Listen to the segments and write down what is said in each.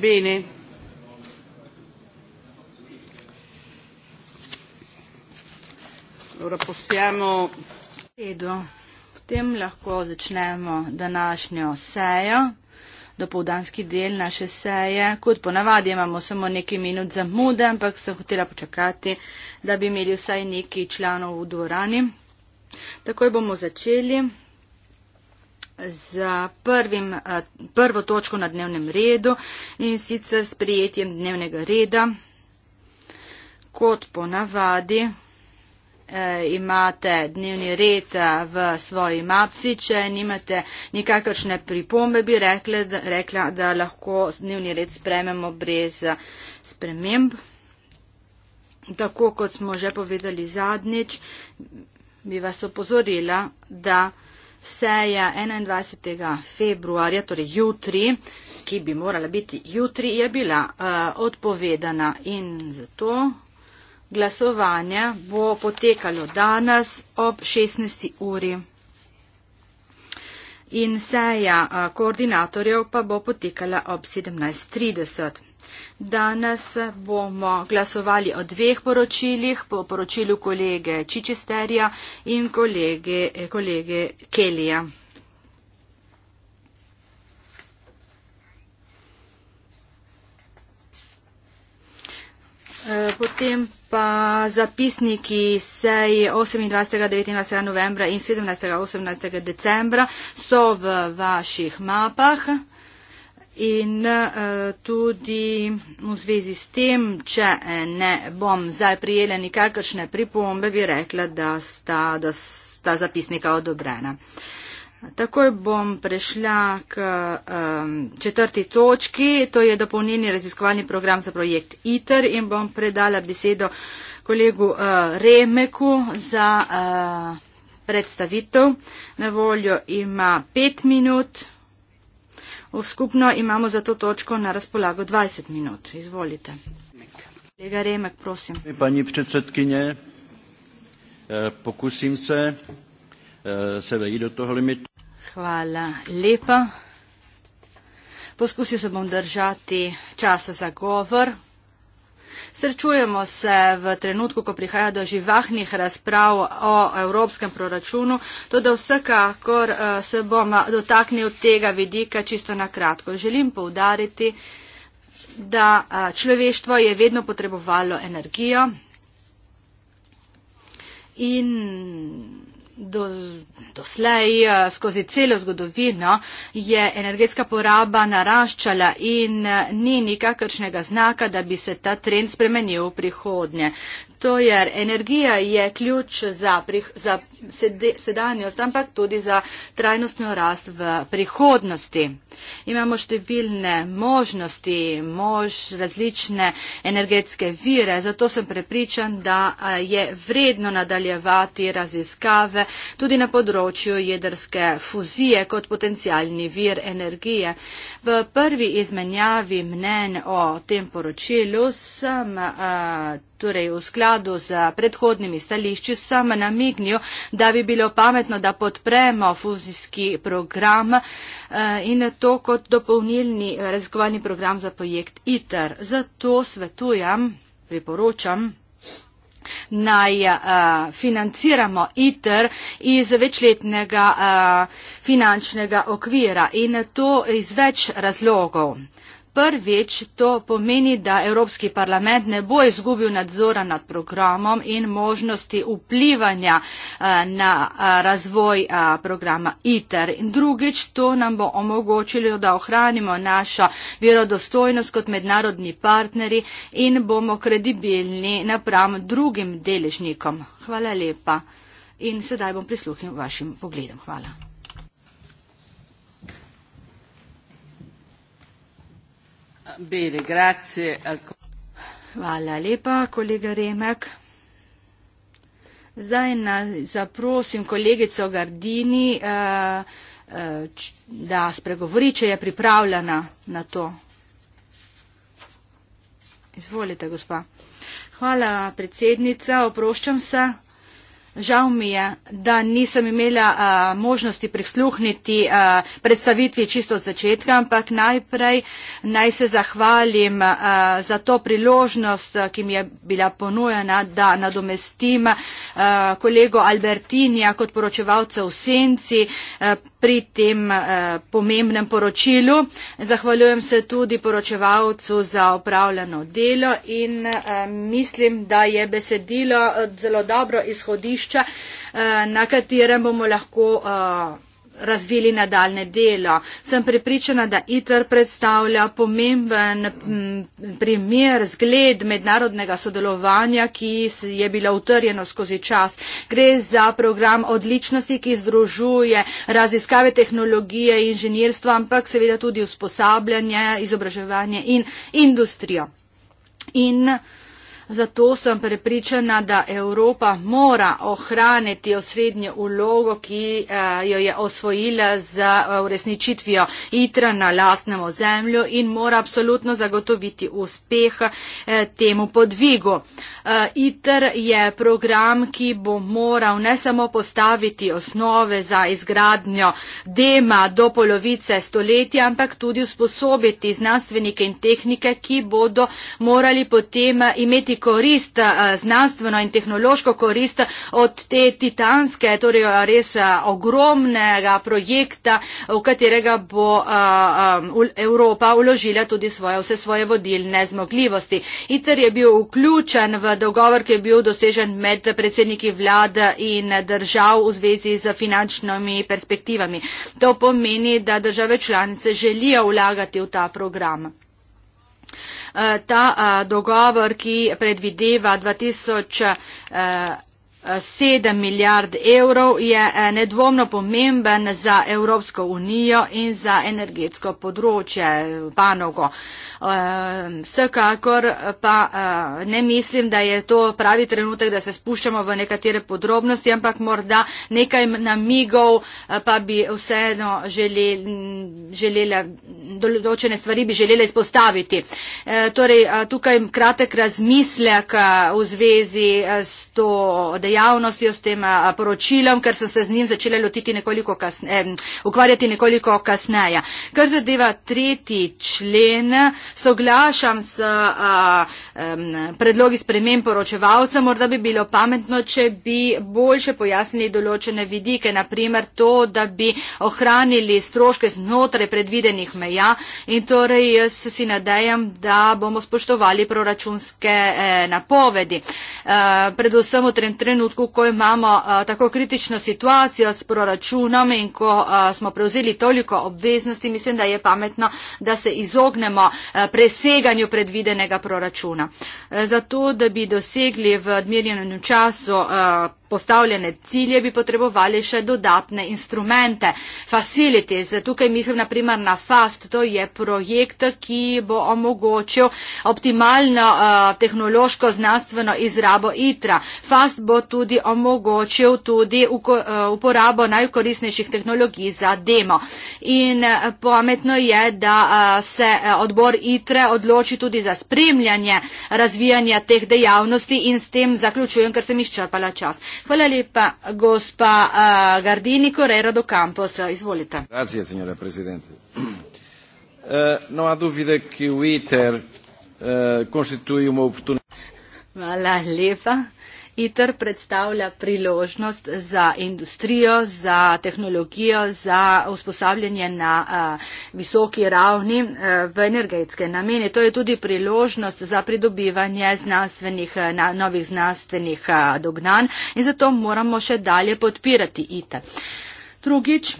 Bene. Ora possiamo. Edo, potem lahko začnemo današnjo sejo, dopoldanski del naše seje. Kot ponavadi imamo samo nekaj minut za mude, ampak sem hotela počakati, da bi imeli vsaj neki članov v dvorani. Takoj bomo začeli z prvim, eh, prvo točko na dnevnem redu in sicer s prijetjem dnevnega reda. Kot ponavadi eh, imate dnevni red eh, v svoji mapci, če nimate nikakršne pripombe, bi rekla, da, rekla, da lahko dnevni red sprememo brez eh, sprememb. Tako kot smo že povedali zadnjič, bi vas opozorila, da Seja 21. februarja, torej jutri, ki bi morala biti jutri, je bila uh, odpovedana in zato glasovanje bo potekalo danes ob 16. uri. In seja uh, koordinatorjev pa bo potekala ob 17.30. Danes bomo glasovali o dveh poročilih, po poročilu kolege Čičesterja in kolege, eh, kolege Kelija. Eh, potem pa zapisniki sej 28. 19. novembra in 17. 18. decembra so v vaših mapah. In uh, tudi v zvezi s tem, če eh, ne bom zdaj prijela nikakršne pripombe, bi rekla, da sta, da sta zapisnika odobrena. Takoj bom prešla k um, četrti točki, to je dopolnjeni raziskovalni program za projekt ITER in bom predala besedo kolegu uh, Remeku za uh, predstavitev. Na voljo ima pet minut. Skupno imamo za to točko na razpolago 20 minut. Izvolite. Kolega Remek, prosim. Pani predsedkinje, e, pokusim se e, se vejiti do toho limitu. Hvala lepa. Poskusil se bom držati časa za govor. Srečujemo se v trenutku, ko prihaja do živahnih razprav o evropskem proračunu, to da vsekakor eh, se bom eh, dotaknil tega vidika čisto na kratko. Želim poudariti, da eh, človeštvo je vedno potrebovalo energijo in do, doslej eh, skozi celo zgodovino je energetska poraba naraščala in eh, ni nikakršnega znaka, da bi se ta trend spremenil v prihodnje zato jer energija je ključ za, prih, za sedanjost, ampak tudi za trajnostno rast v prihodnosti. Imamo številne možnosti, mož različne energetske vire, zato sem prepričan, da je vredno nadaljevati raziskave tudi na področju jedrske fuzije kot potencijalni vir energije. V prvi izmenjavi mnen o tem poročilu sem uh, torej v skladu z predhodnimi stališči, sem namignil, da bi bilo pametno, da podpremo fuzijski program eh, in to kot dopolnilni raziskovalni program za projekt ITER. Zato svetujem, priporočam naj uh, financiramo ITER iz večletnega uh, finančnega okvira in to iz več razlogov. Prvič to pomeni, da Evropski parlament ne bo izgubil nadzora nad programom in možnosti vplivanja eh, na eh, razvoj eh, programa ITER. In drugič to nam bo omogočilo, da ohranimo našo verodostojnost kot mednarodni partneri in bomo kredibilni napram drugim deležnikom. Hvala lepa. In sedaj bom prisluhnil vašim pogledom. Hvala. Bene, grazie. Hvala lepa, kolega Remek. Zdaj na, zaprosim kolegico Gardini, uh, uh, da spregovori, če je pripravljena na to. Izvolite, gospa. Hvala, predsednica. Oproščam se. Žal mi je, da nisem imela a, možnosti prisluhniti a, predstavitvi čisto od začetka, ampak najprej naj se zahvalim a, za to priložnost, a, ki mi je bila ponujena, da nadomestim a, kolego Albertinja kot poročevalca v Senci. A, pri tem eh, pomembnem poročilu. Zahvaljujem se tudi poročevalcu za opravljeno delo in eh, mislim, da je besedilo eh, zelo dobro izhodišče, eh, na katerem bomo lahko eh, razvili nadaljne delo. Sem pripričana, da ITER predstavlja pomemben primer, zgled mednarodnega sodelovanja, ki je bilo utrjeno skozi čas. Gre za program odličnosti, ki združuje raziskave tehnologije, inženirstva, ampak seveda tudi usposabljanje, izobraževanje in industrijo. In Zato sem prepričana, da Evropa mora ohraniti osrednjo ulogo, ki eh, jo je osvojila z eh, uresničitvijo ITRA na lastnemu zemlju in mora absolutno zagotoviti uspeh eh, temu podvigu. ITR je program, ki bo moral ne samo postaviti osnove za izgradnjo dema do polovice stoletja, ampak tudi usposobiti znanstvenike in tehnike, ki bodo morali potem imeti korist, eh, znanstveno in tehnološko korist od te titanske, torej eh, res eh, ogromnega projekta, v katerega bo Evropa uložila tudi svoje, vse svoje vodilne zmogljivosti. ITER je bil vključen v dogovor, ki je bil dosežen med predsedniki vlad in držav v zvezi z finančnimi perspektivami. To pomeni, da države članice želijo vlagati v ta program. Eh, ta eh, dogovor, ki predvideva 2000 sedem milijard evrov je eh, nedvomno pomemben za Evropsko unijo in za energetsko področje panogo. Ehm, vsekakor pa eh, ne mislim, da je to pravi trenutek, da se spuščamo v nekatere podrobnosti, ampak morda nekaj namigov eh, pa bi vseeno želela, določene stvari bi želela izpostaviti. Torej, tukaj kratek razmislek v zvezi s to dejavnostjo dejavnostjo, s tem poročilom, ker sem se z njim začela nekoliko kasne, eh, ukvarjati nekoliko kasneje. Kar zadeva tretji člen, soglašam s eh, predlogi sprememb poročevalca, morda bi bilo pametno, če bi boljše pojasnili določene vidike, naprimer to, da bi ohranili stroške znotraj predvidenih meja in torej jaz si nadejam, da bomo spoštovali proračunske eh, napovedi. Eh, predvsem v trenutku trenutku, ko imamo a, tako kritično situacijo s proračunom in ko a, smo prevzeli toliko obveznosti, mislim, da je pametno, da se izognemo a, preseganju predvidenega proračuna. E, zato, da bi dosegli v odmerjenem času a, postavljene cilje, bi potrebovali še dodatne instrumente, facilities. Tukaj mislim na primer na FAST, to je projekt, ki bo omogočil optimalno uh, tehnološko znanstveno izrabo ITRA. FAST bo tudi omogočil tudi eh, uporabo najkoristnejših tehnologij za demo. In eh, pametno je, da se odbor ITRE odloči tudi za spremljanje razvijanja teh dejavnosti in s tem zaključujem, ker sem izčrpala čas. Hvala lepa, gospa uh, Gardini, Korero do Campos. Izvolite. Grazie, signora Presidente. Uh, no ha dubide che Twitter uh, eh, costituisce un'opportunità. Hvala lepa. ITER predstavlja priložnost za industrijo, za tehnologijo, za usposabljanje na uh, visoki ravni uh, v energetske namene. To je tudi priložnost za pridobivanje znanstvenih, na, novih znanstvenih uh, dognanj in zato moramo še dalje podpirati ITER. Drugič,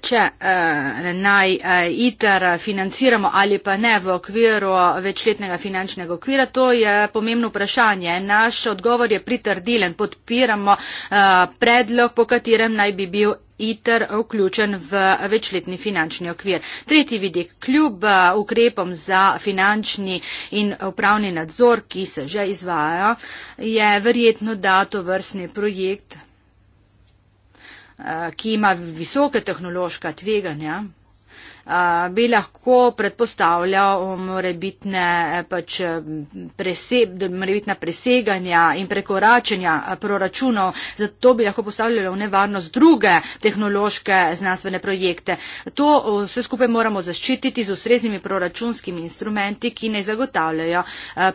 Če eh, naj eh, ITER financiramo ali pa ne v okviru večletnega finančnega okvira, to je pomembno vprašanje. Naš odgovor je pritrdilen. Podpiramo eh, predlog, po katerem naj bi bil ITER vključen v večletni finančni okvir. Tretji vidik, kljub eh, ukrepom za finančni in upravni nadzor, ki se že izvajo, je verjetno, da to vrstni projekt Eh, ki ima visoke tehnološka tveganja, bi lahko predpostavljal morebitne eh, pač prese, morebitna preseganja in prekoračenja eh, proračunov, zato bi lahko postavljalo v nevarnost druge tehnološke znanstvene projekte. To eh, vse skupaj moramo zaščititi z ustreznimi proračunskimi instrumenti, ki ne zagotavljajo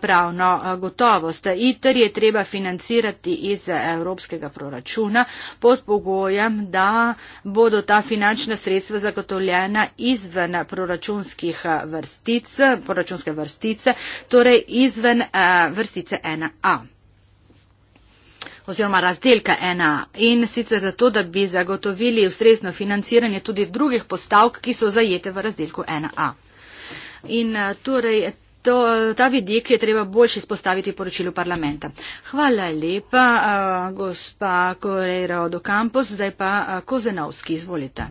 pravno gotovost. ITR je treba financirati iz evropskega proračuna pod pogojem, da bodo ta finančna sredstva zagotovljena iz izven eh, proračunskih eh, vrstic, proračunske vrstice, torej izven eh, vrstice 1a oziroma razdelka 1a in sicer zato, da bi zagotovili ustrezno financiranje tudi drugih postavk, ki so zajete v razdelku 1a. In torej to, ta vidik je treba boljši spostaviti poročilu parlamenta. Hvala lepa, gospa Correiro do Campos, zdaj pa Kozenovski, izvolite.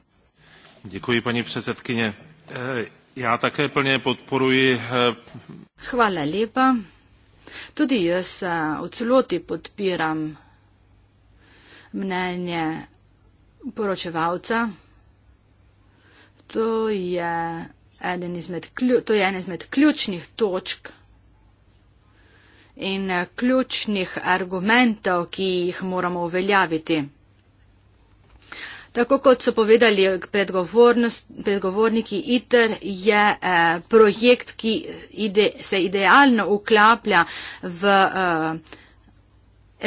Děkuji, paní předsedkyně. Eh, já také plně podporuji. Chvala eh, lepa. Tudi jaz eh, v celoti podpiram mnenje poročevalca. To je eden izmed, to je eden izmed ključnih točk in ključnih argumentov, ki jih moramo uveljaviti. Tako kot so povedali predgovorniki, ITER je eh, projekt, ki ide, se idealno uklaplja v eh,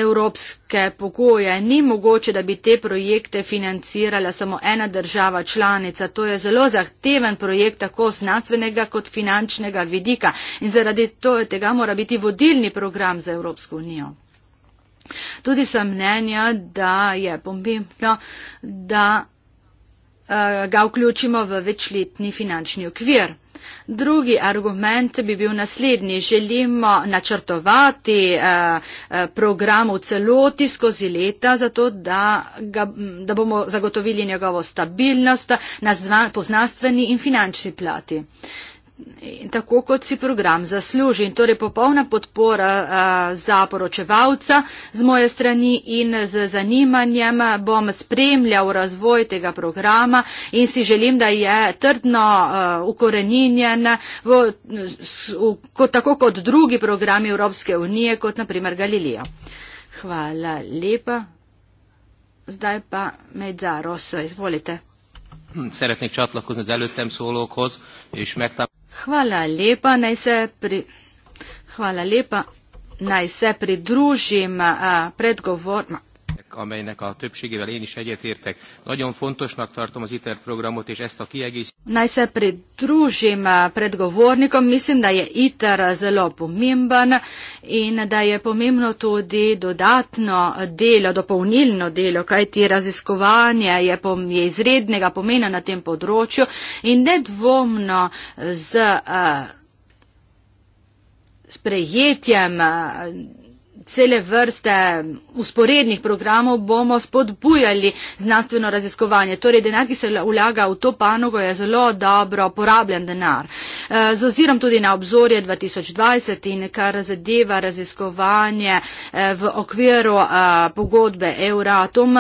evropske pogoje. Ni mogoče, da bi te projekte financirala samo ena država članica. To je zelo zahteven projekt tako znanstvenega kot finančnega vidika in zaradi to, tega mora biti vodilni program za Evropsko unijo. Tudi sem mnenja, da je pomembno, da eh, ga vključimo v večletni finančni okvir. Drugi argument bi bil naslednji. Želimo načrtovati eh, eh, program v celoti skozi leta, zato da, ga, da bomo zagotovili njegovo stabilnost na poznanstveni in finančni plati tako kot si program zasluži. In torej popolna podpora za poročevalca z moje strani in z zanimanjem bom spremljal razvoj tega programa in si želim, da je trdno ukoreninjen v, v, kot, tako kot drugi programi Evropske unije, kot naprimer Galileo. Hvala lepa. Zdaj pa Medzaros, izvolite. Szeretnék csatlakozni az előttem szólókhoz, és megtalálni. Hvala lepa, naj se, pri... Hvala lepa. Naj se pridružim a, predgovor. No amelynek a többségével én is egyetértek. Nagyon fontosnak tartom az ITER programot és ezt a kiegész. Najse pridružim eh, predgovornikom, mislim da je ITER zelo pomemben in da je pomembno tudi dodatno delo, dopolnilno delo, kaj ti raziskovanje je, pom, je izrednega pomena na tem področju in nedvomno z uh, sprejetjem uh, cele vrste usporednih programov bomo spodbujali znanstveno raziskovanje. Torej, denar, ki se vlaga v to panogo, je zelo dobro porabljen denar. Eh, z ozirom tudi na obzorje 2020 in kar zadeva raziskovanje eh, v okviru eh, pogodbe Euratom,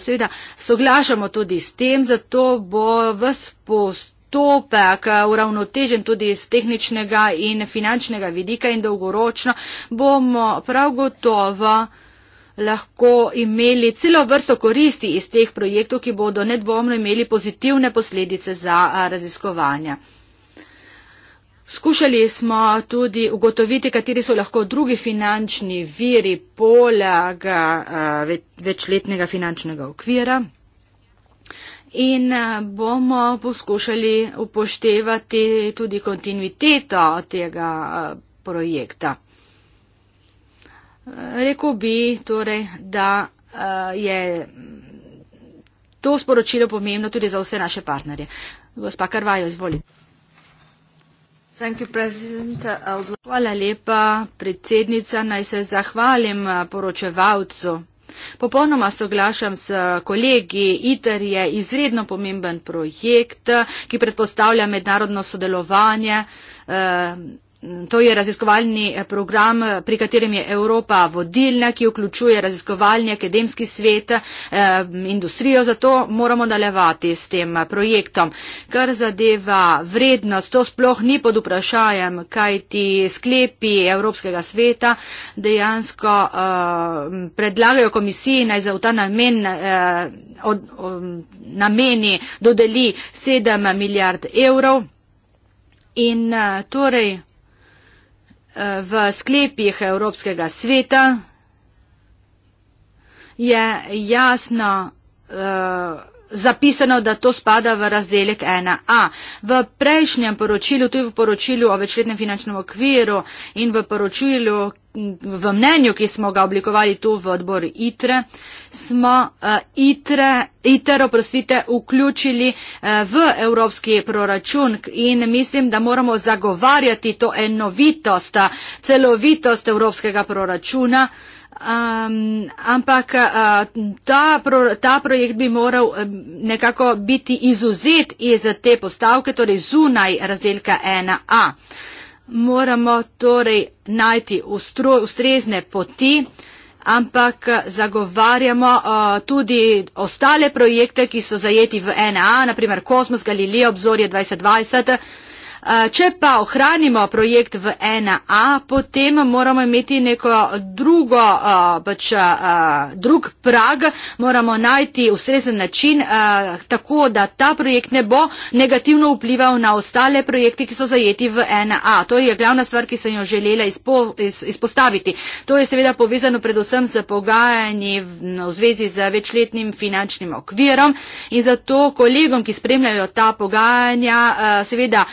seveda soglašamo tudi s tem, zato bo v spostavljanju postopek eh, uravnotežen tudi iz tehničnega in finančnega vidika in dolgoročno bomo prav gotovo lahko imeli celo vrsto koristi iz teh projektov, ki bodo nedvomno imeli pozitivne posledice za eh, raziskovanja. Skušali smo tudi ugotoviti, kateri so lahko drugi finančni viri poleg eh, večletnega finančnega okvira in eh, bomo poskušali upoštevati tudi kontinuiteto tega eh, projekta. Eh, Rekl bi torej, da je to sporočilo pomembno tudi za vse naše partnerje. Gospa Karvajo, izvolite. Hvala lepa, predsednica. Naj se zahvalim poročevalcu. Popolnoma soglašam s kolegi. ITER je izredno pomemben projekt, ki predpostavlja mednarodno sodelovanje. Eh, To je raziskovalni eh, program, eh, pri katerem je Evropa vodilna, ki vključuje raziskovalni akademski svet, eh, industrijo, zato moramo nalevati s tem projektom. Kar zadeva vrednost, to sploh ni pod vprašajem, kaj ti sklepi Evropskega sveta dejansko predlagajo komisiji naj za ta namen um, nameni dodeli 7 milijard evrov. In torej, v sklepih Evropskega sveta je jasno eh, zapisano, da to spada v razdelek 1a. V prejšnjem poročilu, tudi v poročilu o večletnem finančnem okviru in v poročilu, v mnenju, ki smo ga oblikovali tu v odboru ITRE, smo uh, ITRE, ITER, oprostite, vključili uh, v evropski proračun in mislim, da moramo zagovarjati to enovitost, celovitost evropskega proračuna. Um, ampak uh, ta, pro, ta projekt bi moral uh, nekako biti izuzet iz te postavke, torej zunaj razdelka 1a. Uh, moramo torej najti ustro, ustrezne poti, ampak eh, zagovarjamo uh, tudi ostale projekte, ki so zajeti v NA, naprimer Kosmos, Galileo, obzorje 2020. Eh, če pa ohranimo projekt v 1A, potem moramo imeti neko drugo, eh, pač eh, drug prag, moramo najti ustrezen način, tako da ta projekt ne bo negativno vplival na ostale projekte, ki so zajeti v 1A. To je glavna stvar, ki sem jo želela izpo, iz, izpostaviti. To je seveda povezano predvsem z pogajanji v zvezi z večletnim finančnim okvirom in zato kolegom, ki spremljajo ta pogajanja, seveda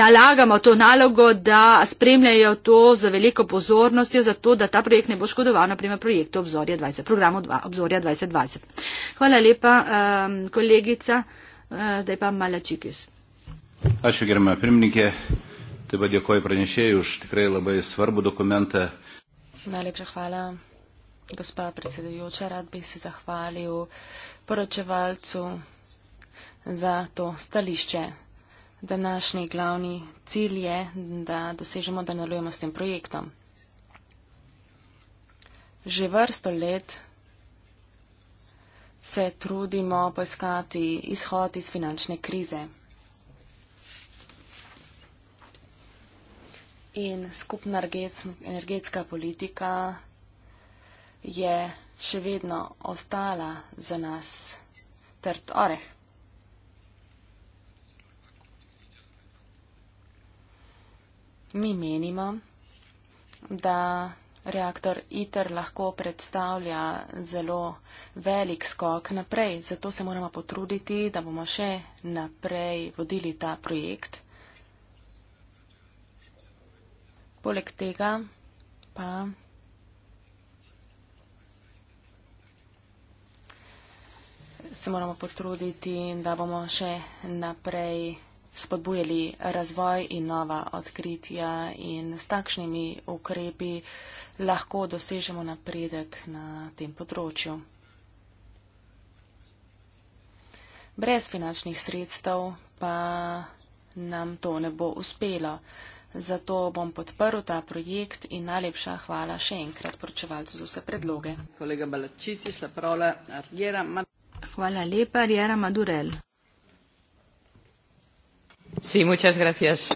nalagamo to nalogo, da spremljajo to za veliko pozornostjo, zato da ta projekt ne bo škodoval na primer projektu obzorja 20, programu obzorja 2020. Hvala lepa, um, kolegica. Eh, zdaj pa Malačikis. Ačiū gerbiamą pirmininkę, taip pat dėkoju pranešėjai už tikrai labai svarbų dokumentą. Najlepša hvala, gospa predsedujoča, rad bi se zahvalil poročevalcu za to stališče današnji glavni cilj je, da dosežemo, da nalujemo s tem projektom. Že vrsto let se trudimo poiskati izhod iz finančne krize. In skupna energetska politika je še vedno ostala za nas trd oreh. mi menimo, da reaktor ITER lahko predstavlja zelo velik skok naprej. Zato se moramo potruditi, da bomo še naprej vodili ta projekt. Poleg tega pa se moramo potruditi, da bomo še naprej vodili spodbujali razvoj in nova odkritja in s takšnimi ukrepi lahko dosežemo napredek na tem področju. Brez finančnih sredstev pa nam to ne bo uspelo. Zato bom podprl ta projekt in najlepša hvala še enkrat poročevalcu za vse predloge. Hvala lepa, Rjera Madurel. Sí, muchas gracias.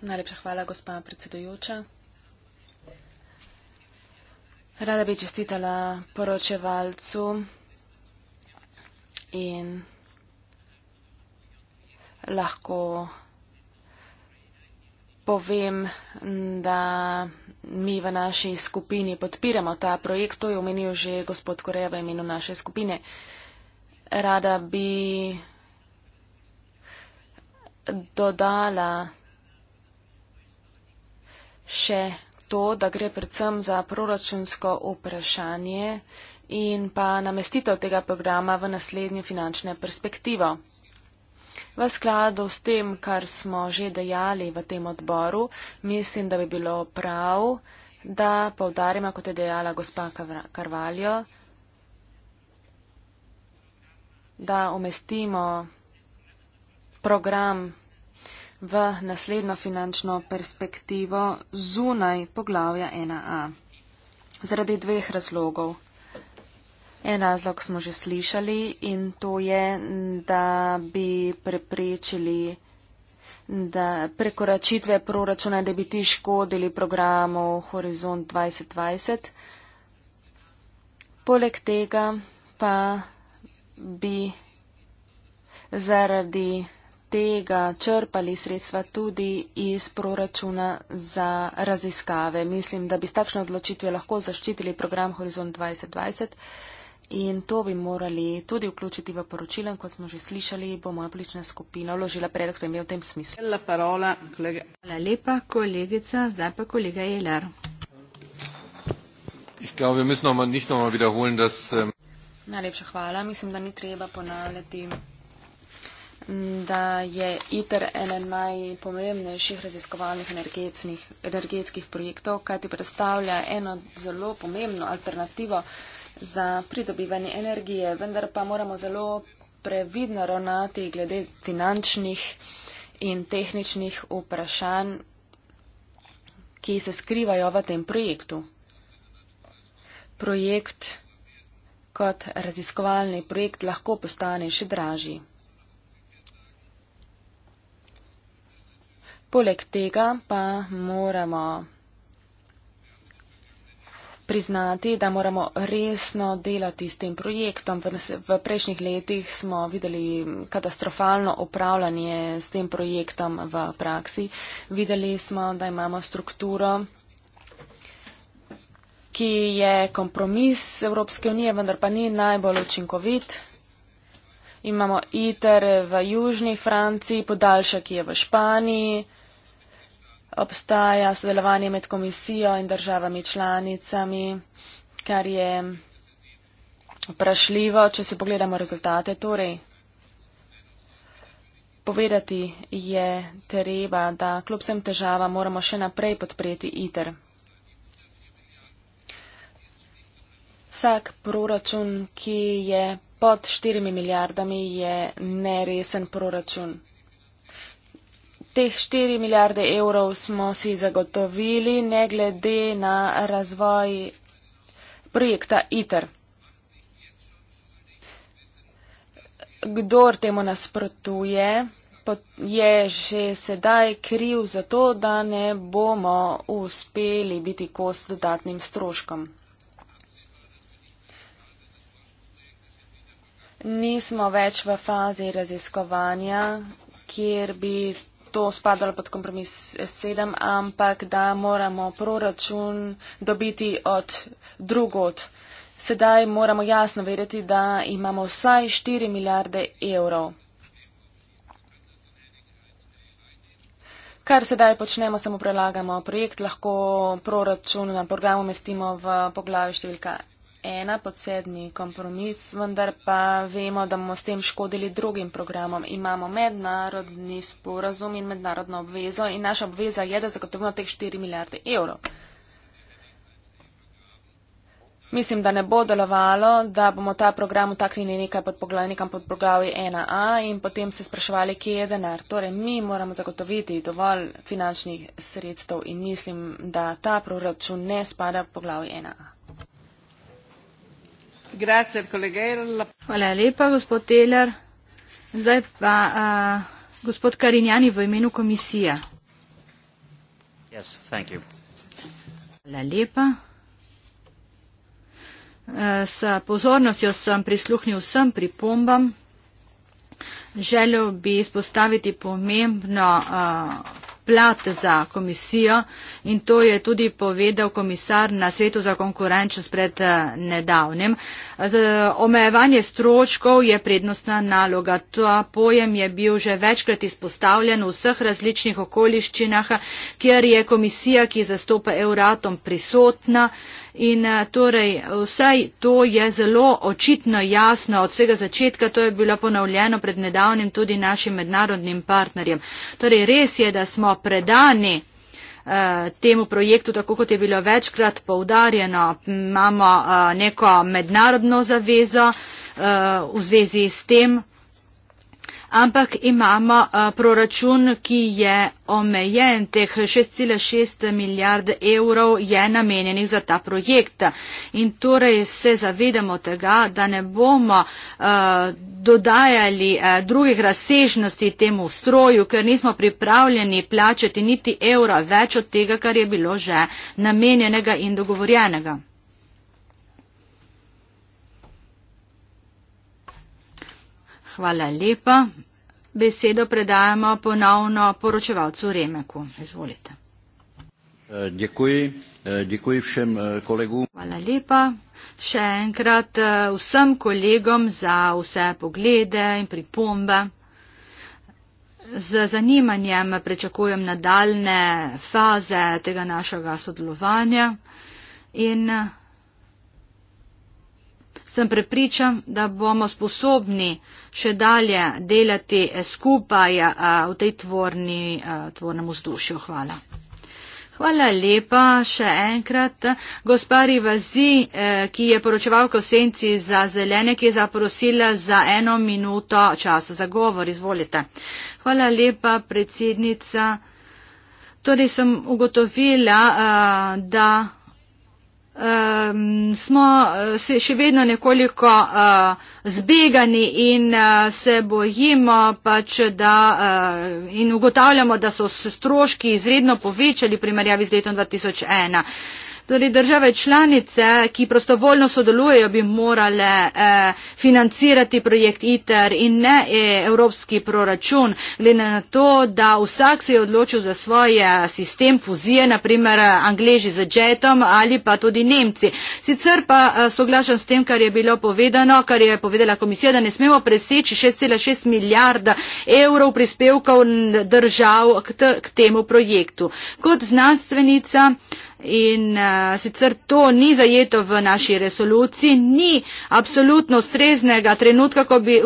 Najlepša hvala, gospa predsedujoča. Rada bi čestitala poročevalcu in lahko povem, da mi v naši skupini podpiramo ta projekt, to je omenil že gospod Koreja v imenu naše skupine. Rada bi dodala še to, da gre predvsem za proračunsko vprašanje in pa namestitev tega programa v naslednjo finančno perspektivo. V skladu s tem, kar smo že dejali v tem odboru, mislim, da bi bilo prav, da povdarimo, kot je dejala gospa Karvaljo, da umestimo program v naslednjo finančno perspektivo zunaj poglavja 1a. Zaradi dveh razlogov. En razlog smo že slišali in to je, da bi preprečili da prekoračitve proračuna, da bi ti škodili programu Horizont 2020. Poleg tega pa bi zaradi tega črpali sredstva tudi iz proračuna za raziskave. Mislim, da bi s takšno odločitvijo lahko zaščitili program Horizont 2020 in to bi morali tudi vključiti v poročilo, kot smo že slišali, bo moja politična skupina vložila predlog spremembe v tem smislu. Hvala, parola, Hvala lepa, kolegica, zdaj pa kolega Jelar. Ich glaube, wir müssen noch mal nicht noch mal wiederholen, dass. Ähm Na, lepša, hvala. Mislim, da ni treba ponavljati da je ITER ene najpomembnejših raziskovalnih energetskih, energetskih projektov, kajti predstavlja eno zelo pomembno alternativo za pridobivanje energije, vendar pa moramo zelo previdno ravnati glede finančnih in tehničnih vprašanj, ki se skrivajo v tem projektu. Projekt kot raziskovalni projekt lahko postane še dražji. Poleg tega pa moramo priznati, da moramo resno delati s tem projektom. V prejšnjih letih smo videli katastrofalno upravljanje s tem projektom v praksi. Videli smo, da imamo strukturo ki je kompromis Evropske unije, vendar pa ni najbolj učinkovit. Imamo ITER v južni Franciji, podaljšek je v Španiji obstaja sodelovanje med komisijo in državami članicami, kar je vprašljivo, če si pogledamo rezultate. Torej, povedati je treba, da kljub vsem težavam moramo še naprej podpreti ITER. Vsak proračun, ki je pod 4 milijardami, je neresen proračun. Teh 4 milijarde evrov smo si zagotovili, ne glede na razvoj projekta ITER. Kdor temu nasprotuje, je že sedaj kriv za to, da ne bomo uspeli biti kos dodatnim stroškom. Nismo več v fazi raziskovanja, kjer bi to spadalo pod kompromis 7, ampak da moramo proračun dobiti od drugot. Sedaj moramo jasno vedeti, da imamo vsaj 4 milijarde evrov. Kar sedaj počnemo, samo prelagamo projekt, lahko proračun na programu mestimo v poglavi številka ena pod sedmi kompromis, vendar pa vemo, da bomo s tem škodili drugim programom. Imamo mednarodni sporazum in mednarodno obvezo in naša obveza je, da zagotovimo teh 4 milijarde evrov. Mislim, da ne bo delovalo, da bomo ta program utaknili nekaj pod poglavje, nekam pod poglavje 1a in potem se spraševali, kje je denar. Torej, mi moramo zagotoviti dovolj finančnih sredstev in mislim, da ta proračun ne spada pod poglavje 1a. Hvala lepa, gospod Teler. Zdaj pa uh, gospod Karinjani v imenu komisije. Yes, Hvala lepa. S pozornostjo sem prisluhnil vsem pripombam. Želel bi izpostaviti pomembno uh, plat za komisijo in to je tudi povedal komisar na svetu za konkurenčnost pred eh, nedavnim. Z omejevanje stročkov je prednostna naloga. Ta pojem je bil že večkrat izpostavljen v vseh različnih okoliščinah, kjer je komisija, ki zastopa Euratom, prisotna. In eh, torej vsaj to je zelo očitno jasno od vsega začetka, to je bilo ponovljeno pred nedavnim tudi našim mednarodnim partnerjem. Torej res je, da smo predani eh, temu projektu, tako kot je bilo večkrat poudarjeno, imamo eh, neko mednarodno zavezo v zvezi s tem ampak imamo eh, proračun, ki je omejen. Teh 6,6 milijard evrov je namenjenih za ta projekt. In torej se zavedamo tega, da ne bomo eh, dodajali eh, drugih razsežnosti temu stroju, ker nismo pripravljeni plačati niti evra več od tega, kar je bilo že namenjenega in dogovorjenega. Hvala lepa. Besedo predajamo ponovno poročevalcu Remeku. Izvolite. E, děkuji. E, děkuji všem e, kolegům. Hvala lepa. Še enkrat vsem kolegom za vse poglede in pripombe. Z zanimanjem prečakujem nadaljne faze tega našega sodelovanja in sem prepričan, da bomo sposobni še dalje delati eh, skupaj eh, v tej tvorni, eh, tvornem vzdušju. Hvala. Hvala lepa še enkrat. Gospari Vazi, ki je poročevalka v senci za zelene, ki je zaprosila za eno minuto časa za govor, izvolite. Hvala lepa, predsednica. Torej sem ugotovila, da um, smo eh, se še vedno nekoliko uh, zbegani in uh, se bojimo pač, da uh, in ugotavljamo, da so se stroški izredno povečali v primerjavi z letom 2001. Torej države članice, ki prostovoljno sodelujejo, bi morale eh, financirati projekt ITER in ne e, evropski proračun, glede na to, da vsak se je odločil za svoj eh, sistem fuzije, naprimer eh, angleži z jetom ali pa tudi nemci. Sicer pa eh, soglašam s tem, kar je bilo povedano, kar je povedala komisija, da ne smemo preseči 6,6 milijarda evrov prispevkov držav k, k temu projektu. Kot znanstvenica, eh, in uh, sicer to ni zajeto v naši resoluciji, ni absolutno ustreznega trenutka, ko bi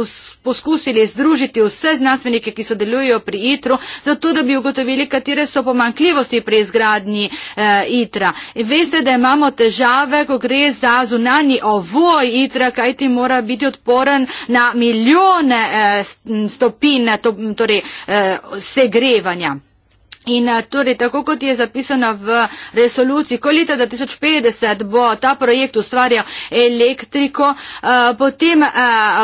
poskusili združiti vse znanstvenike, ki sodelujo pri ITRU, zato da bi ugotovili, katere so pomankljivosti pri izgradnji uh, ITRA. Veste, da imamo težave, ko gre za zunani ovoj ITRA, kaj ti mora biti odporen na milijone uh, eh, stopin to, torej, uh, segrevanja. In eh, torej, tako kot je zapisano v resoluciji, ko leta 2050 bo ta projekt ustvarjal elektriko, eh, potem eh,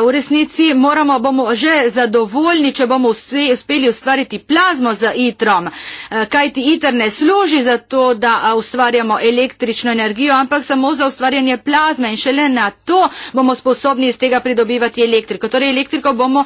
v resnici moramo, bomo že zadovoljni, če bomo uspeli ustvariti plazmo z itrom, kajti itr ne služi za to, da ustvarjamo električno energijo, ampak samo za ustvarjanje plazme in šele na to bomo sposobni iz tega pridobivati elektriko. Torej, elektriko bomo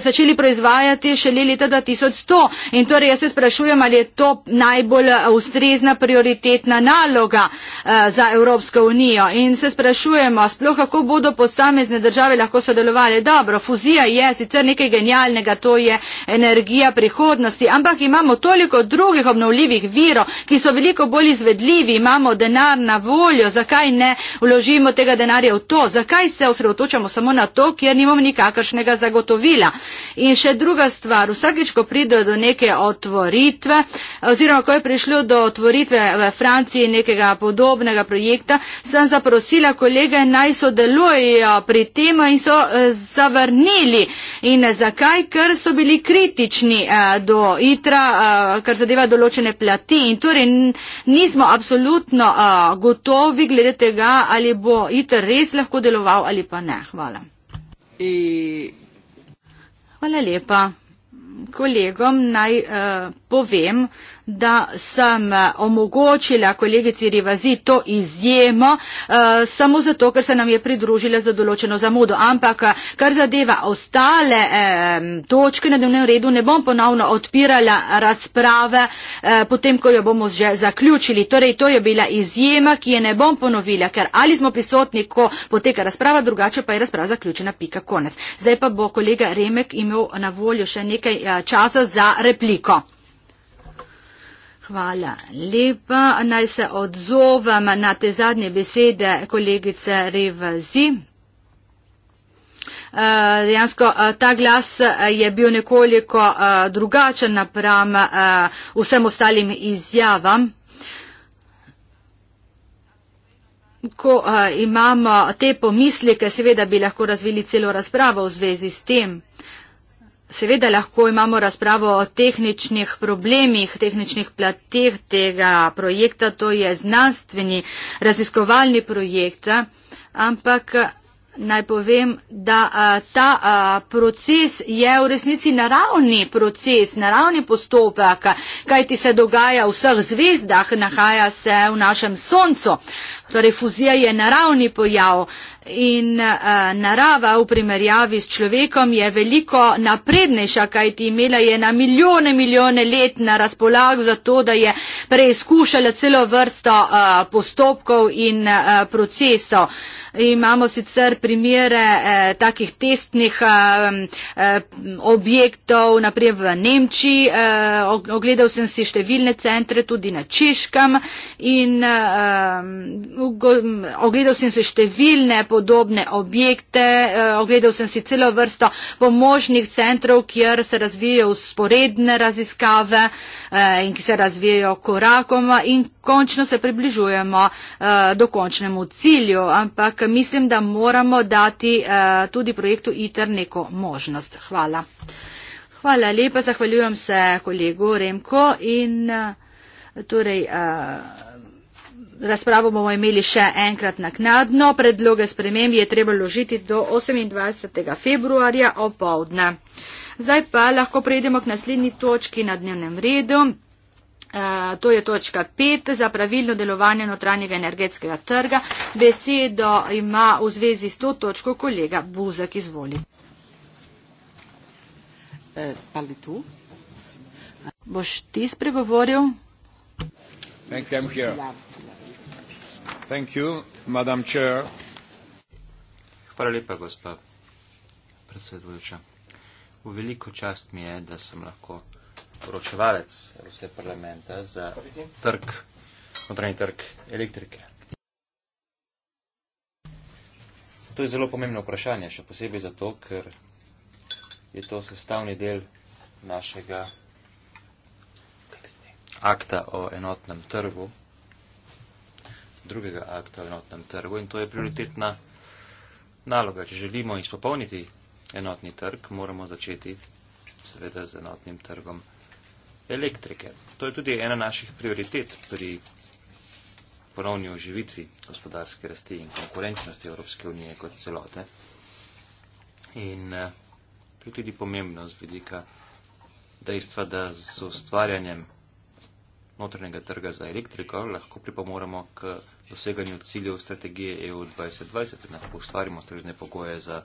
začeli proizvajati šele leta 2100. In torej, jaz se sprašujem, sprašujem, ali je to najbolj eh, ustrezna prioritetna naloga eh, za Evropsko unijo in se sprašujemo, sploh kako bodo posamezne države lahko sodelovali. Dobro, fuzija je sicer nekaj genialnega, to je energija prihodnosti, ampak imamo toliko drugih obnovljivih virov, ki so veliko bolj izvedljivi, imamo denar na voljo, zakaj ne vložimo tega denarja v to, zakaj se osredotočamo samo na to, kjer nimamo nikakršnega zagotovila. In še druga stvar, vsakeč, ko pride do neke otvoritve, otvoritve oziroma ko je prišlo do otvoritve v Franciji nekega podobnega projekta, sem zaprosila kolege naj sodelujejo pri tem in so eh, zavrnili. In zakaj? Ker so bili kritični eh, do ITRA, eh, kar zadeva določene plati in torej nismo absolutno gotovi glede tega, ali bo ITR res lahko deloval ali pa ne. Hvala. I... Hvala lepa. Kolegom naj uh, povem, da sem eh, omogočila kolegici Rivazi to izjemo eh, samo zato, ker se nam je pridružila za določeno zamudo. Ampak, eh, kar zadeva ostale eh, točke na dnevnem redu, ne bom ponovno odpirala razprave, eh, potem, ko jo bomo že zaključili. Torej, to je bila izjema, ki je ne bom ponovila, ker ali smo prisotni, ko poteka razprava, drugače pa je razprava zaključena, pika konec. Zdaj pa bo kolega Remek imel na voljo še nekaj eh, časa za repliko. Hvala lepa. Naj se odzovem na te zadnje besede kolegice Revazi. Eh, dejansko eh, ta glas eh, je bil nekoliko drugačen napram vsem ostalim izjavam. Ko imamo te pomisleke, seveda bi lahko razvili celo razpravo v zvezi s tem. Seveda lahko imamo razpravo o tehničnih problemih, tehničnih plateh tega projekta, to je znanstveni raziskovalni projekt, ampak naj povem, da ta proces je v resnici naravni proces, naravni postopek, kaj ti se dogaja v vseh zvezdah, nahaja se v našem soncu. Torej, fuzija je naravni pojav in uh, narava v primerjavi s človekom je veliko naprednejša, kajti imela je na milijone, milijone let na razpolag za to, da je preizkušala celo vrsto uh, postopkov in uh, procesov. Imamo sicer primere eh, takih testnih eh, objektov, naprimer v Nemčiji, eh, ogledal sem si številne centre tudi na Češkem in eh, ogledal sem se številne podobne objekte, eh, ogledal sem si celo vrsto pomožnih centrov, kjer se razvijajo sporedne raziskave eh, in ki se razvijajo korakom in končno se približujemo eh, do končnemu cilju, ampak mislim, da moramo dati tudi projektu ITER neko možnost. Hvala. Hvala lepa, zahvaljujem se kolegu Remko in torej. Uh... Razpravo bomo imeli še enkrat naknadno. Predloge sprememb je treba ložiti do 28. februarja opovdne. Zdaj pa lahko prejdemo k naslednji točki na dnevnem redu. E, to je točka 5 za pravilno delovanje notranjega energetskega trga. Besedo ima v zvezi s to točko kolega Buzak. Izvoli. E, Boš ti spregovoril? Thank you, I'm here. Ja. Hvala lepa, gospa predsedujoča. V veliko čast mi je, da sem lahko poročevalec Evropskega parlamenta za trg, notranji trg elektrike. To je zelo pomembno vprašanje, še posebej zato, ker je to sestavni del našega akta o enotnem trgu drugega akta v enotnem trgu in to je prioritetna naloga. Če želimo izpopolniti enotni trg, moramo začeti seveda z enotnim trgom elektrike. To je tudi ena naših prioritet pri ponovni oživitvi gospodarske rasti in konkurenčnosti Evropske unije kot celote. In eh, to je tudi pomembno z vidika dejstva, da z ustvarjanjem notrnega trga za elektriko, lahko pripomoremo k doseganju ciljev strategije EU 2020 in lahko ustvarimo tržne pogoje za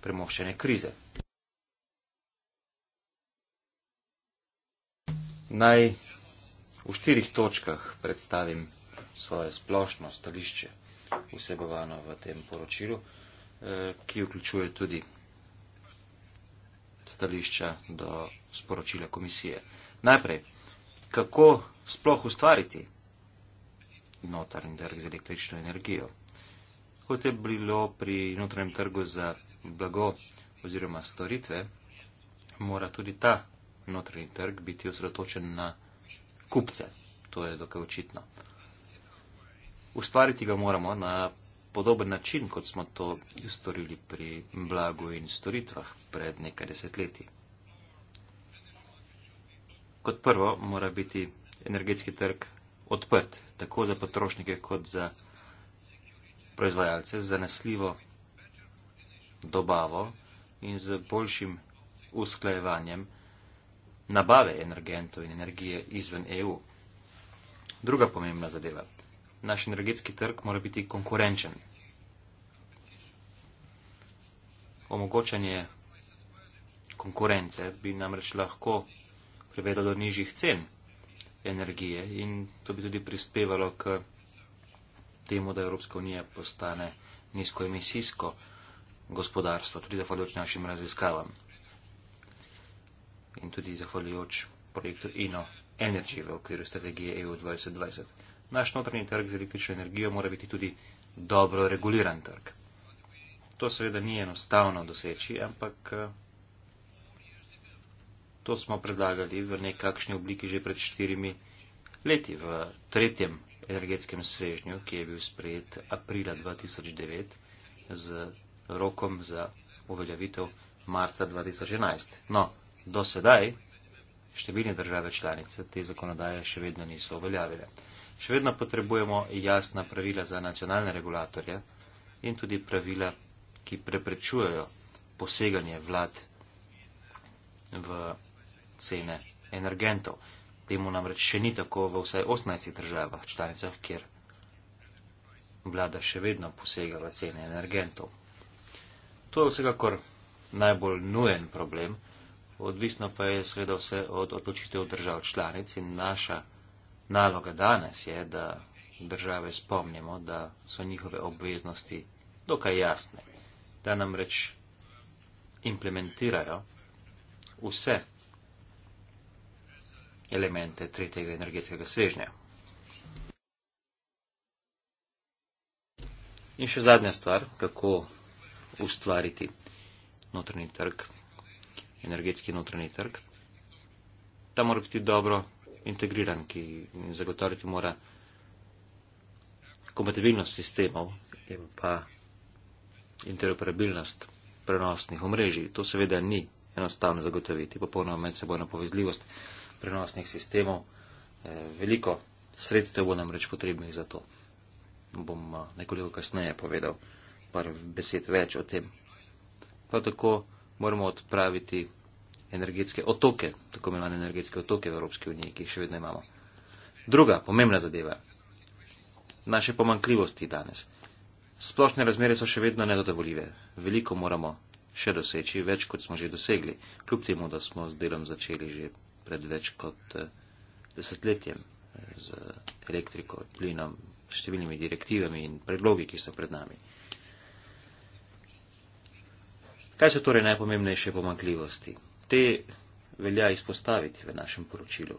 premoščene krize. Naj v štirih točkah predstavim svoje splošno stališče vsebovano v tem poročilu, eh, ki vključuje tudi stališča do sporočila komisije. Najprej kako sploh ustvariti notranji trg z električno energijo. Kot je bilo pri notranjem trgu za blago oziroma storitve, mora tudi ta notranji trg biti osredotočen na kupce. To je dokaj očitno. Ustvariti ga moramo na podoben način, kot smo to storili pri blagu in storitvah pred nekaj desetletji. Kot prvo mora biti energetski trg odprt, tako za potrošnike kot za proizvajalce, za nasljivo dobavo in z boljšim usklajevanjem nabave energentov in energije izven EU. Druga pomembna zadeva. Naš energetski trg mora biti konkurenčen. Omogočanje konkurence bi namreč lahko privedlo do nižjih cen energije in to bi tudi prispevalo k temu, da Evropska unija postane nizkoemisijsko gospodarstvo, tudi zahvaljujoč našim raziskavam in tudi zahvaljujoč projektu INO Energy v okviru strategije EU 2020. Naš notranji trg z električno energijo mora biti tudi dobro reguliran trg. To seveda ni enostavno doseči, ampak eh, To smo predlagali v nekakšni obliki že pred štirimi leti v tretjem energetskem svežnju, ki je bil sprejet aprila 2009 z rokom za uveljavitev marca 2011. No, do sedaj številne države članice te zakonodaje še vedno niso uveljavile. Še vedno potrebujemo jasna pravila za nacionalne regulatorje in tudi pravila, ki preprečujejo poseganje vlad v cene energentov. Temu namreč še ni tako v vsaj 18 državah članicah, kjer vlada še vedno posega v cene energentov. To je vsekakor najbolj nujen problem, odvisno pa je seveda vse od odločitev držav članic in naša naloga danes je, da države spomnimo, da so njihove obveznosti dokaj jasne, da namreč implementirajo vse elemente tretjega energetskega svežnja. In še zadnja stvar, kako ustvariti notranji trg, energetski notranji trg. Ta mora biti dobro integriran, ki zagotoviti mora kompatibilnost sistemov in pa interoperabilnost prenosnih omrežij. To seveda ni enostavno zagotoviti, popolnoma medsebojna povezljivost prenosnih sistemov. Eh, veliko sredstev bo namreč potrebnih za to. Bom eh, nekoliko kasneje povedal par besed več o tem. Pa tako moramo odpraviti energetske otoke, tako imenovane energetske otoke v Evropski uniji, ki jih še vedno imamo. Druga pomembna zadeva. Naše pomankljivosti danes. Splošne razmere so še vedno nezadovoljive. Veliko moramo še doseči, več kot smo že dosegli, kljub temu, da smo z delom začeli že pred več kot eh, desetletjem eh, z elektriko, plinom, številnimi direktivami in predlogi, ki so pred nami. Kaj so torej najpomembnejše pomankljivosti? Te velja izpostaviti v našem poročilu.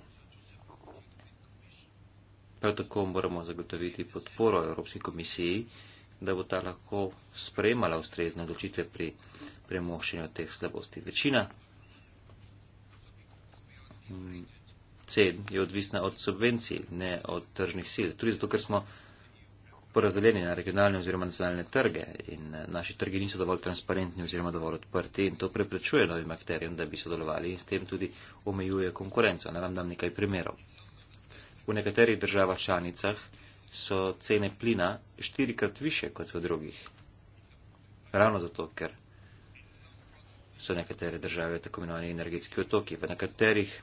Prav tako moramo zagotoviti podporo Evropski komisiji, da bo ta lahko sprejemala ustrezne odločitve pri premoščenju teh slabosti. Večina cen je odvisna od subvencij, ne od tržnih sil. Tudi zato, ker smo porazdeljeni na regionalne oziroma nacionalne trge in eh, naši trgi niso dovolj transparentni oziroma dovolj odprti in to preprečuje novim akterjem, da bi sodelovali in s tem tudi omejuje konkurenco. Naj vam dam nekaj primerov. V nekaterih državah članicah so cene plina štirikrat više kot v drugih. Ravno zato, ker so nekatere države tako imenovani energetski otoki. V nekaterih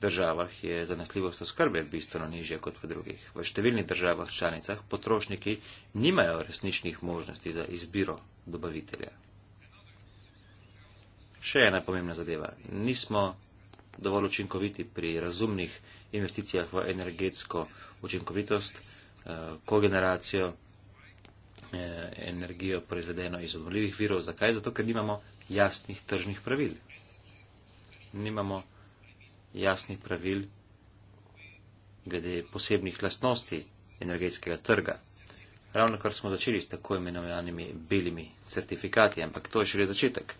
državah je zanesljivost oskrbe bistveno nižja kot v drugih. V številnih državah članicah potrošniki nimajo resničnih možnosti za izbiro dobavitelja. Še ena pomembna zadeva. Nismo dovolj učinkoviti pri razumnih investicijah v energetsko učinkovitost, eh, kogeneracijo, eh, energijo proizvedeno iz obnovljivih virov. Zakaj? Zato, ker nimamo jasnih tržnih pravil. Nimamo jasnih pravil glede posebnih lastnosti energetskega trga. Ravno kar smo začeli s tako imenovanimi belimi certifikati, ampak to je šele začetek.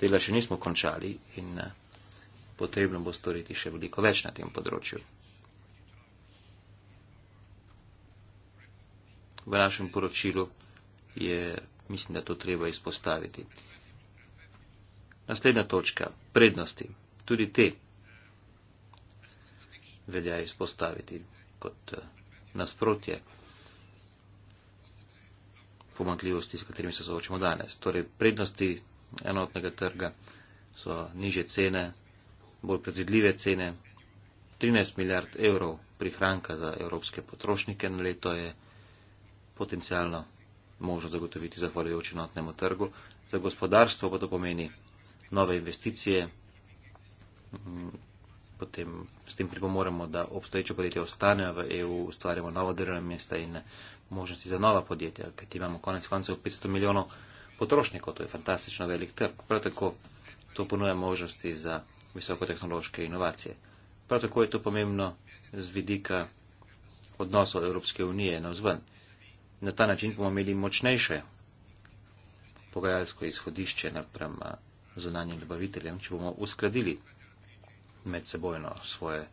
Dela še nismo končali in eh, potrebno bo storiti še veliko več na tem področju. V našem poročilu je, mislim, da to treba izpostaviti. Naslednja točka. Prednosti. Tudi te velja izpostaviti kot eh, nasprotje pomankljivosti, s katerimi se soočamo danes. Torej, prednosti enotnega trga so niže cene, bolj predvidljive cene. 13 milijard evrov prihranka za evropske potrošnike na leto je potencijalno možno zagotoviti zahvaljujoči enotnemu trgu. Za gospodarstvo pa to pomeni nove investicije, potem s tem pripomoremo, da obstoječe podjetje ostane v EU, ustvarjamo nova delovna mesta in možnosti za nova podjetja, kajti imamo konec koncev 500 milijonov potrošnikov, to je fantastično velik trg. Prav tako to ponuja možnosti za visokotehnološke inovacije. Prav tako je to pomembno z vidika odnosov Evropske unije na vzven. Na ta način bomo imeli močnejše pogajalsko izhodišče naprem eh, zunanjim dobaviteljem, če bomo uskladili medsebojno svoje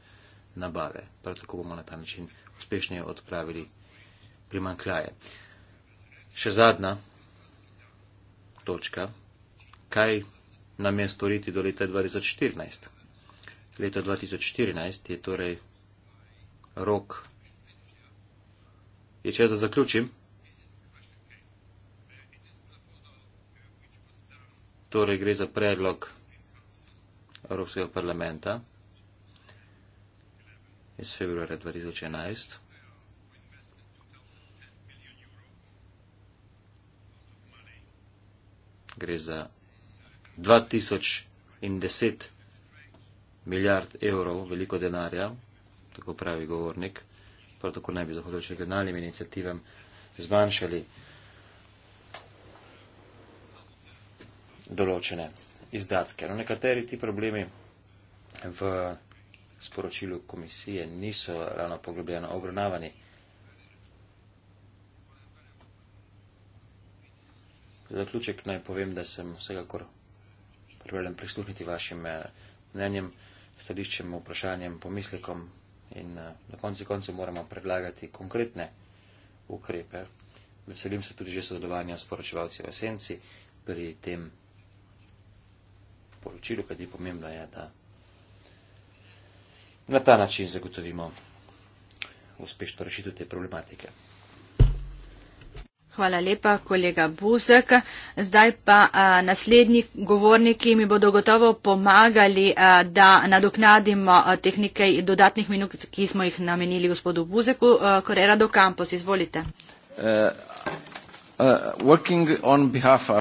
nabave. Prav tako bomo na ta način uspešneje odpravili primankljaje. Še zadnja točka. Kaj nam je storiti do leta 2014? Leta 2014 je torej rok. Je čas, da zaključim. Torej gre za predlog Evropskega parlamenta iz februarja 2011. Gre za 2010 milijard evrov veliko denarja, tako pravi govornik, prav tako naj bi zahodoči regionalnim inicijativam zmanjšali določene izdatke. No, nekateri ti problemi v sporočilu komisije niso ravno poglobljeno obravnavani. Za zaključek naj povem, da sem vsekakor pripravljen prisluhniti vašim eh, mnenjem, stališčem, vprašanjem, pomislekom in eh, na konci koncu moramo predlagati konkretne ukrepe. Veselim se tudi že sodelovanja s poročevalci v Senci pri tem poročilu, kaj je pomembno, je, da na ta način zagotovimo uspešno rešitev te problematike. Hvala lepa, kolega Busek. Zdaj pa a, naslednji govorniki mi bodo gotovo pomagali, a, da nadoknadimo teh nekaj dodatnih minut, ki smo jih namenili gospodu Buzeku. Korera do kampus, izvolite. Uh, uh,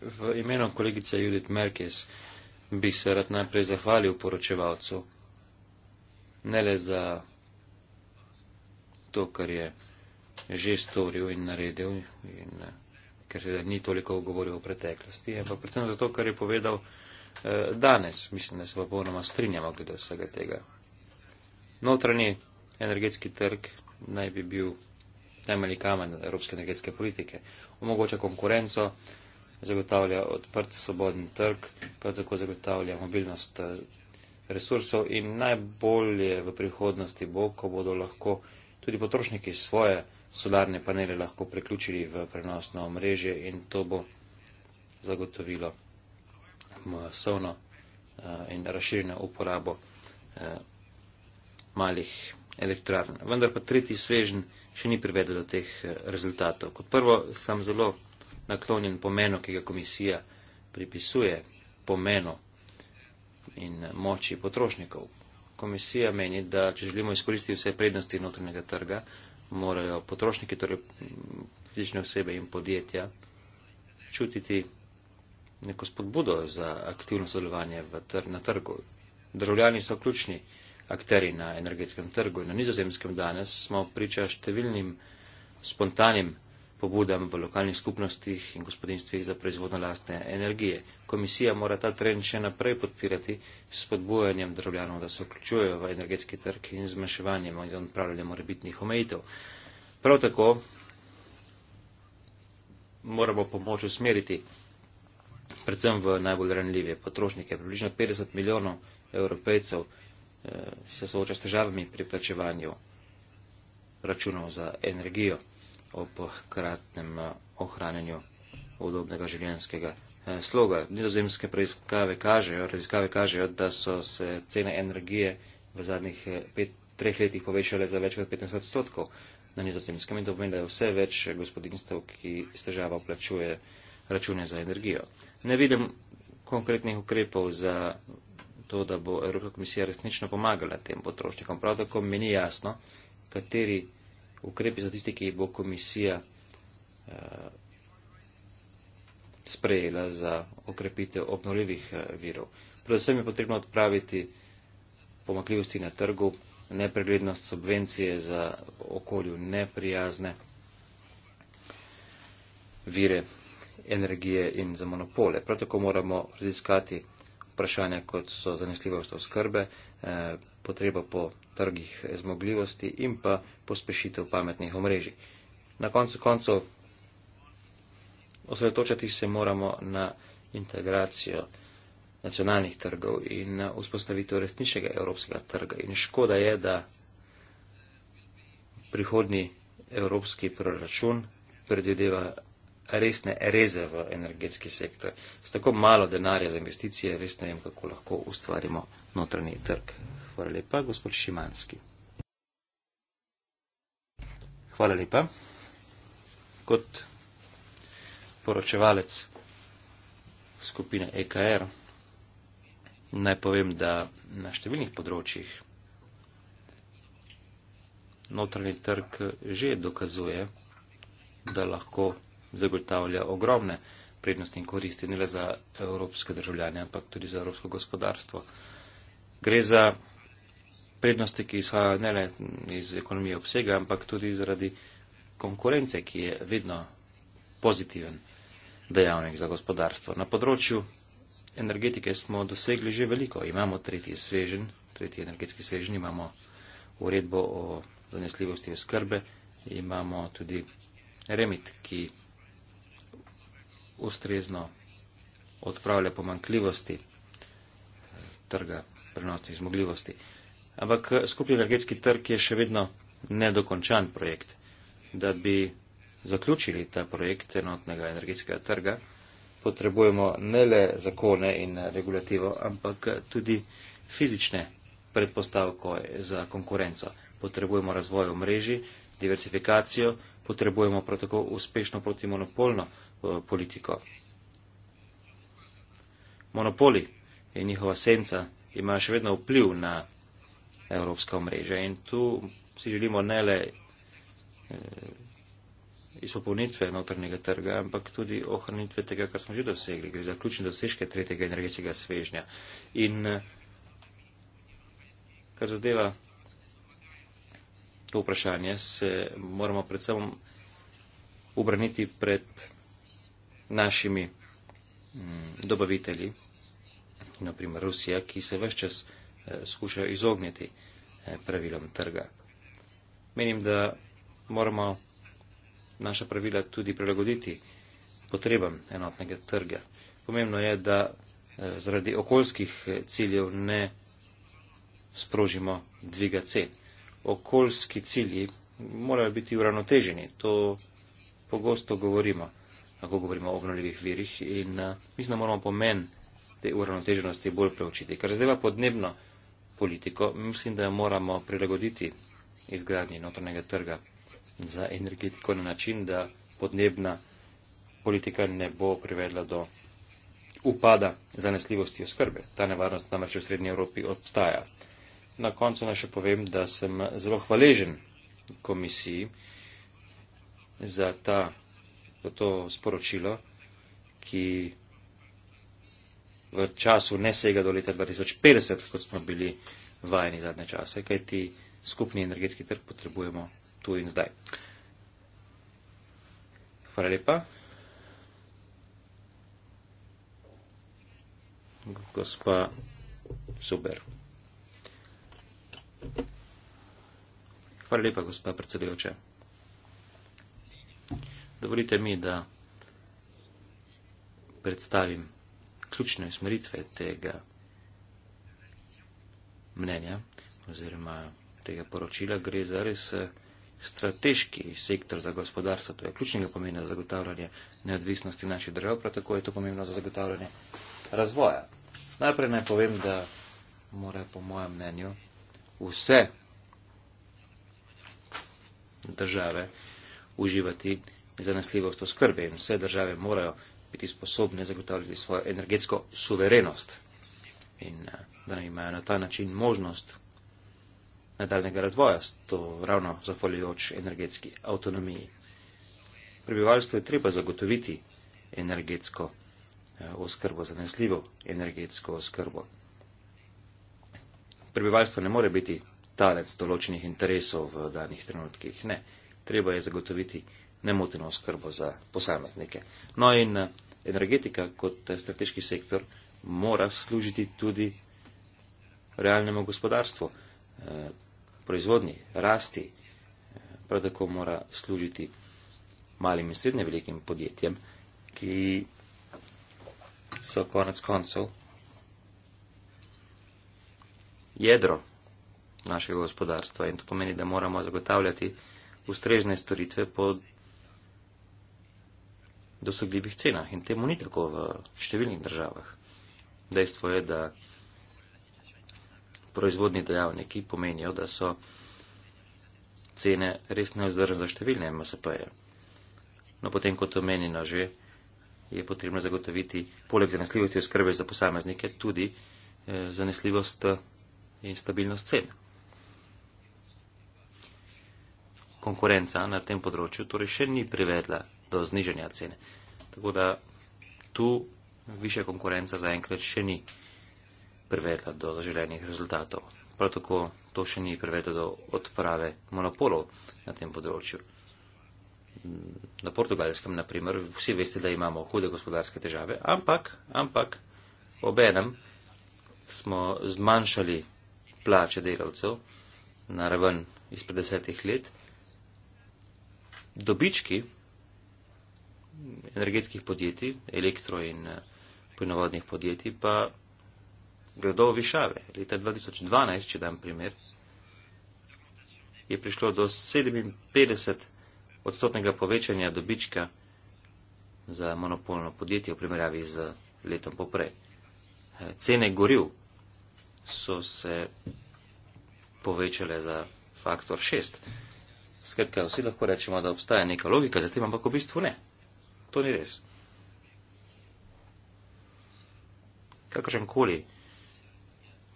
V imenu kolegice Judith Merkis bi se rad najprej zahvalil poročevalcu, ne le za to, kar je že storil in naredil, in, ker se ni toliko govoril o preteklosti, ampak predvsem za to, kar je povedal eh, danes. Mislim, da se pa polnoma strinjamo glede vsega tega. Notranji energetski trg naj bi bil temeljni kamen evropske energetske politike, omogoča konkurenco, eh, zagotavlja odprt svobodni trg, prav tako zagotavlja mobilnost eh, resursov in najbolje v prihodnosti bo, ko bodo lahko tudi potrošniki svoje solarne panele lahko priključili v prenosno omrežje in to bo zagotovilo masovno eh, in razširjeno uporabo eh, malih elektrarn. Vendar pa tretji svežen še ni privedel do teh rezultatov. Kot prvo, sem zelo naklonjen pomenu, ki ga komisija pripisuje pomenu in moči potrošnikov. Komisija meni, da če želimo izkoristiti vse prednosti notranjega trga, morajo potrošniki, torej fizične osebe in podjetja, čutiti neko spodbudo za aktivno sodelovanje tr na trgu. Državljani so ključni akteri na energetskem trgu in na nizozemskem danes smo priča številnim spontanim pobudam v lokalnih skupnostih in gospodinstvih za proizvodno lastne energije. Komisija mora ta trend še naprej podpirati s spodbujanjem državljanov, da se vključujejo v energetski trg in zmanjševanjem in odpravljanjem morebitnih omejitev. Prav tako moramo pomoč usmeriti predvsem v najbolj ranljive potrošnike. Približno 50 milijonov evropejcev eh, se sooča s težavami pri plačevanju računov za energijo ob kratnem eh, ohranjanju udobnega življenskega eh, sloga. Nizozemske preiskave kažejo, raziskave kažejo, da so se cene energije v zadnjih eh, pet, treh letih povečale za več kot 15 odstotkov na nizozemskem in to pomeni, da je vse več gospodinstv, ki s težavo plačuje račune za energijo. Ne vidim konkretnih ukrepov za to, da bo Evropska komisija resnično pomagala tem potrošnikom. Prav tako mi ni jasno, kateri ukrepi za tiste, ki jih bo komisija uh, sprejela za okrepitev obnovljivih uh, virov. Predvsem je potrebno odpraviti pomakljivosti na trgu, nepreglednost subvencije za okolju neprijazne vire energije in za monopole. Prav tako moramo raziskati vprašanja, kot so zanesljivost oskrbe, eh, potreba po trgih zmogljivosti in pa pospešitev pametnih omrežij. Na koncu koncev osredotočati se moramo na integracijo nacionalnih trgov in na vzpostavitev resničnega evropskega trga. In škoda je, da prihodni evropski proračun predvideva resne reze v energetski sektor. S tako malo denarja za investicije res ne vem, kako lahko ustvarimo notranji trg. Hvala lepa, gospod Šimanski. Hvala lepa. Kot poročevalec skupine EKR naj povem, da na številnih področjih notranji trg že dokazuje, da lahko zagotavlja ogromne prednosti in koristi ne le za evropske državljane, ampak tudi za evropsko gospodarstvo. Gre za prednosti, ki izhajajo ne le iz ekonomije obsega, ampak tudi zaradi konkurence, ki je vedno pozitiven dejavnik za gospodarstvo. Na področju energetike smo dosegli že veliko. Imamo tretji svežen, tretji energetski svežen, imamo uredbo o zanesljivosti oskrbe, imamo tudi remit, ki ustrezno odpravlja pomankljivosti eh, trga prenosnih zmogljivosti. Ampak eh, skupni energetski trg je še vedno nedokončan projekt. Da bi zaključili ta projekt enotnega energetskega trga, potrebujemo ne le zakone in eh, regulativo, ampak eh, tudi fizične predpostavke za konkurenco. Potrebujemo razvoj omrežij, diversifikacijo, potrebujemo prav tako uspešno protimonopolno politiko. Monopoli in njihova senca ima še vedno vpliv na evropska omrežja. In tu si želimo ne le eh, izpopolnitve notrnega trga, ampak tudi ohranitve tega, kar smo že dosegli. Gre za ključne dosežke tretjega energetskega svežnja. In eh, kar zadeva to vprašanje, se moramo predvsem obraniti pred našimi mm, dobavitelji, naprimer Rusija, ki se vse čas Eh, skušajo izogniti eh, pravilom trga. Menim, da moramo naša pravila tudi prilagoditi potrebam enotnega trga. Pomembno je, da eh, zaradi okoljskih ciljev ne sprožimo dviga cen. Okoljski cilji morajo biti uravnoteženi, to pogosto govorimo, ko govorimo o obnovljivih virih in mislim, da moramo pomen te uravnoteženosti bolj preučiti. Kar zdaj pa podnebno politiko, mislim, da jo moramo prilagoditi izgradnji notranjega trga za energetiko na način, da podnebna politika ne bo privedla do upada zanesljivosti oskrbe. Ta nevarnost namreč v Srednji Evropi obstaja. Na koncu naj še povem, da sem zelo hvaležen komisiji za, ta, za to sporočilo, ki v času ne sega do leta 2050, kot smo bili vajeni zadnje čase, kajti skupni energetski trg potrebujemo tu in zdaj. Hvala lepa. Gospa Suber. Hvala lepa, gospa predsedujoče. Dovolite mi, da predstavim ključne usmeritve tega mnenja oziroma tega poročila gre za res eh, strateški sektor za gospodarstvo. To je ključnega pomena za zagotavljanje neodvisnosti naših držav, prav tako je to pomembno za zagotavljanje razvoja. Najprej naj povem, da mora po mojem mnenju vse države uživati zanesljivost oskrbe in vse države morajo biti sposobne zagotavljati svojo energetsko suverenost in eh, da nam imajo na ta način možnost nadaljnega razvoja, to ravno zafolijoč energetski avtonomiji. Prebivalstvo je treba zagotoviti energetsko eh, oskrbo, zanesljivo energetsko oskrbo. Prebivalstvo ne more biti talec določenih interesov v danih trenutkih, ne. Treba je zagotoviti nemoteno skrbo za posameznike. No in eh, energetika kot eh, strateški sektor mora služiti tudi realnemu gospodarstvu, eh, proizvodni, rasti, prav tako mora služiti malim in srednje velikim podjetjem, ki so konec koncev jedro našega gospodarstva in to pomeni, da moramo zagotavljati ustrežne storitve pod dosegljivih cenah in temu ni tako v številnih državah. Dejstvo je, da proizvodni dejavniki pomenijo, da so cene res neozdržne za številne MSP-je. No potem, kot omenjeno že, je potrebno zagotoviti poleg zanesljivosti oskrbe za posameznike tudi eh, zanesljivost eh, in stabilnost cen. Konkurenca na tem področju torej še ni privedla do zniženja cene. Tako da tu više konkurenca zaenkrat še ni privedla do zaželenih rezultatov. Prav tako to še ni privedlo do odprave monopolov na tem področju. Na portugalskem, naprimer, vsi veste, da imamo hude gospodarske težave, ampak, ampak obenem smo zmanjšali plače delavcev na raven izpred desetih let. Dobički energetskih podjetij, elektro in eh, plinovodnih podjetij, pa gredo v višave. Leta 2012, če dam primer, je prišlo do 57 odstotnega povečanja dobička za monopolno podjetje v primerjavi z letom poprej. Eh, cene goril so se povečale za faktor 6. Skratka, vsi lahko rečemo, da obstaja neka logika, zatem ampak v bistvu ne. To ni res. Kakršen koli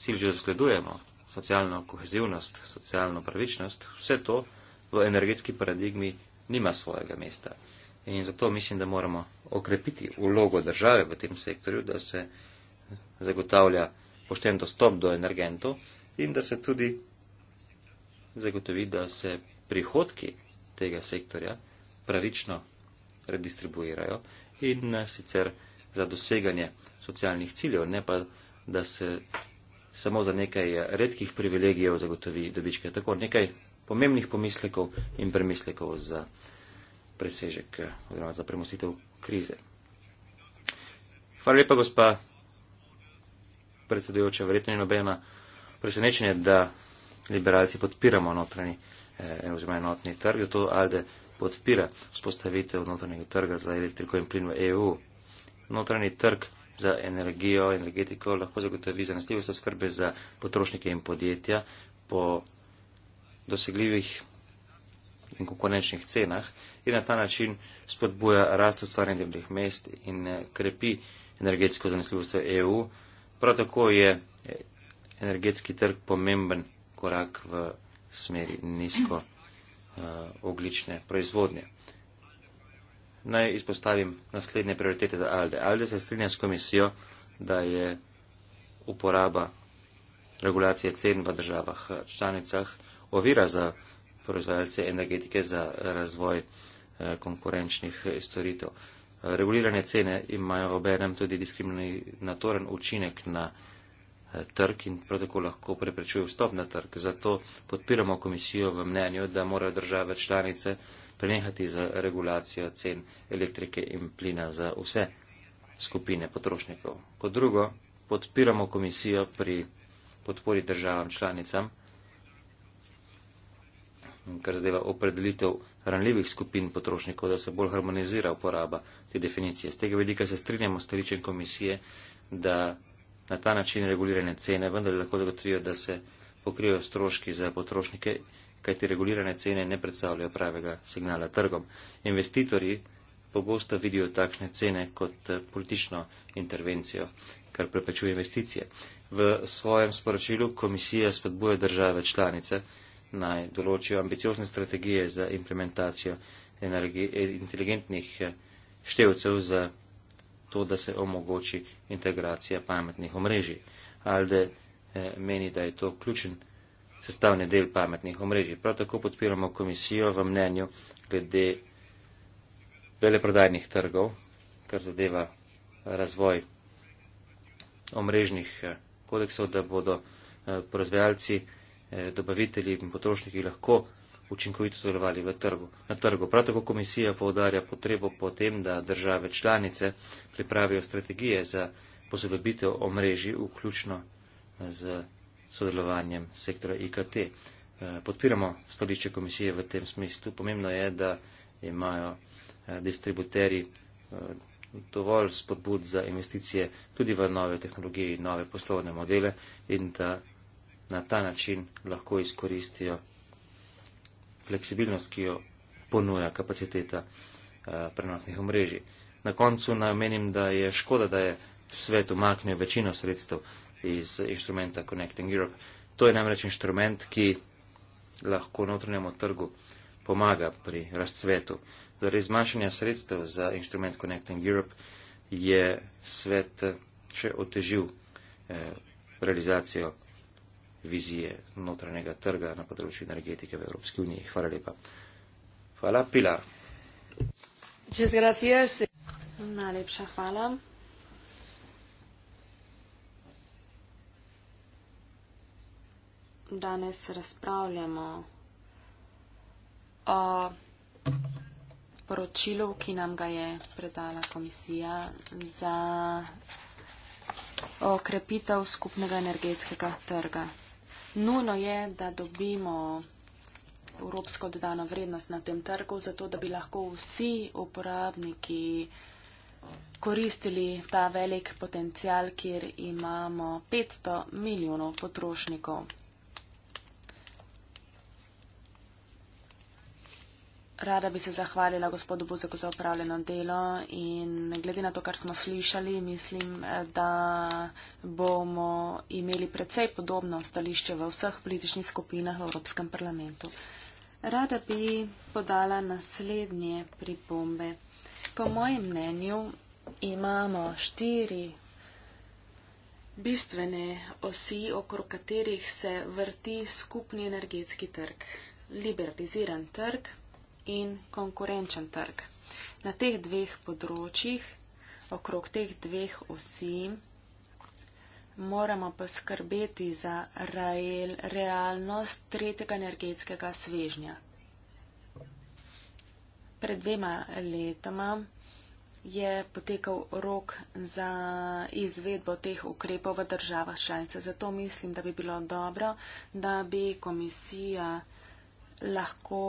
cilj že zasledujemo, socialno kohezivnost, socialno pravičnost, vse to v energetski paradigmi nima svojega mesta. In zato mislim, da moramo okrepiti vlogo države v tem sektorju, da se zagotavlja pošten dostop do energentov in da se tudi zagotovi, da se prihodki tega sektorja pravično redistribuirajo in eh, sicer za doseganje socialnih ciljev, ne pa, da se samo za nekaj eh, redkih privilegijev zagotovi dobičke. Tako nekaj pomembnih pomislekov in premislekov za presežek eh, oziroma za premositev krize. Hvala lepa, gospa predsedujoča, verjetno je nobena presenečenje, da liberalci podpiramo notranji eh, oziroma enotni trg, zato Alde podpira vzpostavitev notranjega trga za elektriko in plin v EU. Notranji trg za energijo, energetiko lahko zagotovi zanesljivost oskrbe za potrošnike in podjetja po dosegljivih in konkurenčnih cenah in na ta način spodbuja rast ustvarjanja delovnih mest in eh, krepi energetsko zanesljivost v EU. Prav tako je eh, energetski trg pomemben korak v smeri nizko. Eh, oglične proizvodnje. Naj izpostavim naslednje prioritete za ALDE. ALDE se strinja s komisijo, da je uporaba regulacije cen v državah eh, članicah ovira za proizvajalce energetike za razvoj eh, konkurenčnih storitev. Regulirane cene imajo obenem tudi diskriminatoren učinek na uh, Eh, trg in prav tako lahko preprečuje vstop na trg. Zato podpiramo komisijo v mnenju, da morajo države članice prenehati za regulacijo cen elektrike in plina za vse skupine potrošnikov. Kot drugo, podpiramo komisijo pri podpori državam članicam, kar zadeva opredelitev ranljivih skupin potrošnikov, da se bolj harmonizira uporaba te definicije. Z tega vidika se strinjamo s teličen komisije, da na ta način regulirane cene, vendar lahko zagotovijo, da se pokrijo stroški za potrošnike, kajti regulirane cene ne predstavljajo pravega signala trgom. Investitorji pogosto vidijo takšne cene kot eh, politično intervencijo, kar preprečuje investicije. V svojem sporočilu komisija spodbuje države članice naj določijo ambiciozne strategije za implementacijo energi, eh, inteligentnih eh, števcev za to, da se omogoči integracija pametnih omrežij. Alde eh, meni, da je to ključen sestavni del pametnih omrežij. Prav tako podpiramo komisijo v mnenju glede veleprodajnih trgov, kar zadeva razvoj omrežnih eh, kodeksov, da bodo eh, proizvajalci, dobavitelji in potrošniki lahko učinkovito sodelovali v trgu, na trgu. Prav tako komisija povdarja potrebo po tem, da države članice pripravijo strategije za posodobitev omrežij, vključno z sodelovanjem sektora IKT. Eh, podpiramo stališče komisije v tem smislu. Pomembno je, da imajo eh, distributeri eh, dovolj spodbud za investicije tudi v nove tehnologije in nove poslovne modele in da na ta način lahko izkoristijo fleksibilnost, ki jo ponuja kapaciteta eh, prenosnih omrežij. Na koncu naj omenim, da je škoda, da je svet umaknil večino sredstev iz inštrumenta Connecting Europe. To je namreč inštrument, ki lahko notranjemu trgu pomaga pri razcvetu. Torej, zmanjšanje sredstev za inštrument Connecting Europe je svet še otežil eh, realizacijo vizije notranjega trga na področju energetike v Evropski uniji. Hvala lepa. Hvala, Pilar. Najlepša hvala. Danes razpravljamo o poročilu, ki nam ga je predala komisija za okrepitev skupnega energetskega trga. Nuno je, da dobimo evropsko dodano vrednost na tem trgu, zato da bi lahko vsi uporabniki koristili ta velik potencial, kjer imamo 500 milijonov potrošnikov. Rada bi se zahvalila gospodu Buzeku za upravljeno delo in glede na to, kar smo slišali, mislim, da bomo imeli precej podobno stališče v vseh političnih skupinah v Evropskem parlamentu. Rada bi podala naslednje pripombe. Po mojem mnenju imamo štiri bistvene osi, okrog katerih se vrti skupni energetski trg. Liberaliziran trg, in konkurenčen trg. Na teh dveh področjih, okrog teh dveh osi, moramo poskrbeti za rael, realnost tretjega energetskega svežnja. Pred dvema letoma je potekal rok za izvedbo teh ukrepov v državah članice. Zato mislim, da bi bilo dobro, da bi komisija lahko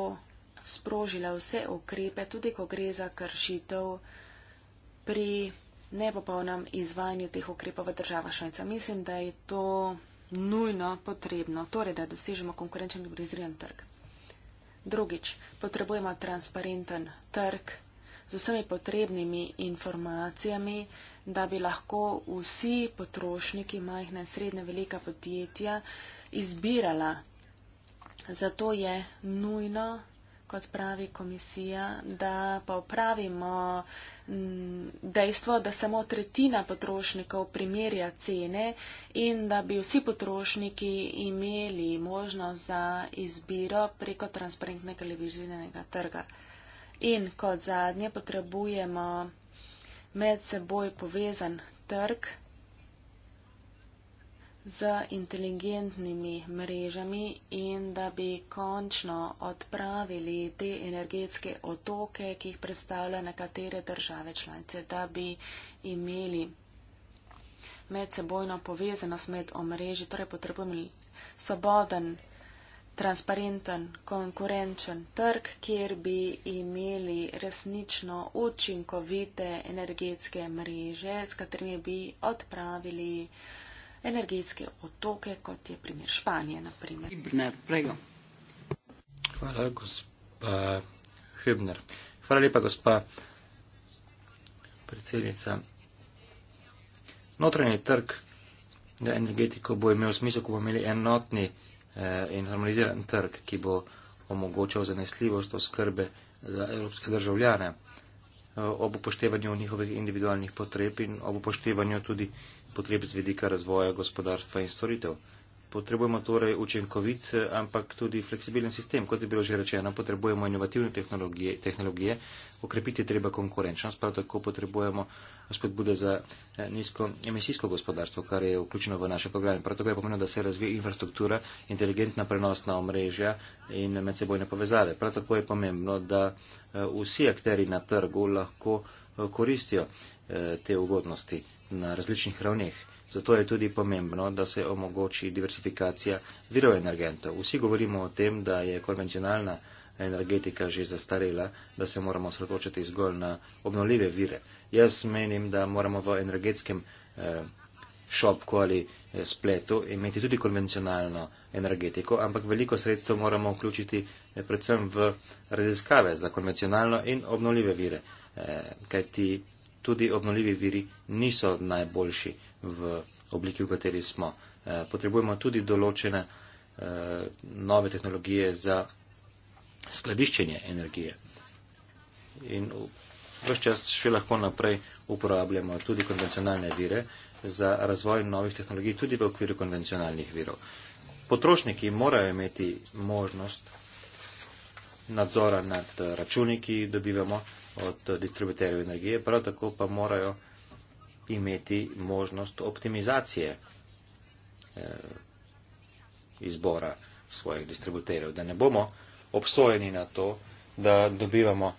sprožila vse okrepe, tudi ko gre za kršitev pri nepopolnem izvajanju teh ukrepov v država šajca. Mislim, da je to nujno potrebno, torej da dosežemo konkurenčen in brezrijan trg. Drugič, potrebujemo transparenten trg z vsemi potrebnimi informacijami, da bi lahko vsi potrošniki, majhna in srednja velika podjetja, izbirala. Zato je nujno kot pravi komisija, da pa upravimo dejstvo, da samo tretjina potrošnikov primerja cene in da bi vsi potrošniki imeli možnost za izbiro preko transparentnega televizijskega trga. In kot zadnje potrebujemo med seboj povezan trg z inteligentnimi mrežami in da bi končno odpravili te energetske otoke, ki jih predstavlja nekatere države članice, da bi imeli medsebojno povezanost med omrežji, torej potrebujemo svoboden, transparenten, konkurenčen trg, kjer bi imeli resnično učinkovite energetske mreže, s katerimi bi odpravili uh, energetske otoke, kot je primer Španije. Naprimer. Hvala, gospa Hübner. Hvala lepa, gospa predsednica. Notranji trg za energetiko bo imel smisel, ko bomo imeli enotni eh, in harmoniziran trg, ki bo omogočal zanesljivost oskrbe za evropske državljane eh, ob upoštevanju njihovih individualnih potreb in ob upoštevanju tudi potreb z vedika razvoja gospodarstva in storitev. Potrebujemo torej učinkovit, eh, ampak tudi fleksibilen sistem. Kot je bilo že rečeno, potrebujemo inovativne tehnologije, tehnologije okrepiti treba konkurenčnost, prav tako potrebujemo spodbude za eh, nizko emisijsko gospodarstvo, kar je vključeno v naše programe. Prav tako je pomembno, da se razvije infrastruktura, inteligentna prenosna omrežja in medsebojne povezave. Prav tako je pomembno, da eh, vsi akteri na trgu lahko koristijo te ugodnosti na različnih ravneh. Zato je tudi pomembno, da se omogoči diversifikacija virov energentov. Vsi govorimo o tem, da je konvencionalna energetika že zastarela, da se moramo sredočiti zgolj na obnovljive vire. Jaz menim, da moramo v energetskem eh, šopku ali eh, spletu imeti tudi konvencionalno energetiko, ampak veliko sredstev moramo vključiti eh, predvsem v raziskave za konvencionalno in obnovljive vire. Eh, kajti tudi obnoljivi viri niso najboljši v obliki, v kateri smo. Eh, potrebujemo tudi določene eh, nove tehnologije za skladiščenje energije. In vse čas še lahko naprej uporabljamo tudi konvencionalne vire za razvoj novih tehnologij tudi v okviru konvencionalnih virov. Potrošniki morajo imeti možnost nadzora nad eh, računi, ki dobivamo, od distributerjev energije, prav tako pa morajo imeti možnost optimizacije eh, izbora svojih distributerjev, da ne bomo obsojeni na to, da dobivamo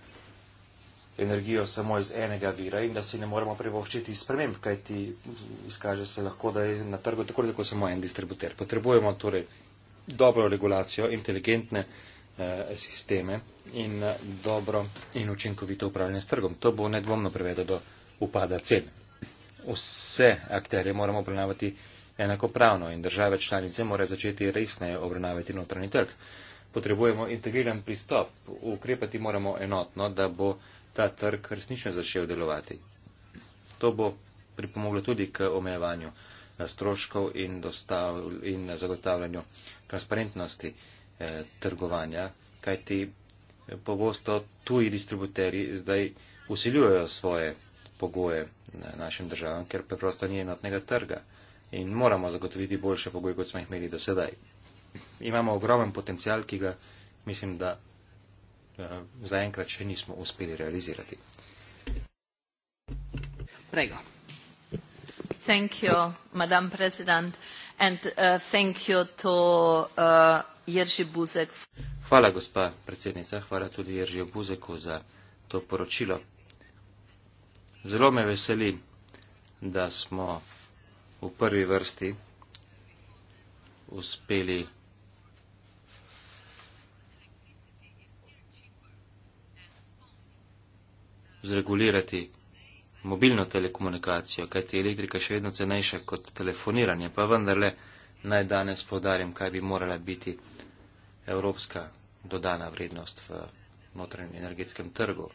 energijo samo iz enega vira in da si ne moremo privoščiti sprememb, kaj ti izkaže se lahko, da je na trgu tako, da je samo en distributer. Potrebujemo torej dobro regulacijo, inteligentne Eh, sisteme in eh, dobro in učinkovito upravljanje s trgom. To bo nedvomno privedlo do upada cen. Vse akterje moramo obravnavati enakopravno in države članice morajo začeti resneje obravnavati notranji trg. Potrebujemo integriran pristop, ukrepati moramo enotno, da bo ta trg resnično začel delovati. To bo pripomoglo tudi k omejevanju eh, stroškov in, dostav, in zagotavljanju transparentnosti. Uh, Eh, trgovanja, kajti pogosto tuji distributeri zdaj usiljujejo svoje pogoje našim državam, ker preprosto ni enotnega trga in moramo zagotoviti boljše pogoje, kot smo jih imeli do sedaj. Imamo ogromen potencial, ki ga mislim, da eh, zaenkrat še nismo uspeli realizirati. Prego. Thank you, madam president, and uh, thank you to uh, Jerži Buzek. Hvala, gospa predsednica. Hvala tudi Jerži Buzeku za to poročilo. Zelo me veseli, da smo v prvi vrsti uspeli zregulirati mobilno telekomunikacijo, kajti elektrika je še vedno cenejša kot telefoniranje, pa vendarle naj danes podarim, kaj bi morala biti evropska dodana vrednost v notranjem energetskem trgu.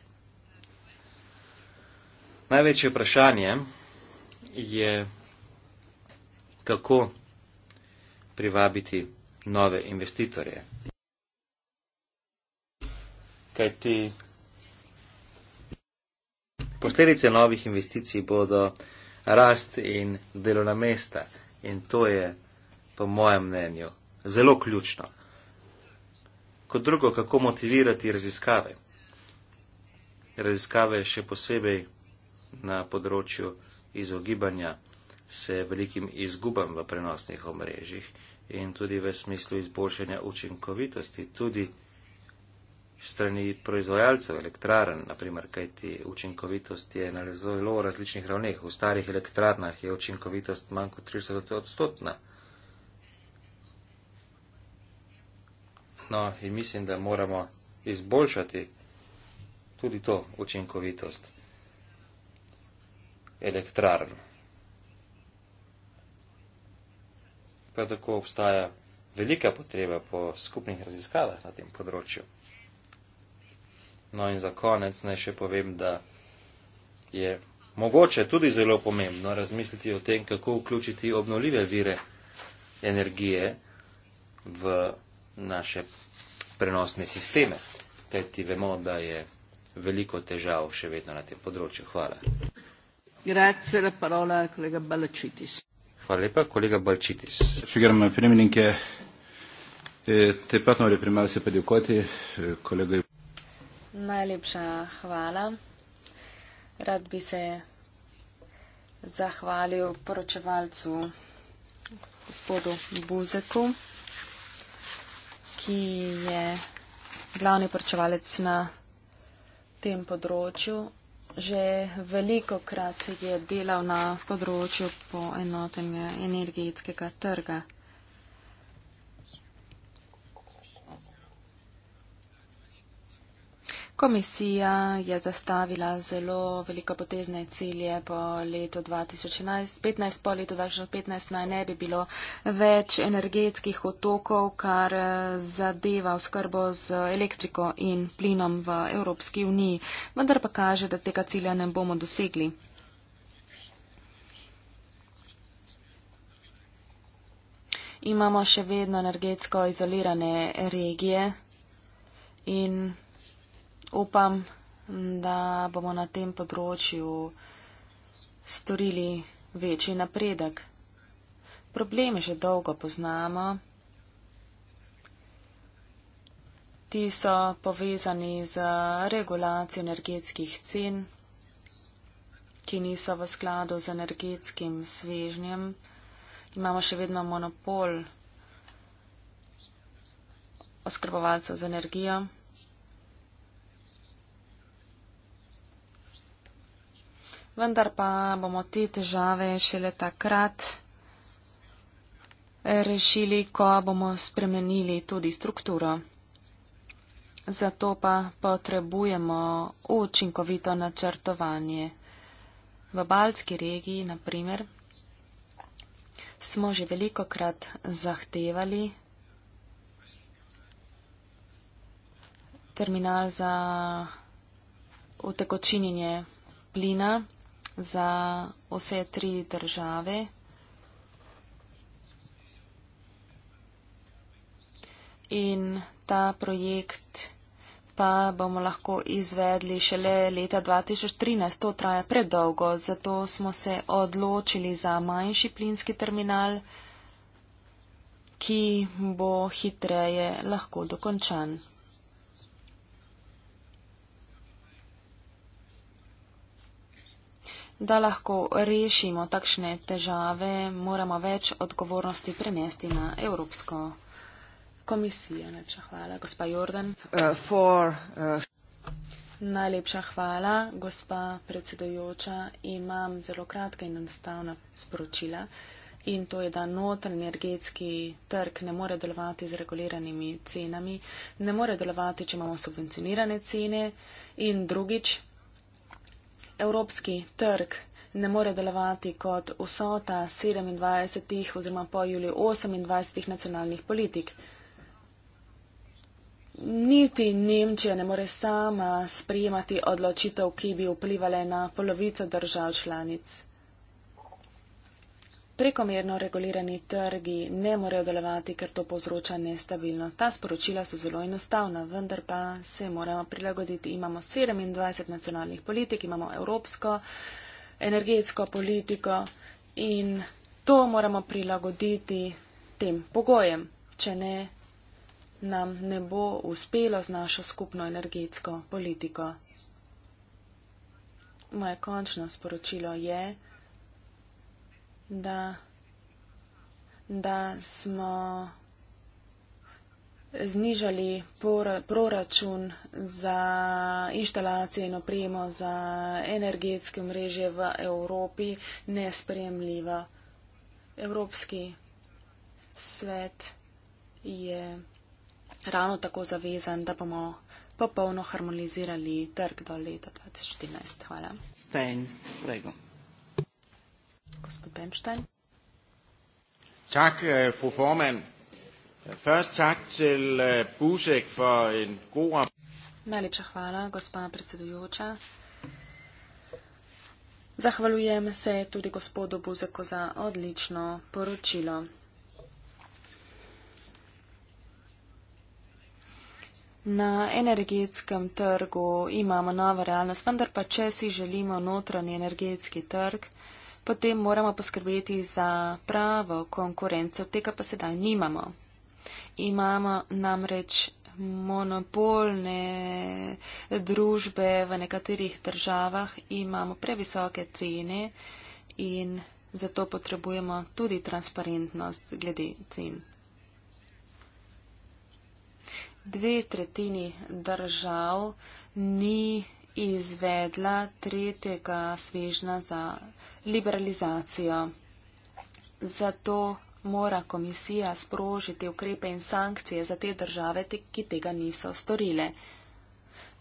Največje vprašanje je, kako privabiti nove investitorje. Kaj ti posledice novih investicij bodo rast in delovna mesta in to je po mojem mnenju zelo ključno kot drugo, kako motivirati raziskave. Raziskave še posebej na področju izogibanja se velikim izgubam v prenosnih omrežjih in tudi v smislu izboljšanja učinkovitosti, tudi strani proizvajalcev elektrarn, naprimer, kajti učinkovitost je na zelo različnih ravneh. V starih elektrarnah je učinkovitost manj kot 30 odstotna. kvalitetno in mislim, da moramo izboljšati tudi to učinkovitost elektrarn. Prav tako obstaja velika potreba po skupnih raziskavah na tem področju. No in za konec naj še povem, da je mogoče tudi zelo pomembno razmisliti o tem, kako vključiti obnoljive vire energije v naše prenosne sisteme, kajti vemo, da je veliko težav še vedno na tem področju. Hvala. Grazie la parola al collega Balacitis. Hvala lepa, collega Balacitis. Figuriamo il primo link. E, te patno le prima se pedi ukoti, collega. E, Najlepša hvala. Rad bi se zahvalil poročevalcu gospodu Buzeku ki je glavni poročevalec na tem področju. Že veliko krat je delal na področju poenotenja energetskega trga. Komisija je zastavila zelo veliko potezne cilje po letu 2015. Po letu 2015 naj ne bi bilo več energetskih otokov, kar eh, zadeva oskrbo z elektriko in plinom v Evropski uniji. Vendar pa kaže, da tega cilja ne bomo dosegli. Imamo še vedno energetsko izolirane regije in upam, da bomo na tem področju storili večji napredek. Probleme že dolgo poznamo. Ti so povezani z regulacijo energetskih cen, ki niso v skladu z energetskim svežnjem. Imamo še vedno monopol oskrbovalcev z energijo. vendar pa bomo te težave šele takrat rešili, ko bomo spremenili tudi strukturo. Zato pa potrebujemo učinkovito načrtovanje. V Baltski regiji, naprimer, smo že veliko krat zahtevali terminal za utekočinjenje plina, za vse tri države. In ta projekt pa bomo lahko izvedli šele leta 2013. To traja predolgo, zato smo se odločili za manjši plinski terminal, ki bo hitreje lahko dokončan. Da lahko rešimo takšne težave, moramo več odgovornosti prenesti na Evropsko komisijo. Najlepša hvala, gospa Jordan. Uh, for, uh... Najlepša hvala, gospa predsedojoča. Imam zelo kratka in enostavna sporočila in to je, da notranji energetski trg ne more delovati z reguliranimi cenami, ne more delovati, če imamo subvencionirane cene in drugič, evropski trg ne more delovati kot vsota 27 oziroma po juliju 28 nacionalnih politik. Niti Nemčija ne more sama sprijemati odločitev, ki bi vplivali na polovico držav članic prekomerno regulirani trgi ne morejo delovati, ker to povzroča nestabilno. Ta sporočila so zelo enostavna, vendar pa se moramo prilagoditi. Imamo 27 nacionalnih politik, imamo evropsko energetsko politiko in to moramo prilagoditi tem pogojem, če ne nam ne bo uspelo z našo skupno energetsko politiko. Moje končno sporočilo je, da, da smo znižali por, proračun za inštalacije in opremo za energetske mreže v Evropi nespremljiva. Evropski svet je ravno tako zavezan, da bomo popolno harmonizirali trg do leta 2014. Hvala. Stein, gospod Benstein. Tak, øh, fru formand. Først tak til øh, Busek for en god rapport. Najlepša hvala, gospa predsedujoča. Zahvaljujem se tudi gospodu Buzeku za odlično poročilo. Na energetskem trgu imamo novo realnost, vendar pa če si želimo notranji energetski trg, potem moramo poskrbeti za pravo konkurenco. Tega pa sedaj nimamo. Imamo namreč monopolne družbe v nekaterih državah, imamo previsoke cene in zato potrebujemo tudi transparentnost glede cen. Dve tretjini držav ni izvedla 3. svežna za liberalizacijo. Zato mora komisija sprožiti ukrepe in sankcije za te države, ki tega niso storile.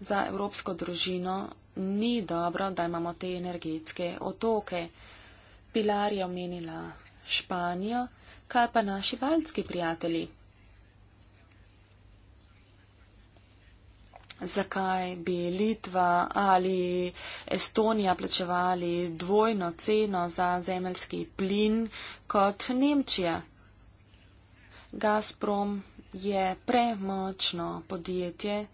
Za evropsko družino ni dobro, da imamo te energetske otoke. Pilar je omenila Španijo, kaj pa naši valjski prijatelji? zakaj bi Litva ali Estonija plačevali dvojno ceno za zemeljski plin kot Nemčija. Gazprom je premočno podjetje.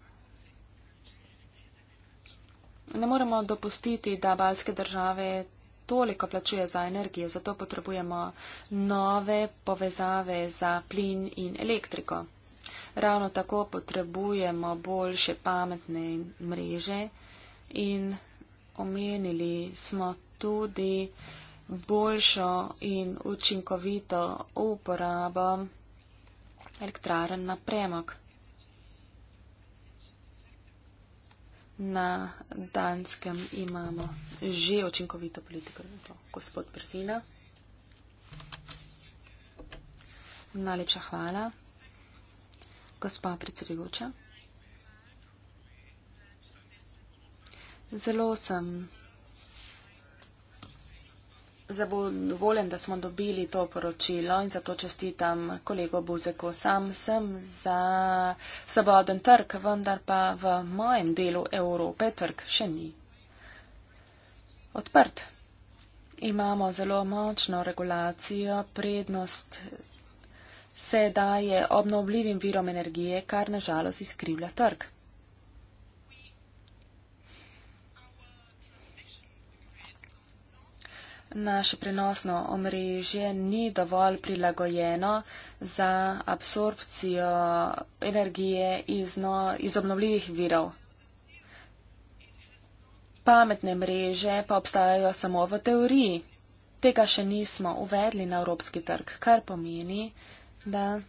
Ne moremo dopustiti, da balske države toliko plačuje za energijo, zato potrebujemo nove povezave za plin in elektriko ravno tako potrebujemo boljše pametne mreže in omenili smo tudi boljšo in učinkovito uporabo elektraren na premog. Na Danskem imamo že učinkovito politiko, gospod Brzina. Najlepša hvala gospa predsedujoča. Zelo sem zavoljen, da smo dobili to poročilo in zato čestitam kolego Buzeko. Sam sem za svoboden trg, vendar pa v mojem delu Evrope trg še ni odprt. Imamo zelo močno regulacijo, prednost se daje obnovljivim virom energije, kar nažalost izkrivlja trg. Naše prenosno omrežje ni dovolj prilagojeno za absorpcijo energije iz, no, iz obnovljivih virov. Pametne mreže pa obstajajo samo v teoriji. Tega še nismo uvedli na evropski trg, kar pomeni, da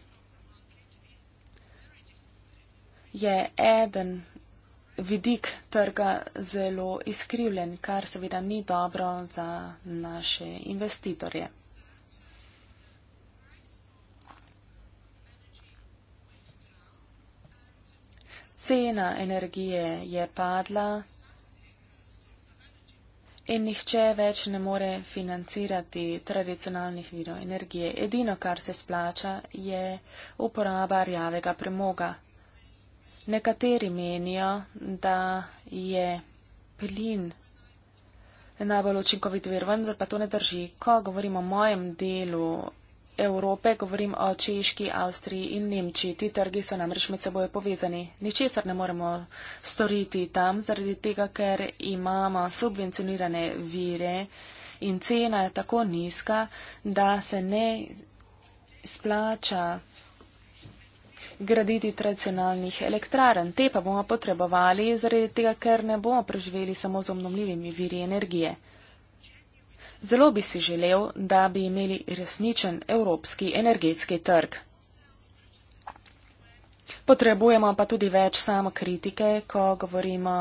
je eden vidik trga zelo izkrivljen, kar seveda ni dobro za naše investitorje. Cena energije je padla in nihče več ne more financirati tradicionalnih virov energije. Edino, kar se splača, je uporaba rjavega premoga. Nekateri menijo, da je plin najbolj učinkovit vir, vendar pa to ne drži. Ko govorimo o mojem delu Evrope, govorim o Češki, Avstriji in Nemčiji. Ti trgi so namreč med seboj povezani. Ničesar ne moremo storiti tam, zaradi tega, ker imamo subvencionirane vire in cena je tako nizka, da se ne splača graditi tradicionalnih elektraren. Te pa bomo potrebovali, zaradi tega, ker ne bomo preživeli samo z obnovljivimi viri energije. Zelo bi si želel, da bi imeli resničen evropski energetski trg. Potrebujemo pa tudi več samokritike, ko govorimo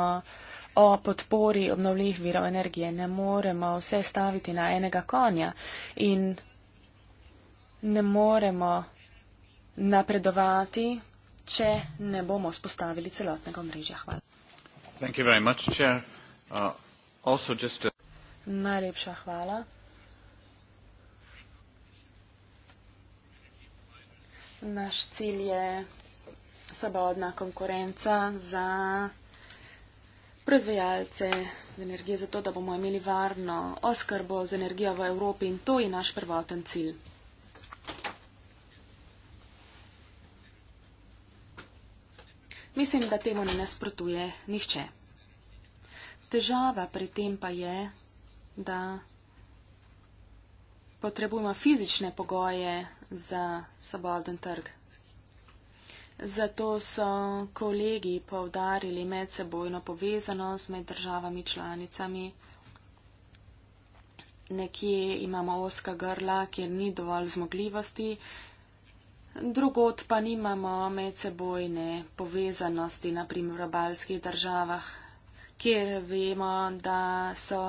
o podpori obnovljih virov energije. Ne moremo vse staviti na enega konja in ne moremo napredovati, če ne bomo spostavili celotnega omrežja. Hvala. Najlepša hvala. Naš cilj je svobodna konkurenca za proizvajalce energije, zato da bomo imeli varno oskrbo z energijo v Evropi in to je naš prvoten cilj. Mislim, da temu ne nasprotuje nihče. Težava pri tem pa je, da potrebujemo fizične pogoje za svoboden trg. Zato so kolegi povdarili medsebojno povezanost med državami članicami. Nekje imamo oska grla, kjer ni dovolj zmogljivosti, drugot pa nimamo medsebojne povezanosti, naprimer v balskih državah, kjer vemo, da so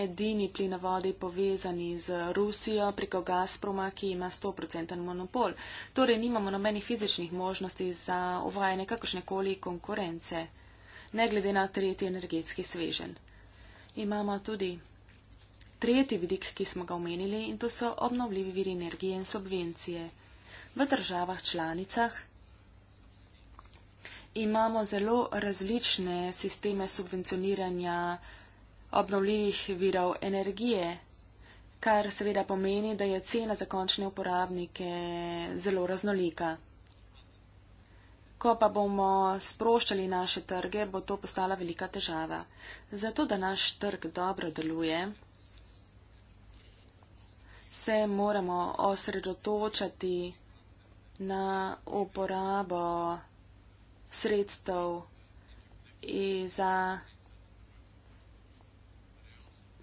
edini plinovodi povezani z Rusijo preko Gazproma, ki ima 100-procenten monopol. Torej nimamo nobenih fizičnih možnosti za uvajanje kakršnekoli konkurence, ne glede na tretji energetski svežen. Imamo tudi tretji vidik, ki smo ga omenili, in to so obnovljivi viri energije in subvencije. V državah članicah imamo zelo različne sisteme subvencioniranja obnovljivih virov energije, kar seveda pomeni, da je cena za končne uporabnike zelo raznolika. Ko pa bomo sproščali naše trge, bo to postala velika težava. Zato, da naš trg dobro deluje, se moramo osredotočati na uporabo sredstev za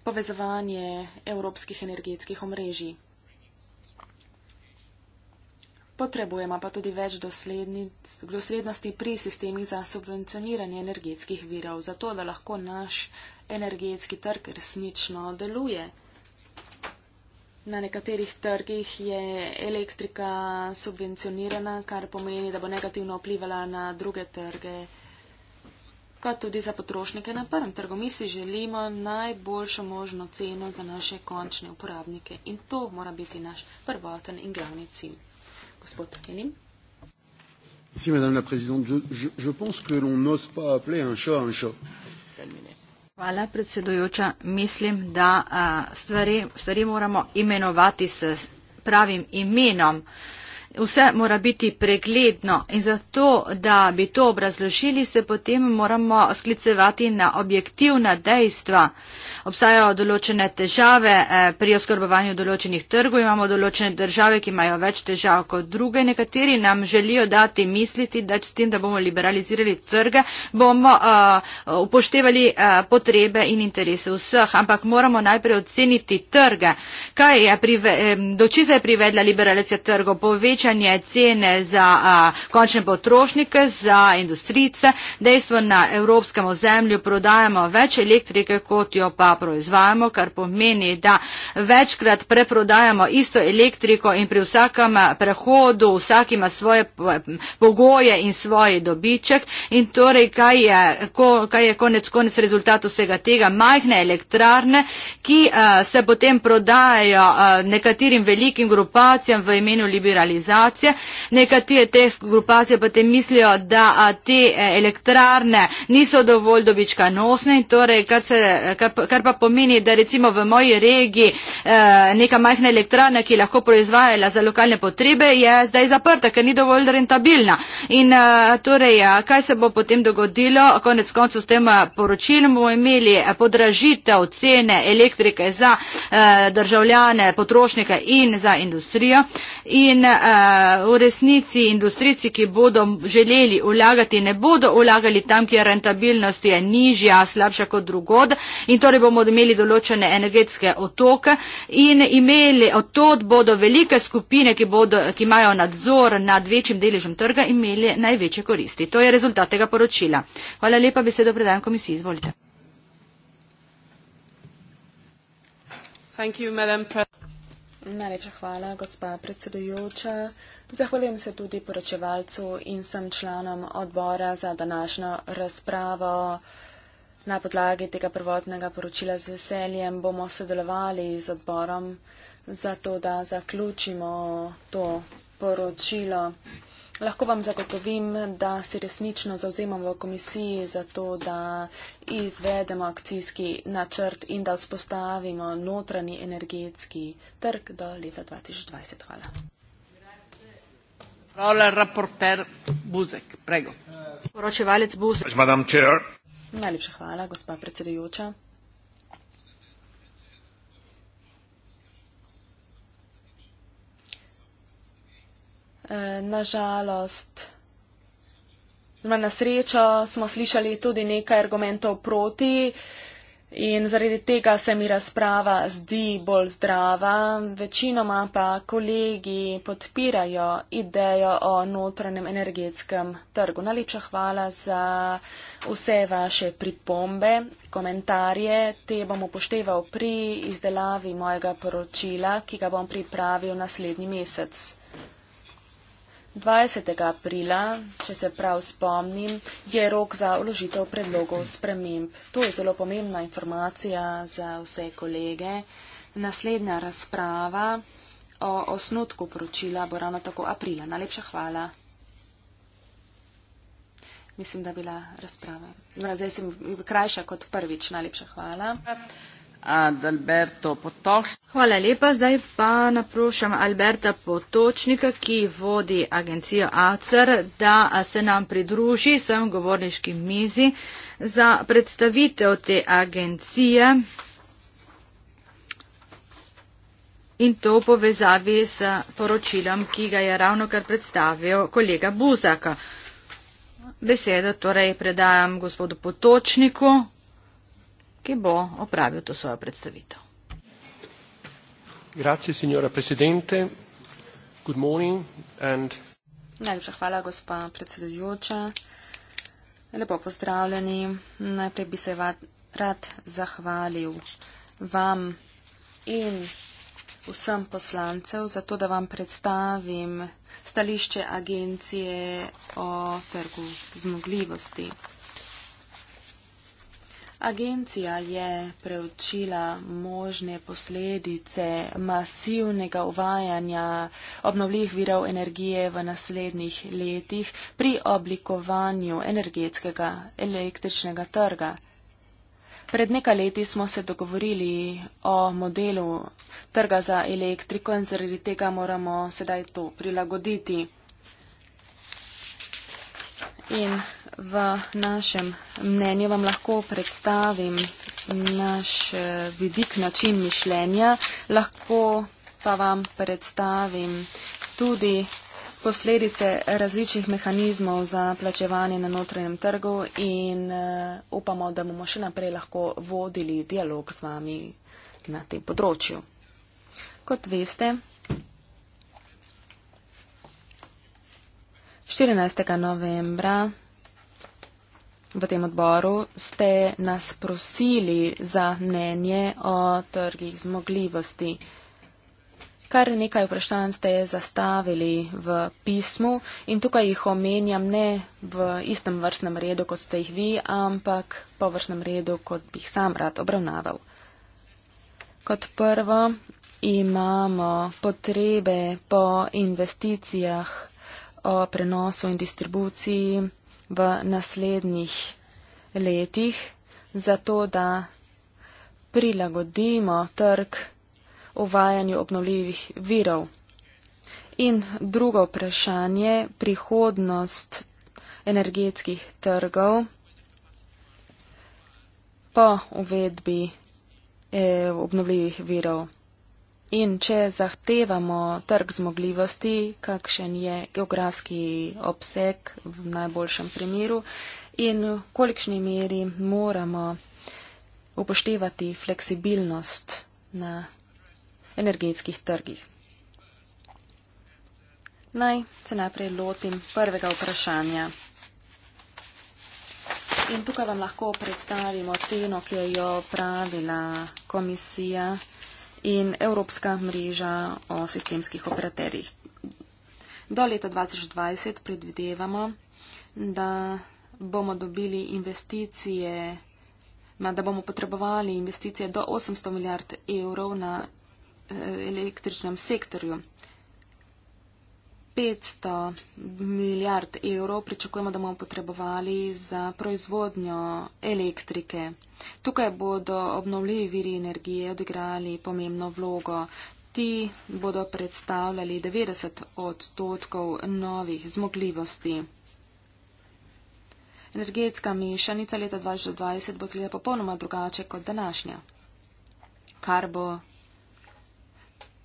povezovanje evropskih energetskih omrežij. Potrebujemo pa tudi več doslednosti pri sistemih za subvencioniranje energetskih virov, zato da lahko naš energetski trg resnično deluje. Na nekaterih trgih je elektrika subvencionirana, kar pomeni, da bo negativno vplivala na druge trge, kot tudi za potrošnike na prvem trgu. Mi si želimo najboljšo možno ceno za naše končne uporabnike in to mora biti naš prvoten in glavni cilj. Gospod Kenim. Si, madame la prezidente, je pense, da l'on n'ose pa appeler un šo un šo. Hvala, predsedujoča. Mislim, da stvari, stvari moramo imenovati s pravim imenom vse mora biti pregledno in zato, da bi to obrazložili, se potem moramo sklicevati na objektivna dejstva. Obstajajo določene težave eh, pri oskrbovanju določenih trgov, imamo določene države, ki imajo več težav kot druge. Nekateri nam želijo dati misliti, da s tem, da bomo liberalizirali trge, bomo eh, upoštevali eh, potrebe in interese vseh, ampak moramo najprej oceniti trge. Do česa je privedla liberalizacija trgov? povečanje cene za a, končne potrošnike, za industrice. Dejstvo na evropskem ozemlju prodajamo več elektrike, kot jo pa proizvajamo, kar pomeni, da večkrat preprodajamo isto elektriko in pri vsakem prehodu vsak ima svoje pogoje in svoj dobiček. In torej, kaj je, ko, kaj je konec konec rezultat vsega tega? Majhne elektrarne, ki a, se potem prodajajo a, nekaterim velikim grupacijam v imenu liberalizacije organizacije. Neka tije te grupacije pa te mislijo, da a, te e, elektrarne niso dovolj dobičkanosne, torej, kar, se, kar, kar pa pomeni, da recimo v moji regiji a, e, neka majhna elektrarna, ki je lahko proizvajala za lokalne potrebe, je zdaj zaprta, ker ni dovolj rentabilna. In a, e, torej, a, kaj se bo potem dogodilo? Konec koncu s tem poročilom bomo imeli podražitev cene elektrike za a, državljane, potrošnike in za industrijo. In, a, v resnici industrici, ki bodo želeli vlagati, ne bodo vlagali tam, kjer rentabilnost je nižja, slabša kot drugod in torej bomo imeli določene energetske otoke in imeli otod bodo velike skupine, ki, bodo, ki imajo nadzor nad večjim deležem trga, imeli največje koristi. To je rezultat tega poročila. Hvala lepa, besedo predajam komisiji. Izvolite. Thank you, Madam President. Najlepša hvala, gospa predsedujoča. Zahvaljujem se tudi poročevalcu in sem članom odbora za današnjo razpravo. Na podlagi tega prvotnega poročila z veseljem bomo sodelovali z odborom, zato da zaključimo to poročilo. Lahko vam zagotovim, da se resnično zauzemamo v komisiji za to, da izvedemo akcijski načrt in da vzpostavimo notranji energetski trg do leta 2020. Hvala. Hvala, raporter Buzek. Prego. Poročevalec Buzek. Najlepša hvala, gospa predsedujoča. Eh, na žalost, na srečo smo slišali tudi nekaj argumentov proti in zaradi tega se mi razprava zdi bolj zdrava. Večinoma pa kolegi podpirajo idejo o notranjem energetskem trgu. Najlepša hvala za vse vaše pripombe, komentarje. Te bom upošteval pri izdelavi mojega poročila, ki ga bom pripravil naslednji mesec. 20. aprila, če se prav spomnim, je rok za vložitev predlogov sprememb. To je zelo pomembna informacija za vse kolege. Naslednja razprava o osnutku poročila bo ravno tako aprila. Najlepša hvala. Mislim, da je bila razprava. Zdaj sem krajša kot prvič. Najlepša hvala. Ja. Adalberto Potočnik. Hvala lepa, zdaj pa naprošam Alberta Potočnika, ki vodi agencijo ACR, da se nam pridruži s svojim govorniškim mizi za predstavitev te agencije in to v povezavi s poročilom, ki ga je ravno kar predstavil kolega Buzaka. Besedo torej predajam gospodu Potočniku ki bo opravil to svojo predstavitev. Grazie, signora presidente. Good morning and. Najlepša hvala, gospa predsedujoča. Lepo pozdravljeni. Najprej bi se rad zahvalil vam in vsem poslancev za to, da vam predstavim stališče agencije o trgu zmogljivosti. Agencija je preučila možne posledice masivnega uvajanja obnovljivih virov energije v naslednjih letih pri oblikovanju energetskega električnega trga. Pred nekaj leti smo se dogovorili o modelu trga za elektriko in zaradi tega moramo sedaj to prilagoditi. In v našem mnenju vam lahko predstavim naš eh, vidik, način mišljenja, lahko pa vam predstavim tudi posledice različnih mehanizmov za plačevanje na notranjem trgu in eh, upamo, da bomo še naprej lahko vodili dialog z vami na tem področju. Kot veste, 14. novembra v tem odboru ste nas prosili za mnenje o trgih zmogljivosti. Kar nekaj vprašanj ste zastavili v pismu in tukaj jih omenjam ne v istem vrstnem redu, kot ste jih vi, ampak po vrstnem redu, kot bi jih sam rad obravnaval. Kot prvo imamo potrebe po investicijah o prenosu in distribuciji v naslednjih letih, zato da prilagodimo trg uvajanju obnovljivih virov. In drugo vprašanje, prihodnost energetskih trgov po uvedbi eh, obnovljivih virov. In če zahtevamo trg zmogljivosti, kakšen je geografski obseg v najboljšem primeru in v kolikšni meri moramo upoštevati fleksibilnost na energetskih trgih. Naj se najprej lotim prvega vprašanja. In tukaj vam lahko predstavimo ceno, ki jo pravila komisija in Evropska mreža o sistemskih operaterjih. Do leta 2020 predvidevamo, da bomo dobili investicije, da bomo potrebovali investicije do 800 milijard evrov na eh, električnem sektorju. 500 milijard evrov pričakujemo, da bomo potrebovali za proizvodnjo elektrike. Tukaj bodo obnovljivi viri energije odigrali pomembno vlogo. Ti bodo predstavljali 90 odstotkov novih zmogljivosti. Energetska mešanica leta 2020 bo zgleda popolnoma drugače kot današnja, kar bo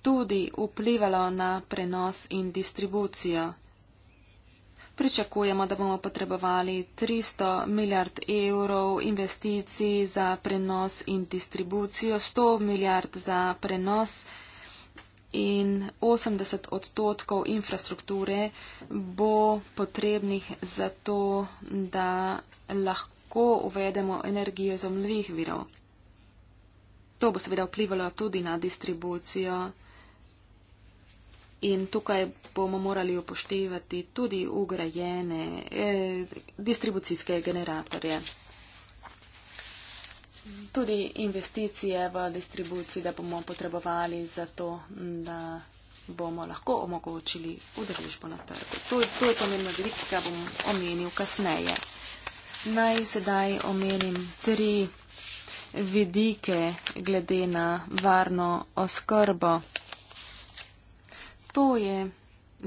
tudi vplivalo na prenos in distribucijo. Pričakujemo, da bomo potrebovali 300 milijard evrov investicij za prenos in distribucijo, 100 milijard za prenos in 80 odstotkov infrastrukture bo potrebnih za to, da lahko uvedemo energijo iz omljivih virov. To bo seveda vplivalo tudi na distribucijo. In tukaj bomo morali upoštevati tudi ugrajene eh, distribucijske generatorje. Tudi investicije v distribuciji, da bomo potrebovali za to, da bomo lahko omogočili udeležbo na trgu. To, to je pomembno veliko, kar bom omenil kasneje. Naj sedaj omenim tri vidike glede na varno oskrbo to je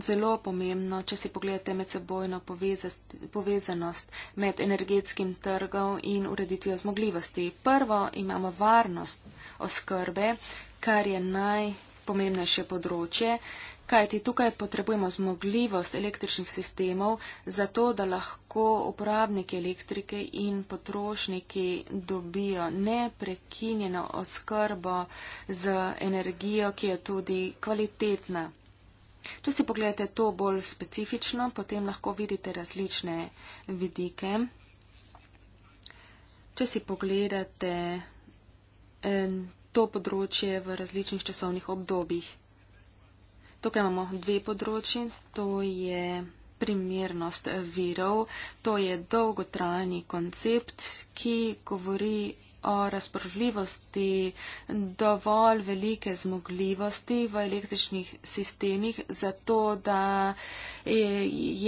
zelo pomembno, če si pogledate medsebojno povezanost med energetskim trgom in ureditvijo zmogljivosti. Prvo imamo varnost oskrbe, kar je najpomembnejše področje, kajti tukaj potrebujemo zmogljivost električnih sistemov, zato da lahko uporabniki elektrike in potrošniki dobijo neprekinjeno oskrbo z energijo, ki je tudi kvalitetna. Če si pogledate to bolj specifično, potem lahko vidite različne vidike. Če si pogledate en, eh, to področje v različnih časovnih obdobjih. Tukaj imamo dve področji. To je primernost virov. To je dolgotrajni koncept, ki govori o razpoložljivosti dovolj velike zmogljivosti v električnih sistemih, zato da e,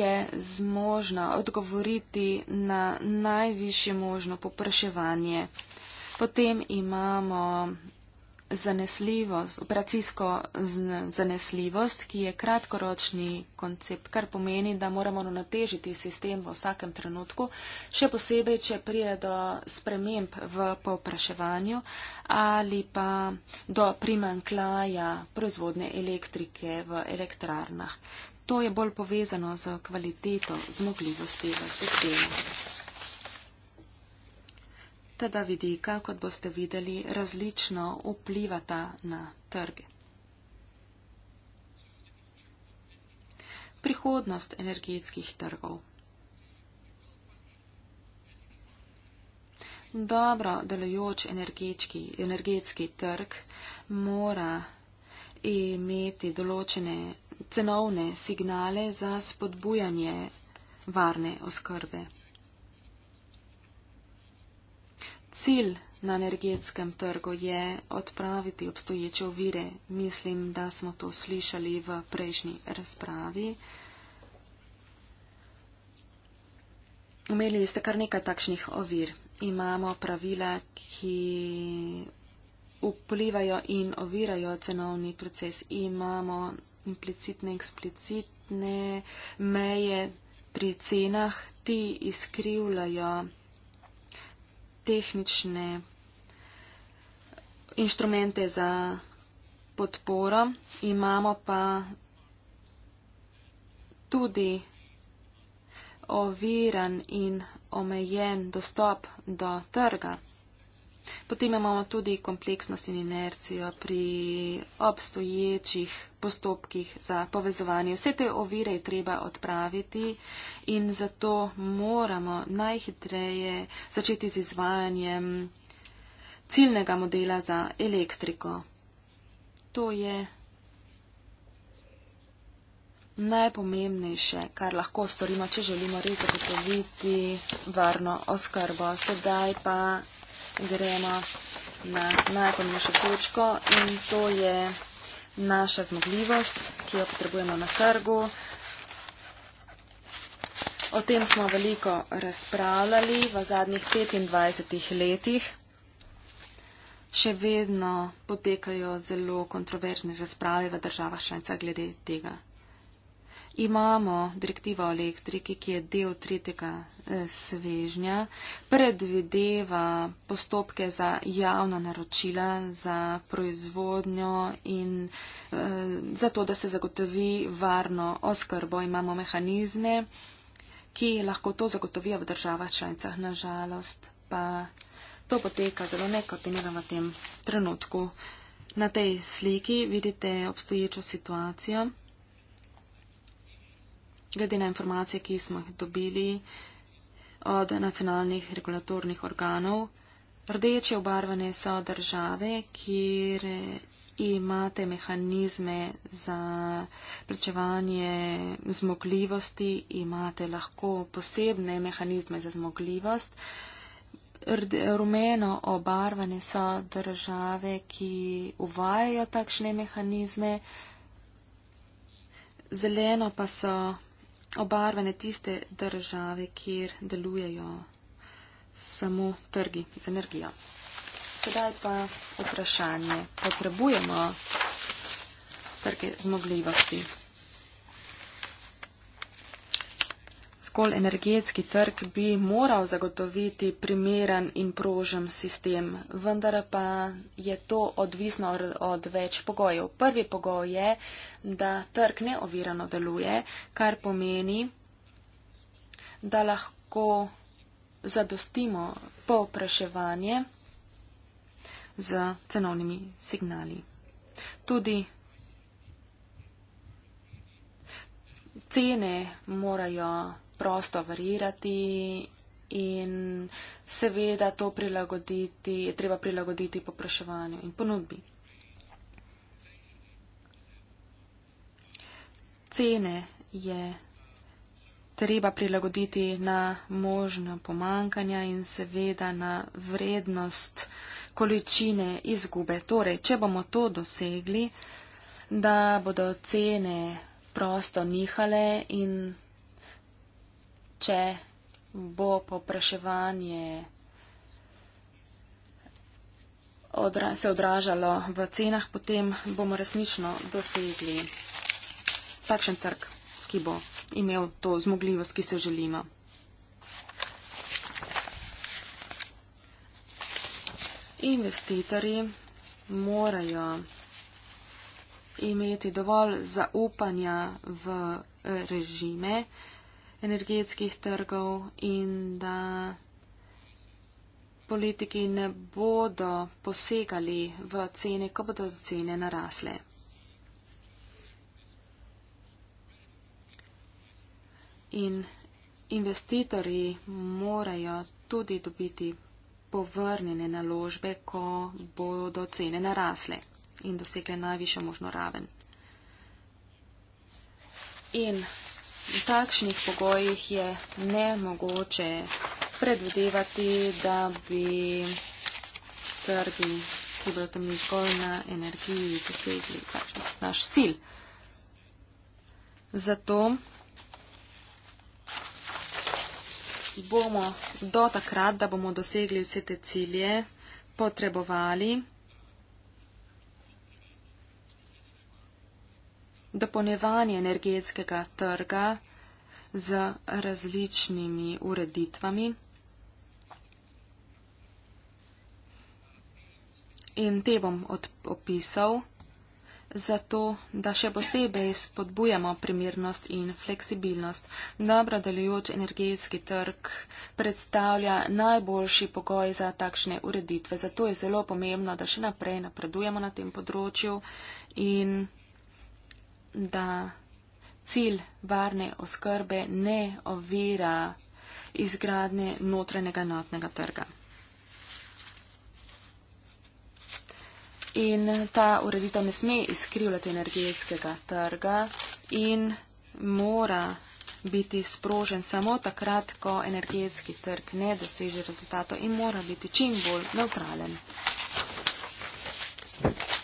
je zmožna odgovoriti na najviše možno popraševanje. Potem imamo zanesljivost, operacijsko zanesljivost, ki je kratkoročni koncept, kar pomeni, da moramo natežiti sistem v vsakem trenutku, še posebej, če prije do sprememb v popraševanju ali pa do primanklaja proizvodne elektrike v elektrarnah. To je bolj povezano z kvaliteto zmogljivosti v sistemu ta dva vidika, kot boste videli, različno vplivata na trge. Prihodnost energetskih trgov. Dobro delujoč energetski, energetski trg mora imeti določene cenovne signale za spodbujanje varne oskrbe. cilj na energetskem trgu je odpraviti obstoječe ovire. Mislim, da smo to slišali v prejšnji razpravi. Umeli ste kar nekaj takšnih ovir. Imamo pravila, ki vplivajo in ovirajo cenovni proces. Imamo implicitne, eksplicitne meje pri cenah. Ti izkrivljajo tehnične inštrumente za podporo, imamo pa tudi oviran in omejen dostop do trga. Potem imamo tudi kompleksnost in inercijo pri obstoječih postopkih za povezovanje. Vse te ovire je treba odpraviti in zato moramo najhitreje začeti z izvajanjem ciljnega modela za elektriko. To je najpomembnejše, kar lahko storimo, če želimo res zagotoviti varno oskrbo. Sedaj pa gremo na najpomembnejšo točko in to je naša zmogljivost, ki jo potrebujemo na trgu. O tem smo veliko razpravljali v zadnjih 25 letih. Še vedno potekajo zelo kontroverzne razprave v državah šanca glede tega imamo direktiva o elektriki, ki je del tretjega eh, svežnja, predvideva postopke za javna naročila, za proizvodnjo in eh, za to, da se zagotovi varno oskrbo. Imamo mehanizme, ki lahko to zagotovijo v državah članicah, nažalost pa to poteka zelo nekoordinirano v tem trenutku. Na tej sliki vidite obstoječo situacijo glede na informacije, ki smo jih dobili od nacionalnih regulatornih organov. Rdeče obarvane so države, kjer imate mehanizme za plačevanje zmogljivosti, imate lahko posebne mehanizme za zmogljivost. Rumeno obarvane so države, ki uvajajo takšne mehanizme, zeleno pa so obarvane tiste države, kjer delujejo samo trgi z energijo. Sedaj pa vprašanje. Potrebujemo trge zmogljivosti. zgolj energetski trg bi moral zagotoviti primeren in prožen sistem, vendar pa je to odvisno od več pogojev. Prvi pogoj je, da trg neovirano deluje, kar pomeni, da lahko zadostimo povpraševanje z cenovnimi signali. Tudi cene morajo prosto varirati in seveda to prilagoditi, je treba prilagoditi popraševanju in ponudbi. Cene je treba prilagoditi na možna pomankanja in seveda na vrednost količine izgube. Torej, če bomo to dosegli, da bodo cene prosto nihale in če bo popraševanje odra se odražalo v cenah, potem bomo resnično dosegli takšen trg, ki bo imel to zmogljivost, ki se želimo. Investitorji morajo imeti dovolj zaupanja v režime, energetskih trgov in da politiki ne bodo posegali v cene, ko bodo cene narasle. In investitorji morajo tudi dobiti povrnjene naložbe, ko bodo cene narasle in dosegle najvišjo možno raven. In v takšnih pogojih je ne mogoče predvidevati, da bi trgi, ki bodo tam zgolj na energiji, dosegli pač naš cilj. Zato bomo do takrat, da bomo dosegli vse te cilje, potrebovali dopolnevanje energetskega trga z različnimi ureditvami. In te bom opisal, zato da še posebej spodbujamo primernost in fleksibilnost. Dobro delujoč energetski trg predstavlja najboljši pogoj za takšne ureditve. Zato je zelo pomembno, da še naprej napredujemo na tem področju in da cilj varne oskrbe ne ovira izgradnje notranjega notnega trga. In ta ureditev ne sme izkrivljati energetskega trga in mora biti sprožen samo takrat, ko energetski trg ne doseže rezultatov in mora biti čim bolj neutralen. Thank you.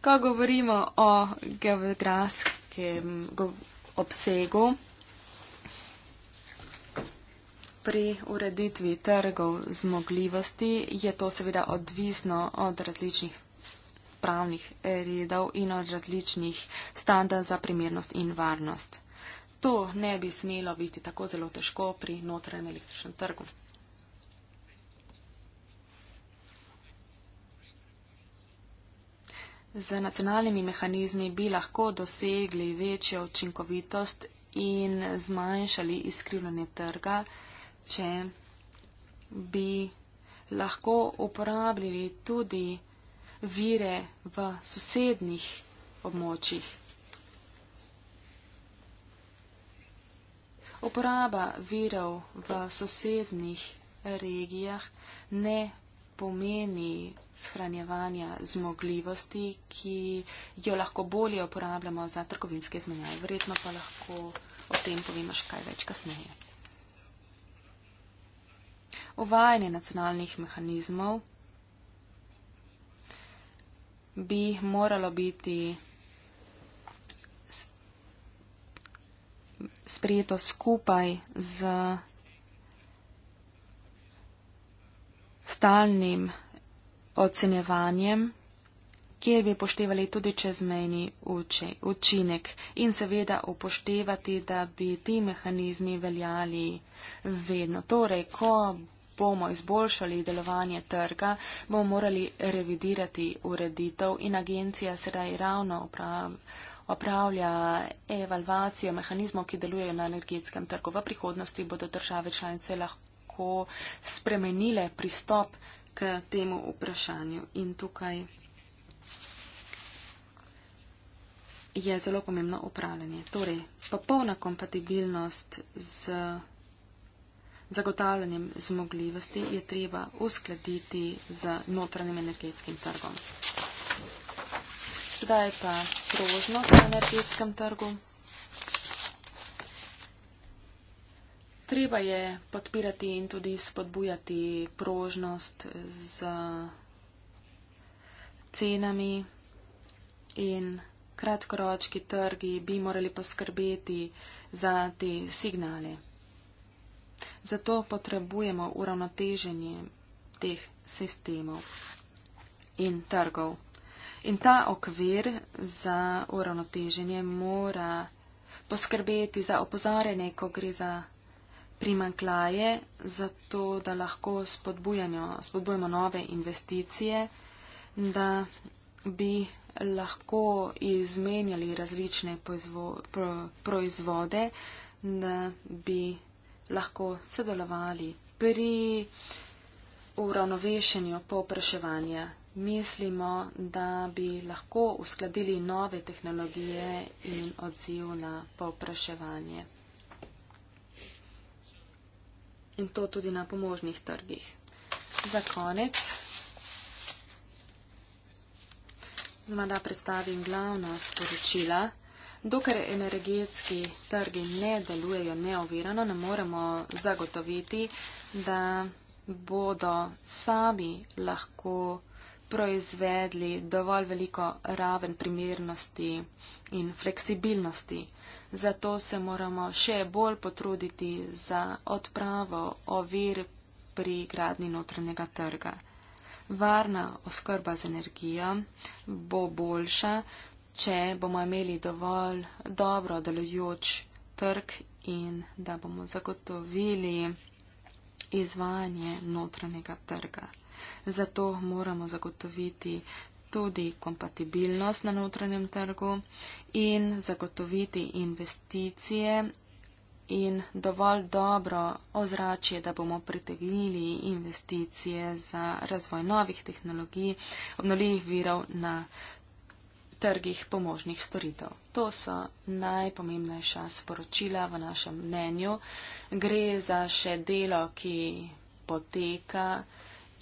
Ko govorimo o geografskem obsegu, pri ureditvi trgov zmogljivosti je to seveda odvisno od različnih pravnih redov in od različnih standardov za primernost in varnost. To ne bi smelo biti tako zelo težko pri notranjem električnem trgu. Z nacionalnimi mehanizmi bi lahko dosegli večjo učinkovitost in zmanjšali izkrivljanje trga, če bi lahko uporabljali tudi vire v sosednjih območjih. Uporaba virov v sosednjih regijah ne pomeni shranjevanja zmogljivosti, ki jo lahko bolje uporabljamo za trgovinske izmenjave. Verjetno pa lahko o tem povemo še kaj več kasneje. Uvajanje nacionalnih mehanizmov bi moralo biti sprejeto skupaj z stalnim ocenjevanjem, kjer bi upoštevali tudi čezmejni učinek in seveda upoštevati, da bi ti mehanizmi veljali vedno. Torej, ko bomo izboljšali delovanje trga, bomo morali revidirati ureditev in agencija sedaj ravno opravlja evalvacijo mehanizmov, ki delujejo na energetskem trgu. V prihodnosti bodo države članice lahko spremenile pristop k temu vprašanju. In tukaj je zelo pomembno upravljanje. Torej, popolna kompatibilnost z zagotavljanjem zmogljivosti je treba uskladiti z notranjim energetskim trgom. Sedaj pa prožnost na energetskem trgu. treba je podpirati in tudi spodbujati prožnost z cenami in kratkoročki trgi bi morali poskrbeti za te signale. Zato potrebujemo uravnoteženje teh sistemov in trgov. In ta okvir za uravnoteženje mora poskrbeti za opozarjanje, ko gre za primankljaje, zato da lahko spodbujamo nove investicije, da bi lahko izmenjali različne proizvode, da bi lahko sodelovali pri uravnovešenju popraševanja. Mislimo, da bi lahko uskladili nove tehnologije in odziv na popraševanje in to tudi na pomožnih trgih. Za konec. Zdaj, da predstavim glavna sporočila. Dokler energetski trgi ne delujejo neovirano, ne moremo zagotoviti, da bodo sami lahko proizvedli dovolj veliko raven primernosti in fleksibilnosti zato se moramo še bolj potruditi za odpravo ovir pri gradni notranjega trga. Varna oskrba z energijo bo boljša, če bomo imeli dovolj dobro delujoč trg in da bomo zagotovili izvajanje notranjega trga. Zato moramo zagotoviti tudi kompatibilnost na notranjem trgu in zagotoviti investicije in dovolj dobro ozračje, da bomo pritegnili investicije za razvoj novih tehnologij, obnovljivih virov na trgih pomožnih storitev. To so najpomembnejša sporočila v našem mnenju. Gre za še delo, ki poteka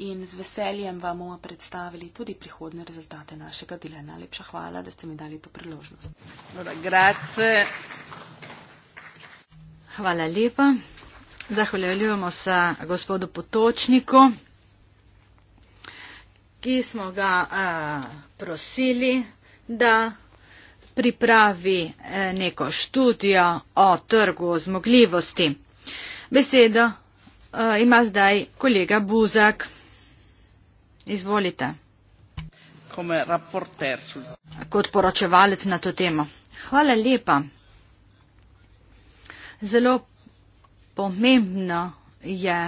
in z veseljem vam bomo predstavili tudi prihodne rezultate našega dela. Najlepša hvala, da ste mi dali to priložnost. Hvala lepa. Zahvaljujemo se gospodu Potočniku, ki smo ga a, prosili, da pripravi a, neko študijo o trgu zmogljivosti. Besedo a, ima zdaj kolega Buzak. Izvolite. Kot poročevalec na to temo. Hvala lepa. Zelo pomembno je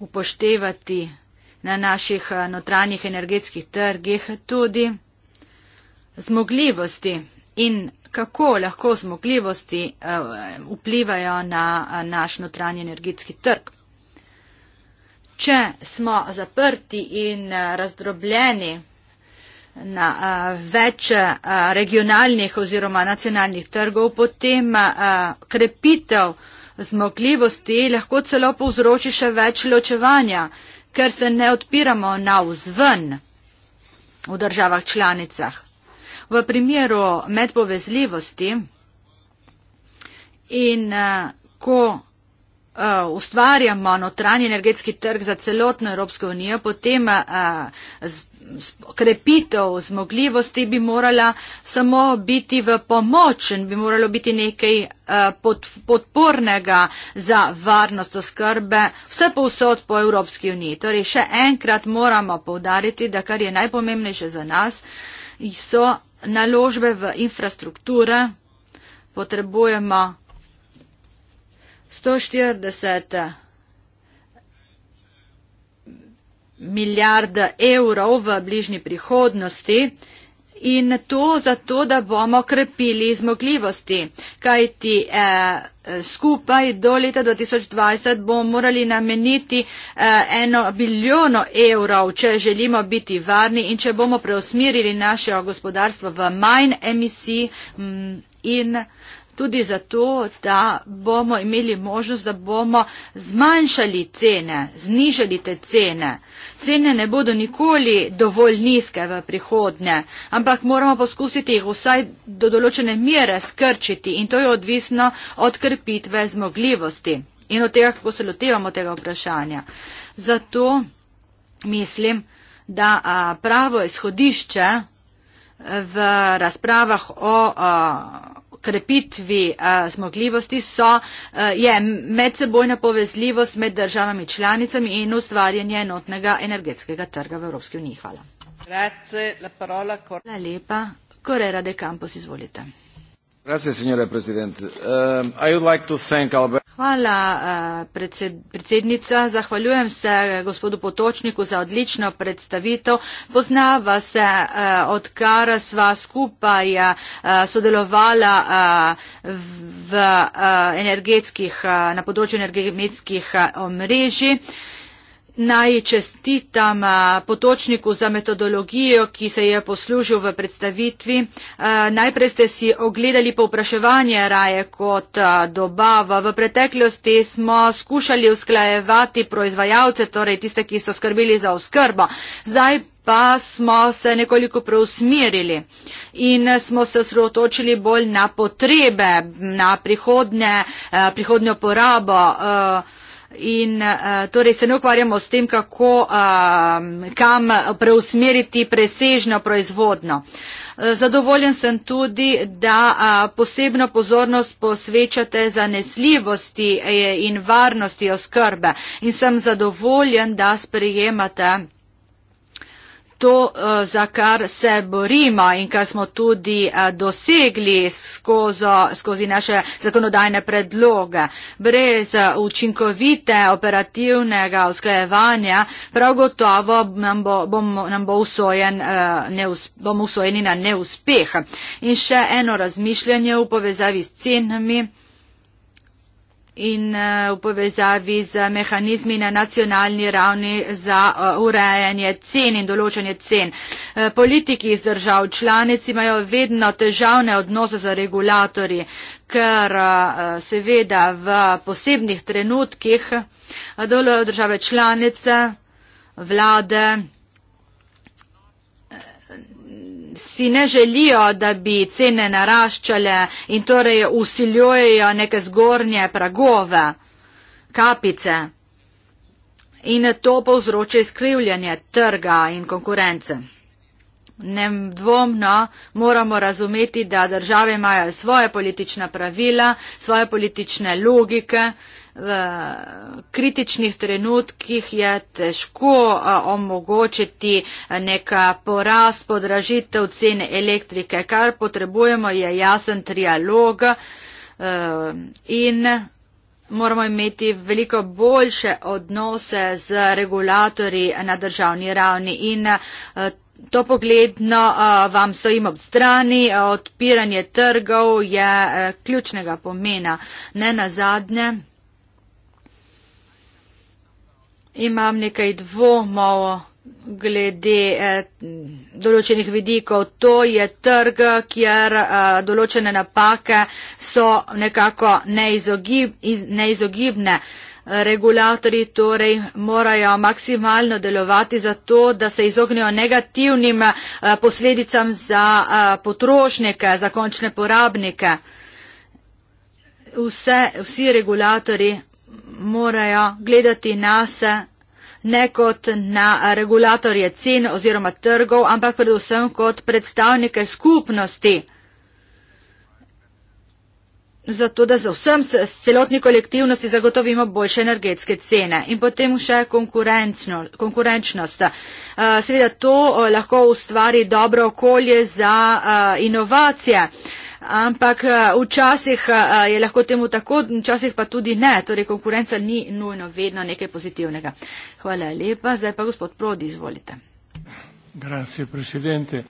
upoštevati na naših eh, notranjih energetskih trgih tudi zmogljivosti in kako lahko zmogljivosti eh, vplivajo na eh, naš notranji energetski trg če smo zaprti in eh, razdrobljeni na eh, več eh, regionalnih oziroma nacionalnih trgov, potem krepitev zmogljivosti lahko celo povzroči še več ločevanja, ker se ne odpiramo na vzven v državah članicah. V primeru medpovezljivosti in ko uh, ustvarjamo notranji energetski trg za celotno Evropsko unijo, potem uh, krepitev zmogljivosti bi morala samo biti v pomoč in bi moralo biti nekaj uh, pod, podpornega za varnost oskrbe vse povsod po Evropski uniji. Torej, še enkrat moramo povdariti, da kar je najpomembnejše za nas, so naložbe v infrastrukture, potrebujemo 140 milijard evrov v bližnji prihodnosti in to zato, da bomo krepili zmogljivosti, kajti eh, skupaj do leta 2020 bomo morali nameniti eh, eno biljono evrov, če želimo biti varni in če bomo preusmirili naše gospodarstvo v manj emisij mm, in eh, tudi zato, da bomo imeli možnost, da bomo zmanjšali cene, znižali te cene. Cene ne bodo nikoli dovolj nizke v prihodnje, ampak moramo poskusiti jih vsaj do določene mere skrčiti in to je odvisno od krpitve zmogljivosti in od tega, kako se lotevamo tega vprašanja. Zato mislim, da pravo izhodišče v razpravah o, o krepitvi eh, zmogljivosti so, eh, je medsebojna povezljivost med državami članicami in ustvarjanje enotnega energetskega trga v Evropski uniji. Hvala. Grazie, la parola, cor... la lepa. Correra de Campos, izvolite. Um, Hvala, uh, predsednica. Zahvaljujem se uh, gospodu Potočniku za odlično predstavitev. Poznava se, uh, odkar sva skupaj sodelovala v na področju energetskih omrežij. Naj čestitam potočniku za metodologijo, ki se je poslužil v predstavitvi. Najprej ste si ogledali povpraševanje raje kot dobava. V preteklosti smo skušali usklajevati proizvajalce, torej tiste, ki so skrbeli za oskrbo. Zdaj pa smo se nekoliko preusmerili in smo se osredotočili bolj na potrebe, na prihodnje, prihodnjo porabo in uh, torej se ne ukvarjamo s tem, kako uh, kam preusmeriti presežno proizvodno. Eh, zadovoljen sem tudi, da a, eh, posebno pozornost posvečate zanesljivosti in varnosti oskrbe in sem zadovoljen, da sprejemate to, eh, za kar se borimo in kar smo tudi eh, dosegli skozo, skozi naše zakonodajne predloge. Brez eh, učinkovite operativnega usklajevanja prav gotovo nam bo, bom, nam bo usojen, neus, bomo usojeni na neuspeh. In še eno razmišljanje v povezavi s cenami in eh, v povezavi z mehanizmi na nacionalni ravni za eh, urejanje cen in določanje cen. Eh, politiki iz držav članic imajo vedno težavne odnose za regulatori, ker seveda v posebnih trenutkih dolujo države članice, vlade, si ne želijo, da bi cene naraščale in torej usiljujejo neke zgornje pragove, kapice. In to povzroča izkrivljanje trga in konkurence. Ne dvomno moramo razumeti, da države imajo svoje politične pravila, svoje politične logike v kritičnih trenutkih je težko eh, omogočiti eh, neka porast, podražitev cene elektrike. Kar potrebujemo je jasen trialog eh, in moramo imeti veliko boljše odnose z regulatorji na državni ravni. In To pogledno vam stojim ob strani, odpiranje trgov je ključnega pomena. Ne na zadnje imam nekaj dvomov glede eh, določenih vidikov. To je trg, kjer eh, določene napake so nekako neizogib, neizogibne. Regulatori torej morajo maksimalno delovati za to, da se izognijo negativnim eh, posledicam za eh, potrošnike, za končne porabnike. Vse, vsi regulatori morajo gledati nas ne kot na regulatorje cen oziroma trgov, ampak predvsem kot predstavnike skupnosti. Zato, da za vsem s celotni kolektivnosti zagotovimo boljše energetske cene. In potem še konkurenčnost. Eh, seveda to eh, lahko ustvari dobro okolje za eh, inovacije ampak eh, včasih eh, je lahko temu tako, včasih pa tudi ne. Torej, konkurenca ni nujno vedno nekaj pozitivnega. Hvala lepa. Zdaj pa gospod Prodi, izvolite. Grazie, presidente.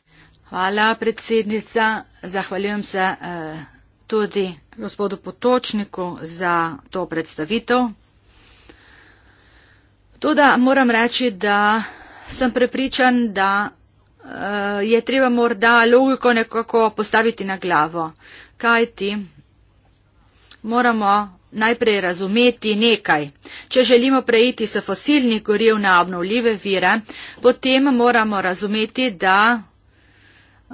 Hvala, predsednica. Zahvaljujem se eh, tudi gospodu Potočniku za to predstavitev. Tudi moram reči, da sem prepričan, da uh, je treba morda logiko nekako postaviti na glavo. Kaj ti? Moramo najprej razumeti nekaj. Če želimo preiti se fosilnih goriv na obnovljive vire, potem moramo razumeti, da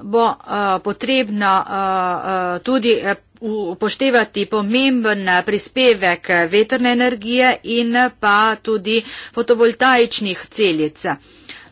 bo uh, potrebno uh, uh, tudi upoštevati pomemben prispevek vetrne energije in pa tudi fotovoltaičnih celic. Uh,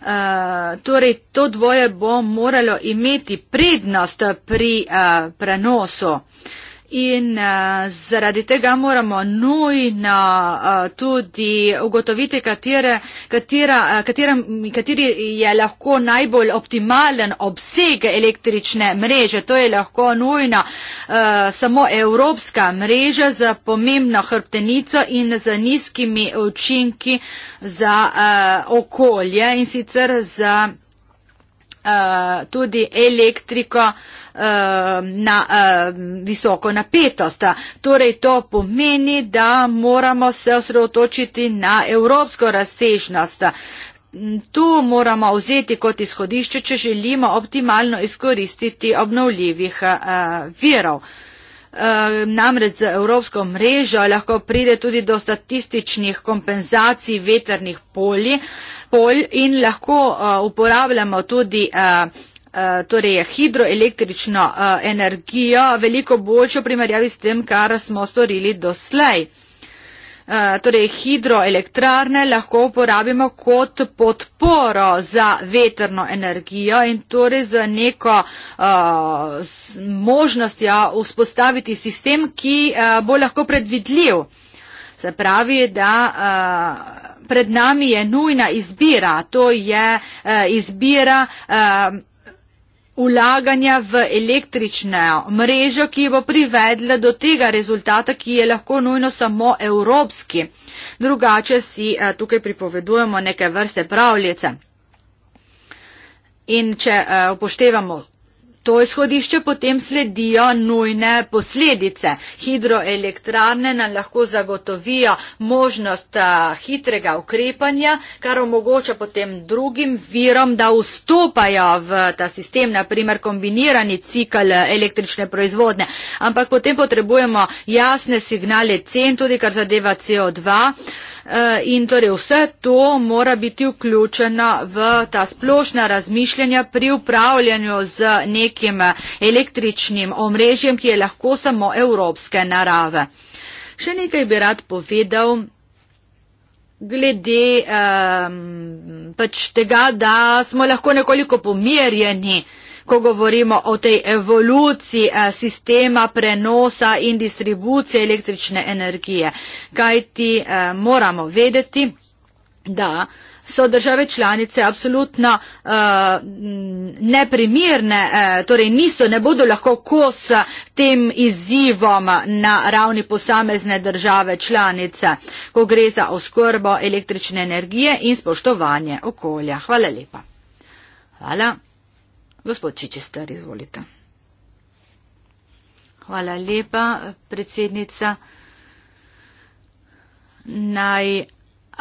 Uh, torej, to dvoje bo moralo imeti prednost pri uh, prenosu. Uh, In uh, zaradi tega moramo nujno uh, tudi ugotoviti, katere, katera, uh, eh, katerem, kateri je lahko najbolj optimalen obseg električne mreže. To je lahko nujno uh, samo evropska mreža za pomembno hrbtenico in za nizkimi učinki za uh, okolje in sicer za uh, tudi elektriko. Uh, Eh, na eh, visoko napetost. Torej to pomeni, da moramo se osredotočiti na evropsko razsežnost. Tu moramo vzeti kot izhodišče, če želimo optimalno izkoristiti obnovljivih eh, virov. Namreč z evropsko mrežo lahko pride tudi do statističnih kompenzacij veternih polj in lahko uporabljamo tudi Eh, torej hidroelektrično eh, energijo, veliko boljšo primerjavi s tem, kar smo storili doslej. Eh, torej hidroelektrarne lahko uporabimo kot podporo za veterno energijo in torej za neko uh, možnost ja, vzpostaviti sistem, ki uh, bo lahko predvidljiv. Se pravi, da uh, pred nami je nujna izbira, to je uh, izbira uh, vlaganja v električno mrežo, ki bo privedla do tega rezultata, ki je lahko nujno samo evropski. Drugače si eh, tukaj pripovedujemo neke vrste pravljice. In če eh, upoštevamo To izhodišče potem sledijo nujne posledice. Hidroelektrarne nam lahko zagotovijo možnost hitrega ukrepanja, kar omogoča potem drugim virom, da vstopajo v ta sistem, naprimer kombinirani cikl električne proizvodne. Ampak potem potrebujemo jasne signale cen, tudi kar zadeva CO2. Eh, in torej vse to mora biti vključeno v ta splošna razmišljanja pri upravljanju z nekim električnim omrežjem, ki je lahko samo evropske narave. Še nekaj bi rad povedal. Glede um, pač tega, da smo lahko nekoliko pomirjeni, uh, ko govorimo o tej evoluciji eh, sistema prenosa in distribucije električne energije. Kaj ti eh, moramo vedeti, da so države članice apsolutno uh, eh, neprimirne, uh, torej niso, ne bodo lahko kos tem izzivom na ravni posamezne države članice, ko gre za oskrbo električne energije in spoštovanje okolja. Hvala lepa. Hvala. Gospod Čičistar, izvolite. Hvala lepa, predsednica. Naj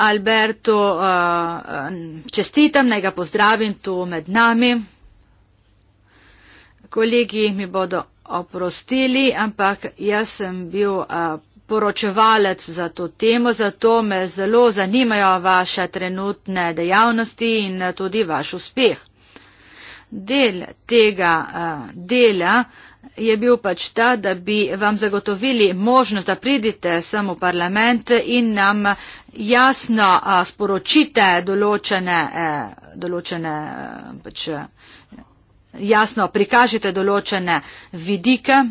Alberto uh, uh, čestitam, naj ga pozdravim tu med nami. Kolegi mi bodo oprostili, ampak jaz sem bil uh, poročevalec za to temo, zato me zelo zanimajo vaše trenutne dejavnosti in tudi vaš uspeh del tega uh, dela je bil pač ta, da bi vam zagotovili možnost, da pridite sem v parlament in nam jasno uh, sporočite določene, uh, določene uh, pač, uh, jasno prikažite določene vidike.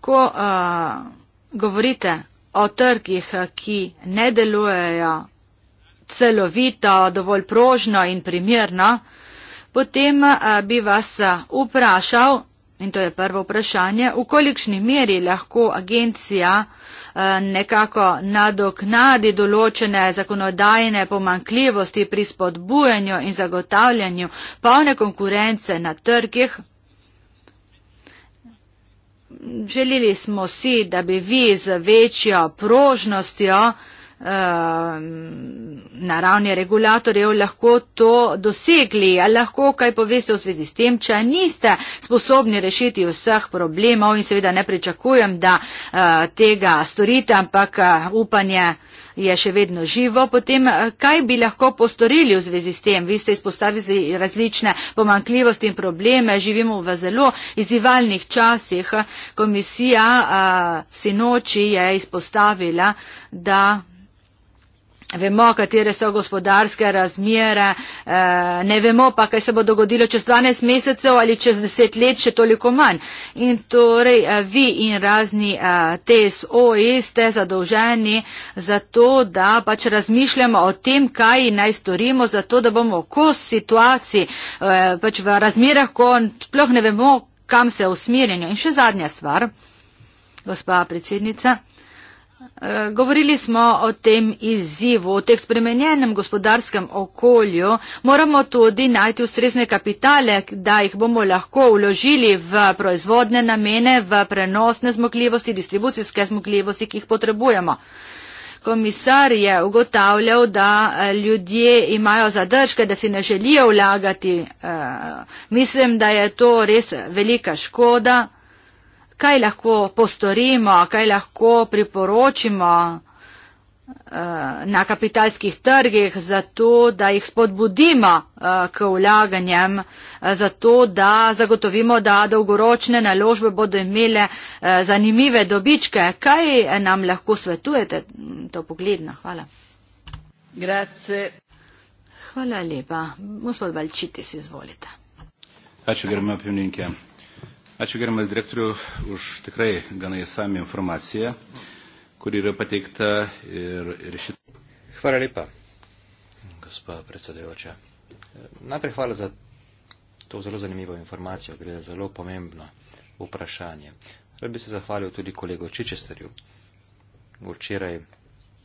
Ko uh, govorite o trgih, ki ne delujejo celovita, dovolj prožna in primerna, potem eh, bi vas eh, vprašal, in to je prvo vprašanje, v kolikšni meri lahko agencija eh, nekako nadoknadi določene zakonodajne pomankljivosti pri spodbujanju in zagotavljanju polne konkurence na trgih. Želeli smo si, da bi vi z večjo prožnostjo Ehm, na ravni regulatorjev lahko to dosegli? Ali lahko kaj poveste v zvezi s tem, če niste sposobni rešiti vseh problemov in seveda ne pričakujem, da uh, tega storite, ampak eh, upanje je še vedno živo. Potem, eh, kaj bi lahko postorili v zvezi s tem? Vi ste izpostavili različne pomankljivosti in probleme. Živimo v zelo izzivalnih časih. Komisija uh, sinoči je izpostavila, da Vemo, katere so gospodarske razmere, eh, ne vemo pa, kaj se bo dogodilo čez 12 mesecev ali čez 10 let, še toliko manj. In torej eh, vi in razni eh, TSOE ste zadolženi za to, da pač razmišljamo o tem, kaj naj storimo, zato da bomo ko situaciji, pač v razmerah, ko sploh ne vemo, kam se usmerjenjo. In še zadnja stvar, gospa predsednica. Eh, govorili smo o tem izzivu, o teh spremenjenem gospodarskem okolju. Moramo tudi najti ustrezne kapitale, da jih bomo lahko uložili v proizvodne namene, v prenosne zmogljivosti, distribucijske zmogljivosti, ki jih potrebujemo. Komisar je ugotavljal, da eh, ljudje imajo zadržke, da si ne želijo vlagati. Eh, mislim, da je to res velika škoda kaj lahko postorimo, kaj lahko priporočimo eh, na kapitalskih trgih, zato da jih spodbudimo eh, k vlaganjem, eh, zato da zagotovimo, da dolgoročne naložbe bodo imele zanimive dobičke. Kaj nam lahko svetujete to pogledno? Hvala. Grazie. Hvala lepa. Gospod Balčiti, izvolite. Hvala lepa. Ačiū gerimas direktoriu už tikrai gana įsami informaciją, kur yra pateikta ir, ir šitą. Hvala lepa. Gospa predsedajoča. Najprej hvala za to zelo zanimivo informacijo. Gre za zelo pomembno vprašanje. Rad bi se zahvalil tudi kolego Čičesterju. Včeraj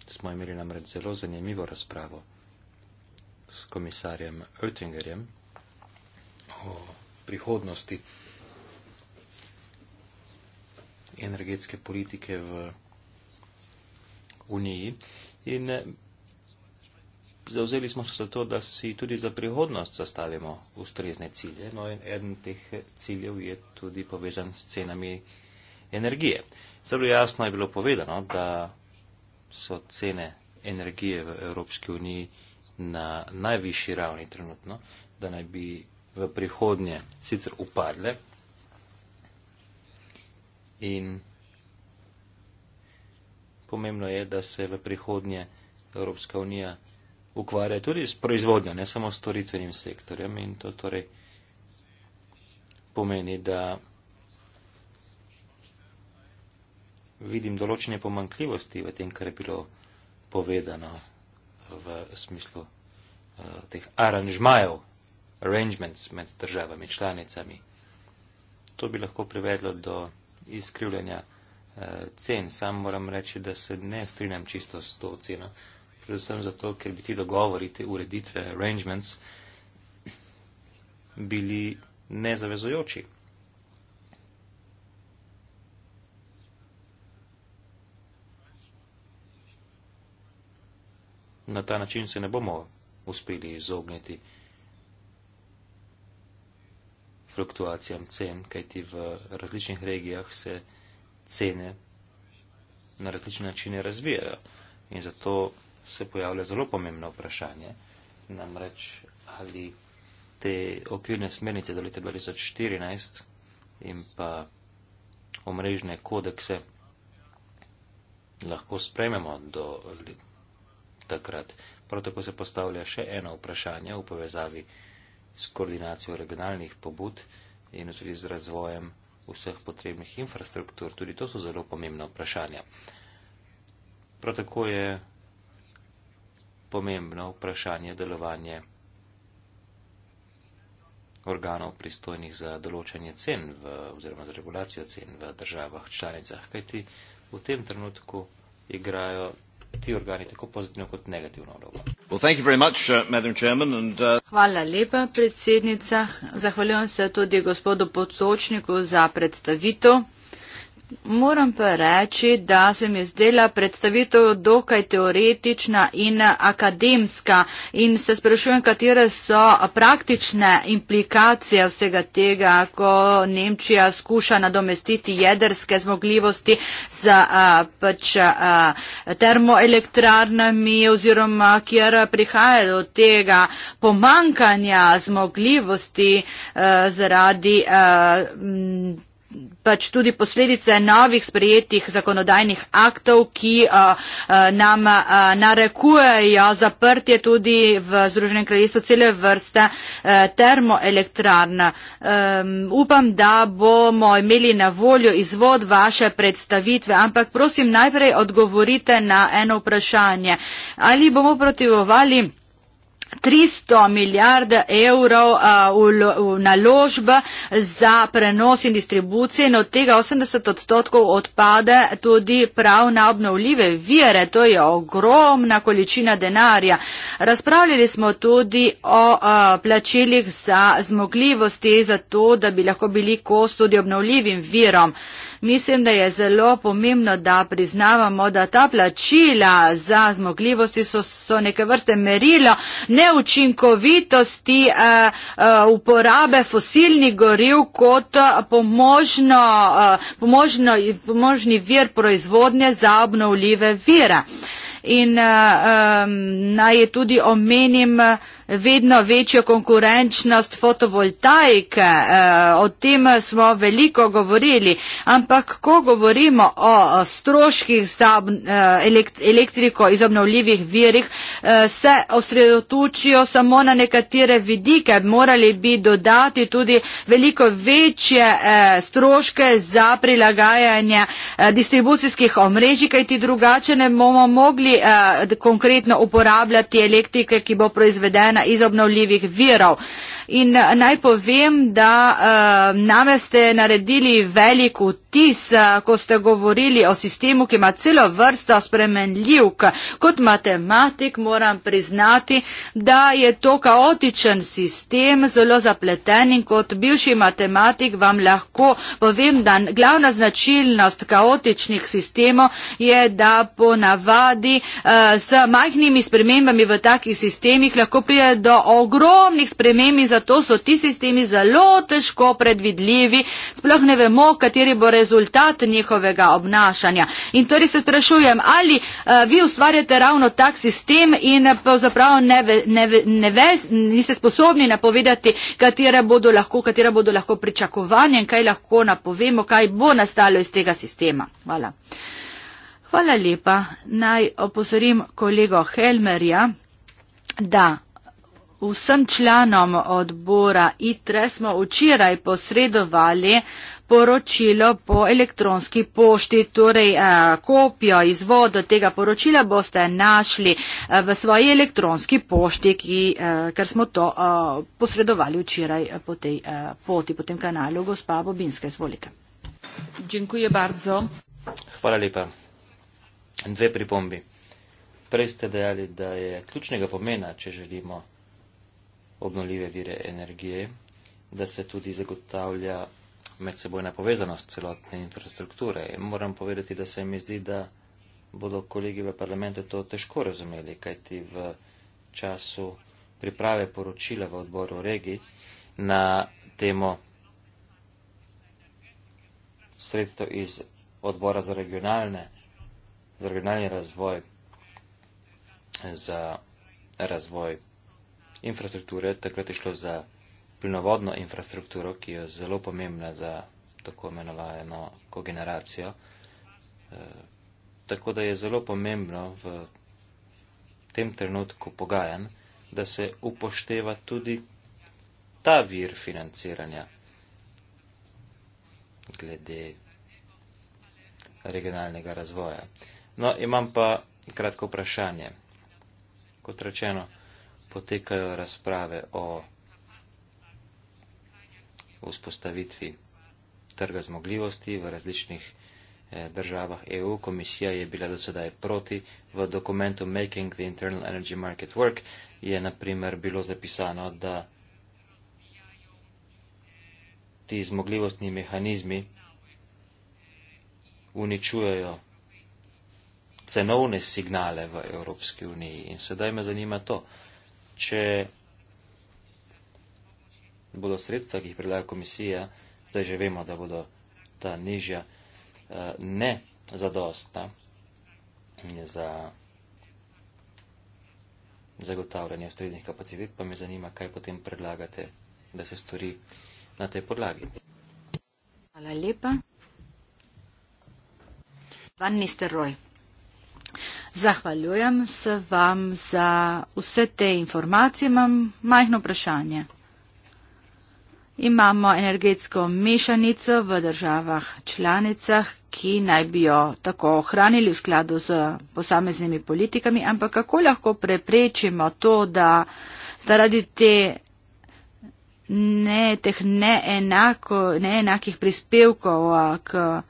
smo imeli namreč zelo zanimivo razpravo s komisarjem Oettingerjem o prihodnosti energetske politike v Uniji. In eh, zauzeli smo se za to, da si tudi za prihodnost zastavimo ustrezne cilje. No in eden teh ciljev je tudi povezan s cenami energije. Zelo jasno je bilo povedano, da so cene energije v Evropski uniji na najvišji ravni trenutno, da naj bi v prihodnje sicer upadle, in pomembno je, da se v prihodnje Evropska unija ukvarja tudi s proizvodnjo, ne samo s storitvenim sektorjem in to torej pomeni, da vidim določene pomankljivosti v tem, kar je bilo povedano v smislu uh, teh aranžmajev, arrangements med državami, članicami. To bi lahko privedlo do izkrivljanja eh, cen. Sam moram reči, da se ne strinjam čisto s to ceno. Predvsem zato, ker bi ti dogovori, te ureditve, arrangements bili nezavezojoči. Na ta način se ne bomo uspeli izogniti fluktuacijam cen, kajti v različnih regijah se cene na različne načine razvijajo. In zato se pojavlja zelo pomembno vprašanje, namreč ali te okvirne smernice do leta 2014 in pa omrežne kodekse lahko sprememo do takrat. Prav tako se postavlja še eno vprašanje v povezavi s koordinacijo regionalnih pobud in v zvezi z razvojem vseh potrebnih infrastruktur. Tudi to so zelo pomembna vprašanja. Prav tako je pomembno vprašanje delovanje organov pristojnih za določanje cen v, oziroma za regulacijo cen v državah članicah, kajti v tem trenutku igrajo ti organi tako pozitivno kot negativno vlogo. Uh, uh, Hvala lepa, predsednica. Zahvaljujem se tudi gospodu podsočniku za predstavitev. Moram pa reči, da se mi je zdela predstavitev dokaj teoretična in akademska in se sprašujem, katere so praktične implikacije vsega tega, ko Nemčija skuša nadomestiti jedrske zmogljivosti z pač, termoelektrarnami oziroma kjer prihaja do tega pomankanja zmogljivosti a, zaradi a, m, pač tudi posledice novih sprejetih zakonodajnih aktov, ki uh, uh, nam uh, narekujejo zaprtje tudi v Združenem kraljestvu cele vrste termoelektrarn. Um, upam, da bomo imeli na voljo izvod vaše predstavitve, ampak prosim najprej odgovorite na eno vprašanje. Ali bomo protivovali? 300 milijard evrov uh, naložb za prenos in distribucije in od tega 80 odstotkov odpade tudi prav na obnovljive vire. To je ogromna količina denarja. Razpravljali smo tudi o uh, plačilih za zmogljivosti, za to, da bi lahko bili kos tudi obnovljivim virom. Mislim, da je zelo pomembno, da priznavamo, da ta plačila za zmogljivosti so, so neke vrste merilo neučinkovitosti uh, uh, uporabe fosilnih goriv kot eh, pomožno, uh, pomožno, pomožni vir proizvodnje za obnovljive vire. In uh, um, naj tudi omenim, uh, vedno večjo konkurenčnost fotovoltaike. Eh, o tem smo veliko govorili, ampak ko govorimo o stroških za eh, elektriko iz obnovljivih virih, eh, se osredotočijo samo na nekatere vidike. Morali bi dodati tudi veliko večje stroške za prilagajanje distribucijskih omrežij, kajti drugače ne bomo mogli konkretno uporabljati elektrike, ki bo proizvedena elektrarna iz obnovljivih virov. In eh, naj povem, da uh, name ste naredili velik utrud, vtis, eh, ko ste govorili o sistemu, ki ima celo vrsto spremenljivk. Kot matematik moram priznati, da je to kaotičen sistem, zelo zapleten in kot bivši matematik vam lahko povem, da glavna značilnost kaotičnih sistemov je, da po navadi s eh, majhnimi spremembami v takih sistemih lahko prije do ogromnih sprememi, zato so ti sistemi zelo težko predvidljivi, sploh ne vemo, kateri bo rezultat rezultat njihovega obnašanja. In torej se sprašujem, ali uh, vi ustvarjate ravno tak sistem in eh, pravzaprav ne, ne, ne, ne, niste sposobni napovedati, katera bodo lahko, katera bodo lahko pričakovanja in kaj lahko napovemo, kaj bo nastalo iz tega sistema. Hvala. Hvala lepa. Naj oposorim kolego Helmerja, da vsem članom odbora ITRE smo včeraj posredovali poročilo po elektronski pošti. Torej, eh, kopijo izvodo tega poročila boste našli eh, v svoji elektronski pošti, ki, eh, ker smo to posredovali včeraj po tej poti, po tem kanalu. Gospa Bobinska, izvolite. Dziękuję bardzo. Hvala lepa. Dve pripombi. Prej ste dejali, da je ključnega pomena, če želimo obnoljive vire energije, da se tudi zagotavlja medsebojna povezanost celotne infrastrukture. In moram povedati, da se mi zdi, da bodo kolegi v parlamentu to težko razumeli, kajti v času priprave poročila v odboru regij na temo sredstev iz odbora za, za regionalni razvoj, za razvoj infrastrukture, takrat je šlo za plinovodno infrastrukturo, ki je zelo pomembna za tako imenovano kogeneracijo. Eh, tako da je zelo pomembno v tem trenutku pogajanj, da se upošteva tudi ta vir financiranja glede regionalnega razvoja. No, imam pa kratko vprašanje. Kot rečeno, potekajo razprave o o vzpostavitvi trga zmogljivosti v različnih eh, državah EU. Komisija je bila do sedaj proti. V dokumentu Making the Internal Energy Market Work je na primer bilo zapisano, da ti zmogljivostni mehanizmi uničujejo cenovne signale v Evropski uniji. In sedaj me zanima to, če bodo sredstva, ki jih predlaga komisija, zdaj že vemo, da bodo ta nižja eh, ne za dosta za zagotavljanje ustreznih kapacitet, pa me zanima, kaj potem predlagate, da se stori na tej podlagi. Hvala lepa. Van Nisteroj. Zahvaljujem se vam za vse te informacije. Imam majhno vprašanje imamo energetsko mešanico v državah članicah, ki naj bi jo tako ohranili v skladu z posameznimi politikami, ampak kako lahko preprečimo to, da zaradi te ne, teh neenako, neenakih prispevkov k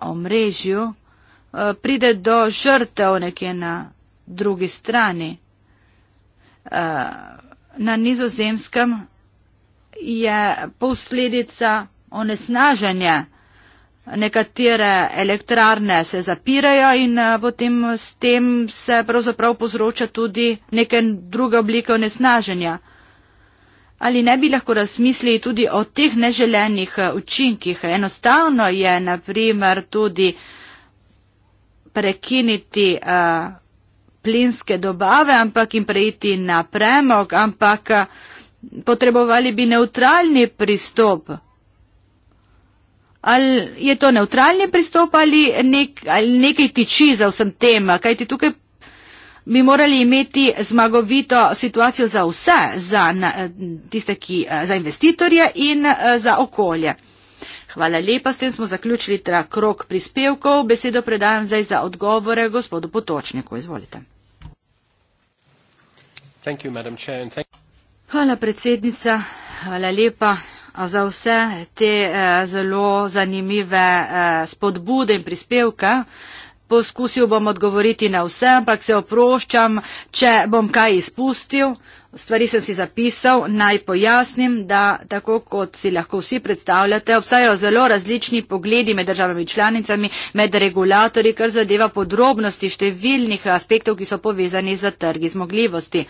omrežju e, pride do žrtev nekje na drugi strani. E, na nizozemskem je posledica onesnaženja. Nekatere elektrarne se zapirajo in eh, potem s tem se pravzaprav povzroča tudi neke druge oblike onesnaženja. Ali ne bi lahko razmislili tudi o teh neželenih eh, učinkih? Enostavno je, na primer, tudi prekiniti uh, plinske dobave, ampak in prejiti na premog, ampak uh, potrebovali bi neutralni pristop. Ali je to neutralni pristop ali, nek, ali nekaj tiči za vsem tem, kajti tukaj bi morali imeti zmagovito situacijo za vse, za, na, tiste, ki, za investitorje in za okolje. Hvala lepa, s tem smo zaključili ta krok prispevkov. Besedo predajam zdaj za odgovore gospodu Potočniku. Izvolite. Thank you, Hvala predsednica, hvala lepa za vse te eh, zelo zanimive eh, spodbude in prispevke. Poskusil bom odgovoriti na vse, ampak se oproščam, če bom kaj izpustil. Stvari sem si zapisal, naj pojasnim, da tako kot si lahko vsi predstavljate, obstajajo zelo različni pogledi med državami članicami, med regulatorji, kar zadeva podrobnosti številnih aspektov, ki so povezani z trgi zmogljivosti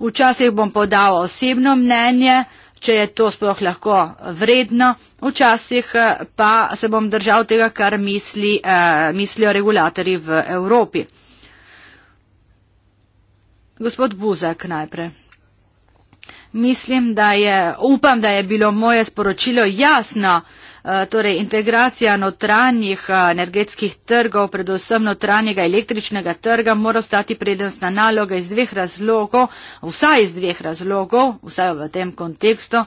včasih bom podal osebno mnenje, če je to sploh lahko vredno, včasih eh, pa se bom držal tega, kar misli, eh, mislijo regulatori v Evropi. Gospod Buzek najprej. Mislim, da je, upam, da je bilo moje sporočilo jasno. Eh, torej integracija notranjih eh, energetskih trgov, predvsem notranjega električnega trga, mora stati prednostna naloga iz dveh razlogov, vsaj iz dveh razlogov, vsaj v tem kontekstu.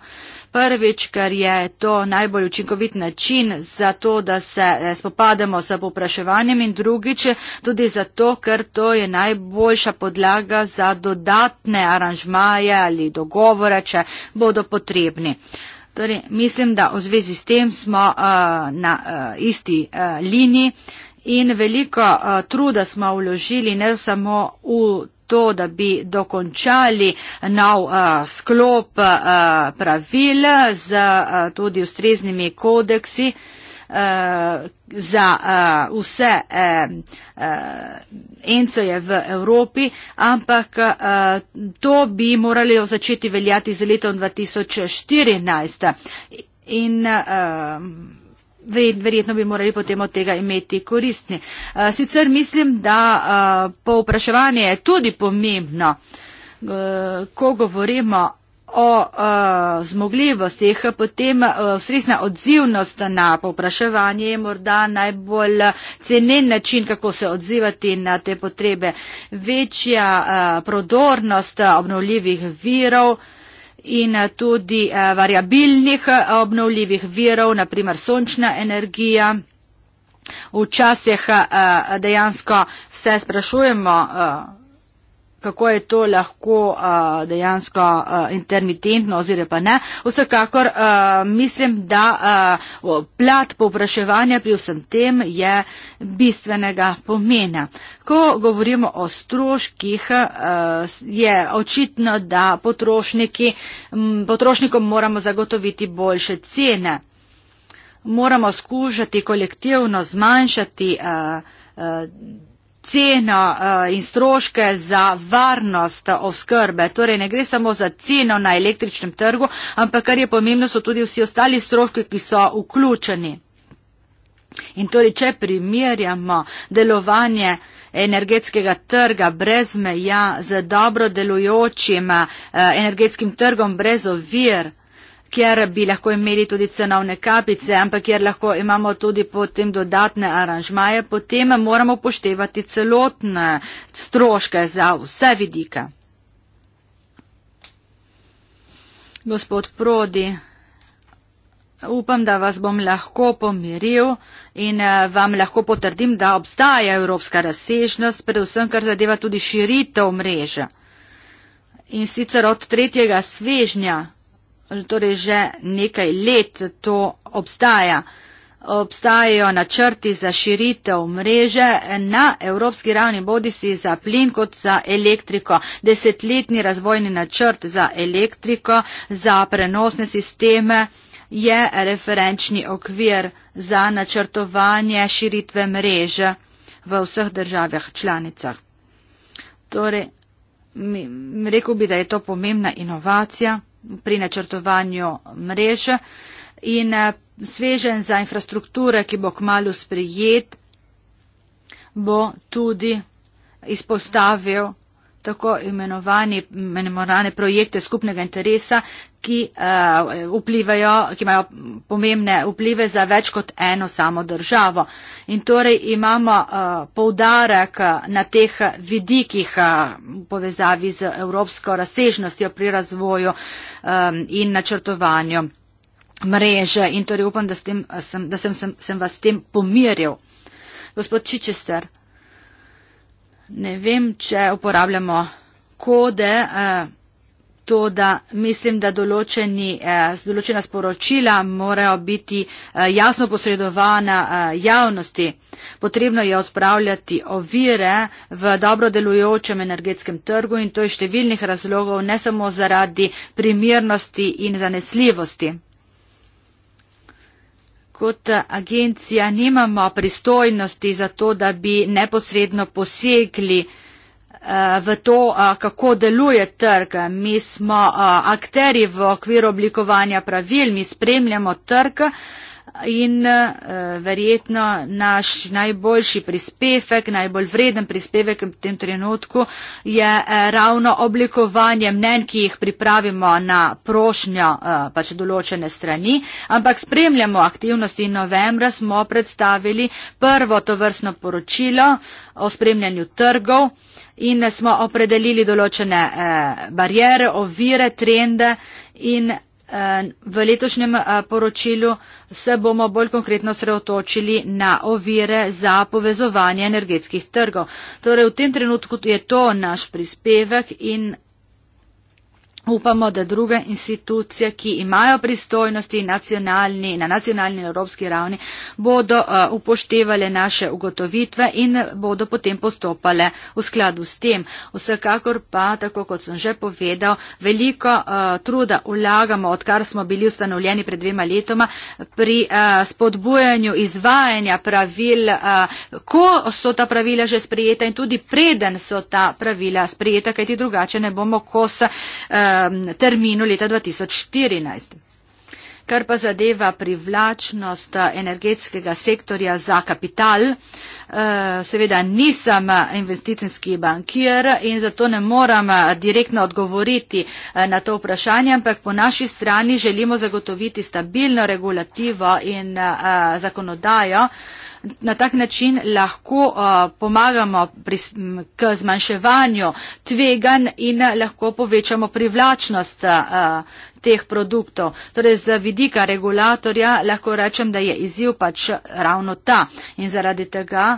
Prvič, ker je to najbolj učinkovit način za to, da se eh, spopademo s popraševanjem in drugič, tudi zato, ker to je najboljša podlaga za dodatne aranžmaje ali dogovore, če bodo potrebni. Torej, mislim, da v zvezi s tem smo uh, na uh, isti uh, liniji in veliko uh, truda smo vložili ne samo v to, da bi dokončali nov uh, sklop uh, pravil z uh, tudi ustreznimi kodeksi. Uh, uh, za uh, vse uh, eh, encoje v Evropi, ampak uh, to bi morali začeti veljati z letom 2014. In, uh, verjetno bi morali potem od tega imeti koristni. Sicer mislim, da povpraševanje je tudi pomembno, ko govorimo o uh, eh, zmogljivostih, potem uh, eh, stresna odzivnost na povpraševanje je morda najbolj cenen način, kako se odzivati na te potrebe. Večja uh, prodornost obnovljivih virov in uh, tudi uh, variabilnih uh, obnovljivih virov, naprimer sončna energija. Včasih uh, dejansko se sprašujemo, uh, kako je to lahko uh, dejansko uh, intermitentno oziroma pa ne. Vsekakor uh, mislim, da uh, plat povpraševanja pri vsem tem je bistvenega pomena. Ko govorimo o stroških, uh, je očitno, da m, potrošnikom moramo zagotoviti boljše cene. Moramo skušati kolektivno zmanjšati. Uh, uh, ceno eh, in stroške za varnost oskrbe. Torej ne gre samo za ceno na električnem trgu, ampak kar je pomembno, so tudi vsi ostali stroški, ki so vključeni. In torej, če primerjamo delovanje energetskega trga brez meja z dobro delujočim eh, energetskim trgom brez ovir, kjer bi lahko imeli tudi cenovne kapice, ampak kjer lahko imamo tudi potem dodatne aranžmaje, potem moramo poštevati celotne stroške za vse vidike. Gospod Prodi, upam, da vas bom lahko pomiril in eh, vam lahko potrdim, da obstaja evropska razsežnost, predvsem kar zadeva tudi širitev mreže. In sicer od tretjega svežnja torej že nekaj let to obstaja. Obstajajo načrti za širitev mreže na evropski ravni, bodi si za plin kot za elektriko. Desetletni razvojni načrt za elektriko, za prenosne sisteme je referenčni okvir za načrtovanje širitve mreže v vseh državah članicah. Torej, mi, rekel bi, da je to pomembna inovacija pri načrtovanju mrež in eh, svežen za infrastrukture, ki bo kmalo sprijet, bo tudi izpostavil tako imenovane projekte skupnega interesa, ki, uh, ki imajo pomembne vplive za več kot eno samo državo. In torej imamo uh, poudarek na teh vidikih uh, povezavi z evropsko razsežnostjo pri razvoju um, in načrtovanju mreže. In torej upam, da, tem, sem, da sem, sem, sem vas s tem pomiril. Gospod Čičester ne vem, če uporabljamo kode, eh, to, da mislim, da določeni, eh, določena sporočila morajo biti eh, jasno posredovana javnosti. Potrebno je odpravljati ovire v dobro delujočem energetskem trgu in to je številnih razlogov, ne samo zaradi primernosti in zanesljivosti. Kot agencija nimamo pristojnosti za to, da bi neposredno posegli eh, v to, eh, kako deluje trg. Mi smo eh, akteri v okviru oblikovanja pravil, mi spremljamo trg, in uh, verjetno naš najboljši prispevek, najbolj vreden prispevek v tem trenutku je uh, ravno oblikovanje mnen, ki jih pripravimo na prošnjo uh, pač določene strani, ampak spremljamo aktivnosti in novembra smo predstavili prvo to vrstno poročilo o spremljanju trgov in smo opredelili določene uh, barijere, ovire, trende in Eh, v letošnjem eh, poročilu se bomo bolj konkretno sreotočili na ovire za povezovanje energetskih trgov. Torej, v tem trenutku je to naš prispevek in Upamo, da druge institucije, ki imajo pristojnosti nacionalni, na nacionalni in evropski ravni, bodo uh, upoštevale naše ugotovitve in bodo potem postopale v skladu s tem. Vsekakor pa, tako kot sem že povedal, veliko uh, truda vlagamo, odkar smo bili ustanovljeni pred dvema letoma, pri uh, spodbujanju izvajanja pravil, uh, ko so ta pravila že sprejeta in tudi preden so ta pravila sprejeta, kajti drugače ne bomo kosa. Uh, Um, terminu leta 2014. Kar pa zadeva privlačnost uh, energetskega sektorja za kapital, uh, seveda nisem investicijski bankir in zato ne moram uh, direktno odgovoriti na to vprašanje, ampak po naši strani želimo zagotoviti stabilno regulativo in zakonodajo na tak način lahko uh, pomagamo pri, k zmanjševanju tveganj in uh, lahko povečamo privlačnost uh, uh, teh produktov. Torej, z vidika regulatorja lahko rečem, da je izziv pač ravno ta in zaradi tega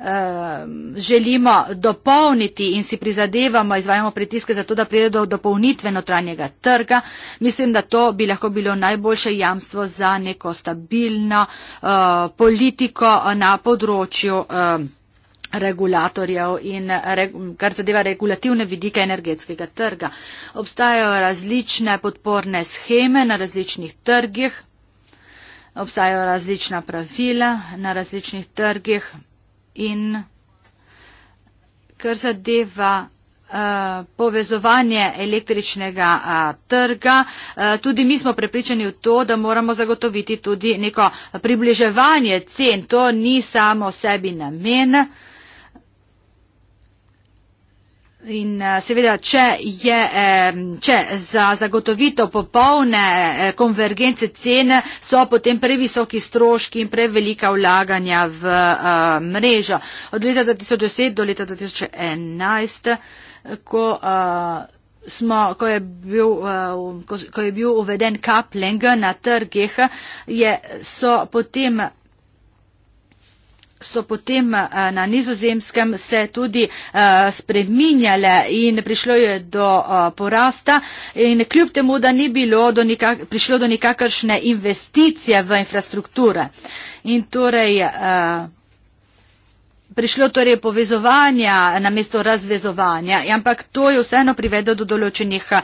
Ehm, želimo dopolniti in si prizadevamo, izvajamo pritiske za to, da pride do dopolnitve notranjega trga, mislim, da to bi lahko bilo najboljše jamstvo za neko stabilno eh, politiko eh, na področju ehm, regulatorjev in kar zadeva regulativne vidike energetskega trga. Obstajajo različne podporne scheme na različnih trgih, obstajajo različna pravila na različnih trgih in kar zadeva eh, povezovanje električnega eh, trga. Eh, tudi mi smo prepričani v to, da moramo zagotoviti tudi neko približevanje cen. To ni samo sebi namen. In eh, seveda, če je, eh, če za zagotovitev popolne eh, konvergence cene so potem previsoki stroški in prevelika vlaganja v mrežo. Od leta 2010 do leta 2011, ko, smo, ko, je bil, ko je bil uveden kapleng na trgih, je, so potem so potem eh, na nizozemskem se tudi eh, spreminjale in prišlo je do eh, porasta in kljub temu, da ni bilo do nikak, prišlo do nikakršne investicije v infrastrukture. In torej, uh, prišlo torej povezovanja na mesto razvezovanja, ampak to je vseeno privedlo do določenih eh,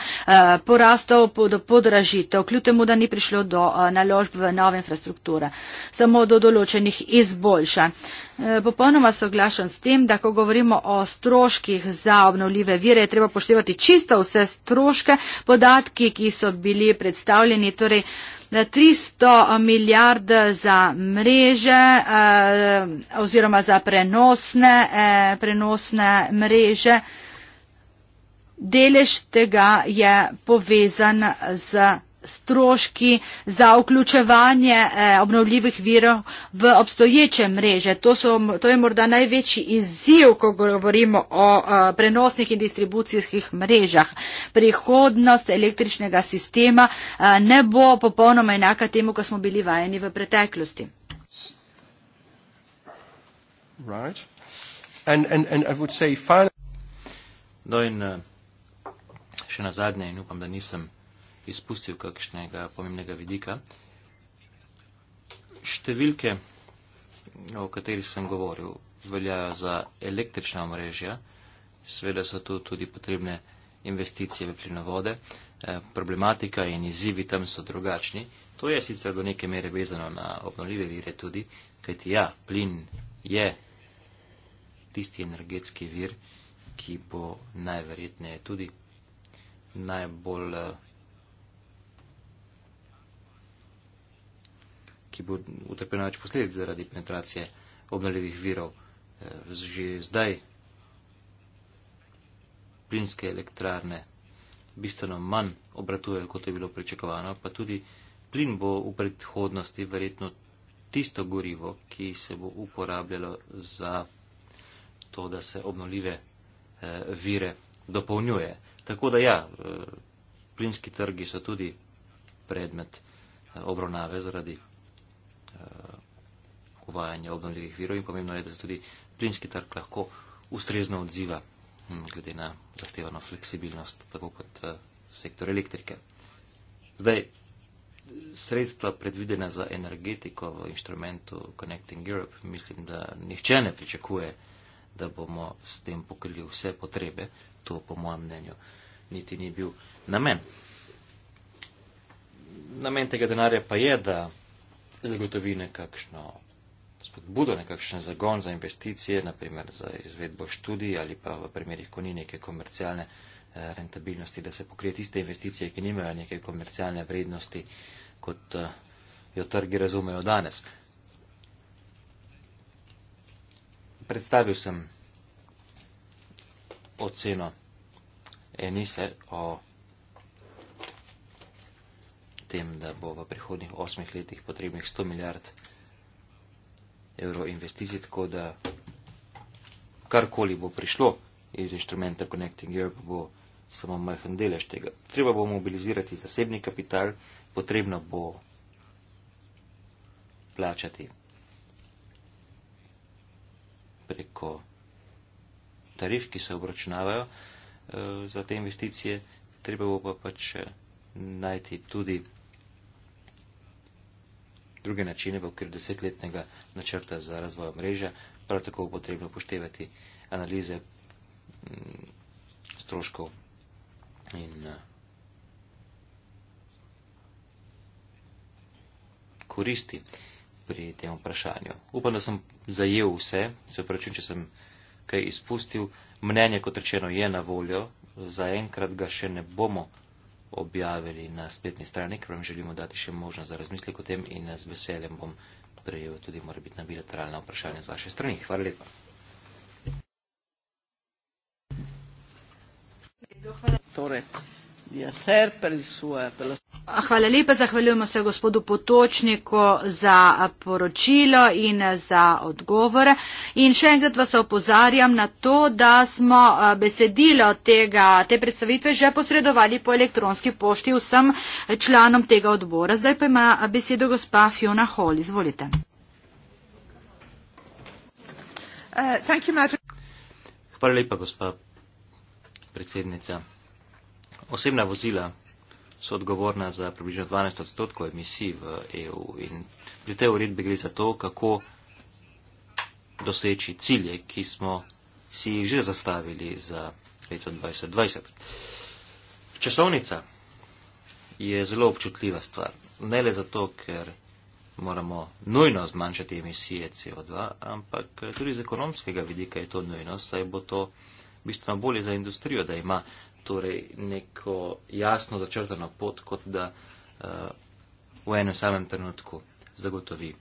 porastov, do podražitev, kljub temu, da ni prišlo do eh, naložb v nove infrastrukture, samo do določenih izboljšanj. Eh, popolnoma soglašam s tem, da ko govorimo o stroških za obnovljive vire, je treba poštevati čisto vse stroške, podatki, ki so bili predstavljeni. Torej, uh, 300 milijard za mreže eh, oziroma za prenosne, eh, prenosne mreže. Delež tega je povezan z stroški za vključevanje eh, obnovljivih virov v obstoječe mreže. To, so, to je morda največji izziv, ko govorimo o eh, prenosnih in distribucijskih mrežah. Prihodnost električnega sistema eh, ne bo popolnoma enaka temu, ko smo bili vajeni v preteklosti. Right. And, and, and I would say final... No in še na zadnje in upam, da nisem izpustil kakšnega pomembnega vidika. Številke, o katerih sem govoril, veljajo za električna omrežja, seveda so tu tudi potrebne investicije v plinovode, eh, problematika in izzivi tam so drugačni. To je sicer do neke mere vezano na obnovljive vire tudi, kajti ja, plin je tisti energetski vir, ki bo najverjetneje tudi najbolj eh, ki bo utrpel največ posledic zaradi penetracije obnovljivih virov. Eh, že zdaj plinske elektrarne bistveno manj obratujejo, kot je bilo pričakovano, pa tudi plin bo v prihodnosti verjetno tisto gorivo, ki se bo uporabljalo za to, da se obnovljive eh, vire dopolnjuje. Tako da ja, eh, plinski trgi so tudi predmet obravnave zaradi Eh, uvajanje obnovljivih virov in pomembno je, da se tudi plinski trg lahko ustrezno odziva hm, glede na zahtevano fleksibilnost, tako kot eh, sektor elektrike. Zdaj, sredstva predvidena za energetiko v inštrumentu Connecting Europe, mislim, da nihče ne pričakuje, da bomo s tem pokrili vse potrebe, to po mojem mnenju niti ni bil namen. Namen tega denarja pa je, da zagotovi nekakšno spodbudo, nekakšen zagon za investicije, naprimer za izvedbo študij ali pa v primerih, ko ni neke komercialne eh, rentabilnosti, da se pokrije tiste investicije, ki nimajo neke komercialne vrednosti, kot eh, jo trgi razumejo danes. Predstavil sem oceno Enise o tem, da bo v prihodnih osmih letih potrebnih 100 milijard evrov investicij, tako da karkoli bo prišlo iz inštrumenta Connecting Europe, bo samo majhen delež tega. Treba bo mobilizirati zasebni kapital, potrebno bo plačati preko tarif, ki se obračunavajo uh, za te investicije, treba bo pa pač eh, najti tudi druge načine v okviru desetletnega načrta za razvoj mreže. Prav tako bo potrebno upoštevati analize mm, stroškov in eh, koristi pri tem vprašanju. Upam, da sem zajel vse, se pravčujem, če sem kaj izpustil. Mnenje, kot rečeno, je na voljo, zaenkrat ga še ne bomo objavili na spletni strani, ker vam želimo dati še možnost za razmislek o tem in z veseljem bom prejel tudi morebitna bilateralna vprašanja z vaše strani. Hvala lepa. Torej, jaz ser prisujem. Hvala lepa, zahvaljujemo se gospodu Potočniku za poročilo in za odgovore. In še enkrat vas opozarjam na to, da smo eh, besedilo tega, te predstavitve že posredovali po elektronski pošti vsem članom tega odbora. Zdaj pa ima besedo gospa Fiona Hall. Izvolite. Uh, Hvala lepa, gospa predsednica. Osebna vozila so odgovorna za približno 12 odstotkov emisij v EU. In pri tej uredbi gre za to, kako doseči cilje, ki smo si jih že zastavili za leto 2020. Časovnica je zelo občutljiva stvar. Ne le zato, ker moramo nujno zmanjšati emisije CO2, ampak tudi z ekonomskega vidika je to nujno, saj bo to bistveno bolje za industrijo, da ima torej neko jasno začrtano pot, kot da uh, v enem samem trenutku zagotovi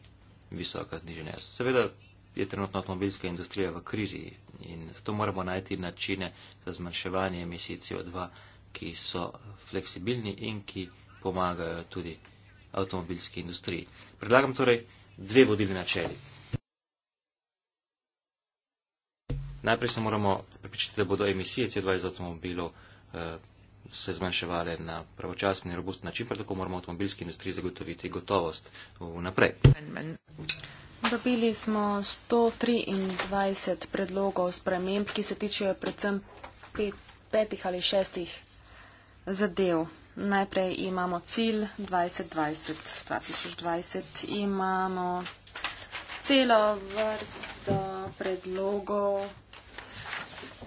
visoka zniženja. Seveda je trenutno avtomobilska industrija v krizi in zato moramo najti načine za zmanjševanje emisij CO2, ki so fleksibilni in ki pomagajo tudi avtomobilski industriji. Predlagam torej dve vodilni načeli. Najprej se moramo pripričati, da bodo emisije CO2 iz avtomobilov Eh, se zmanjševale na pravočasen in robust način, pa tako moramo avtomobilski industriji zagotoviti gotovost vnaprej. Dobili smo 123 predlogov sprememb, ki se tičejo predvsem pet, petih ali šestih zadev. Najprej imamo cilj 2020, 2020 imamo celo vrsto predlogov,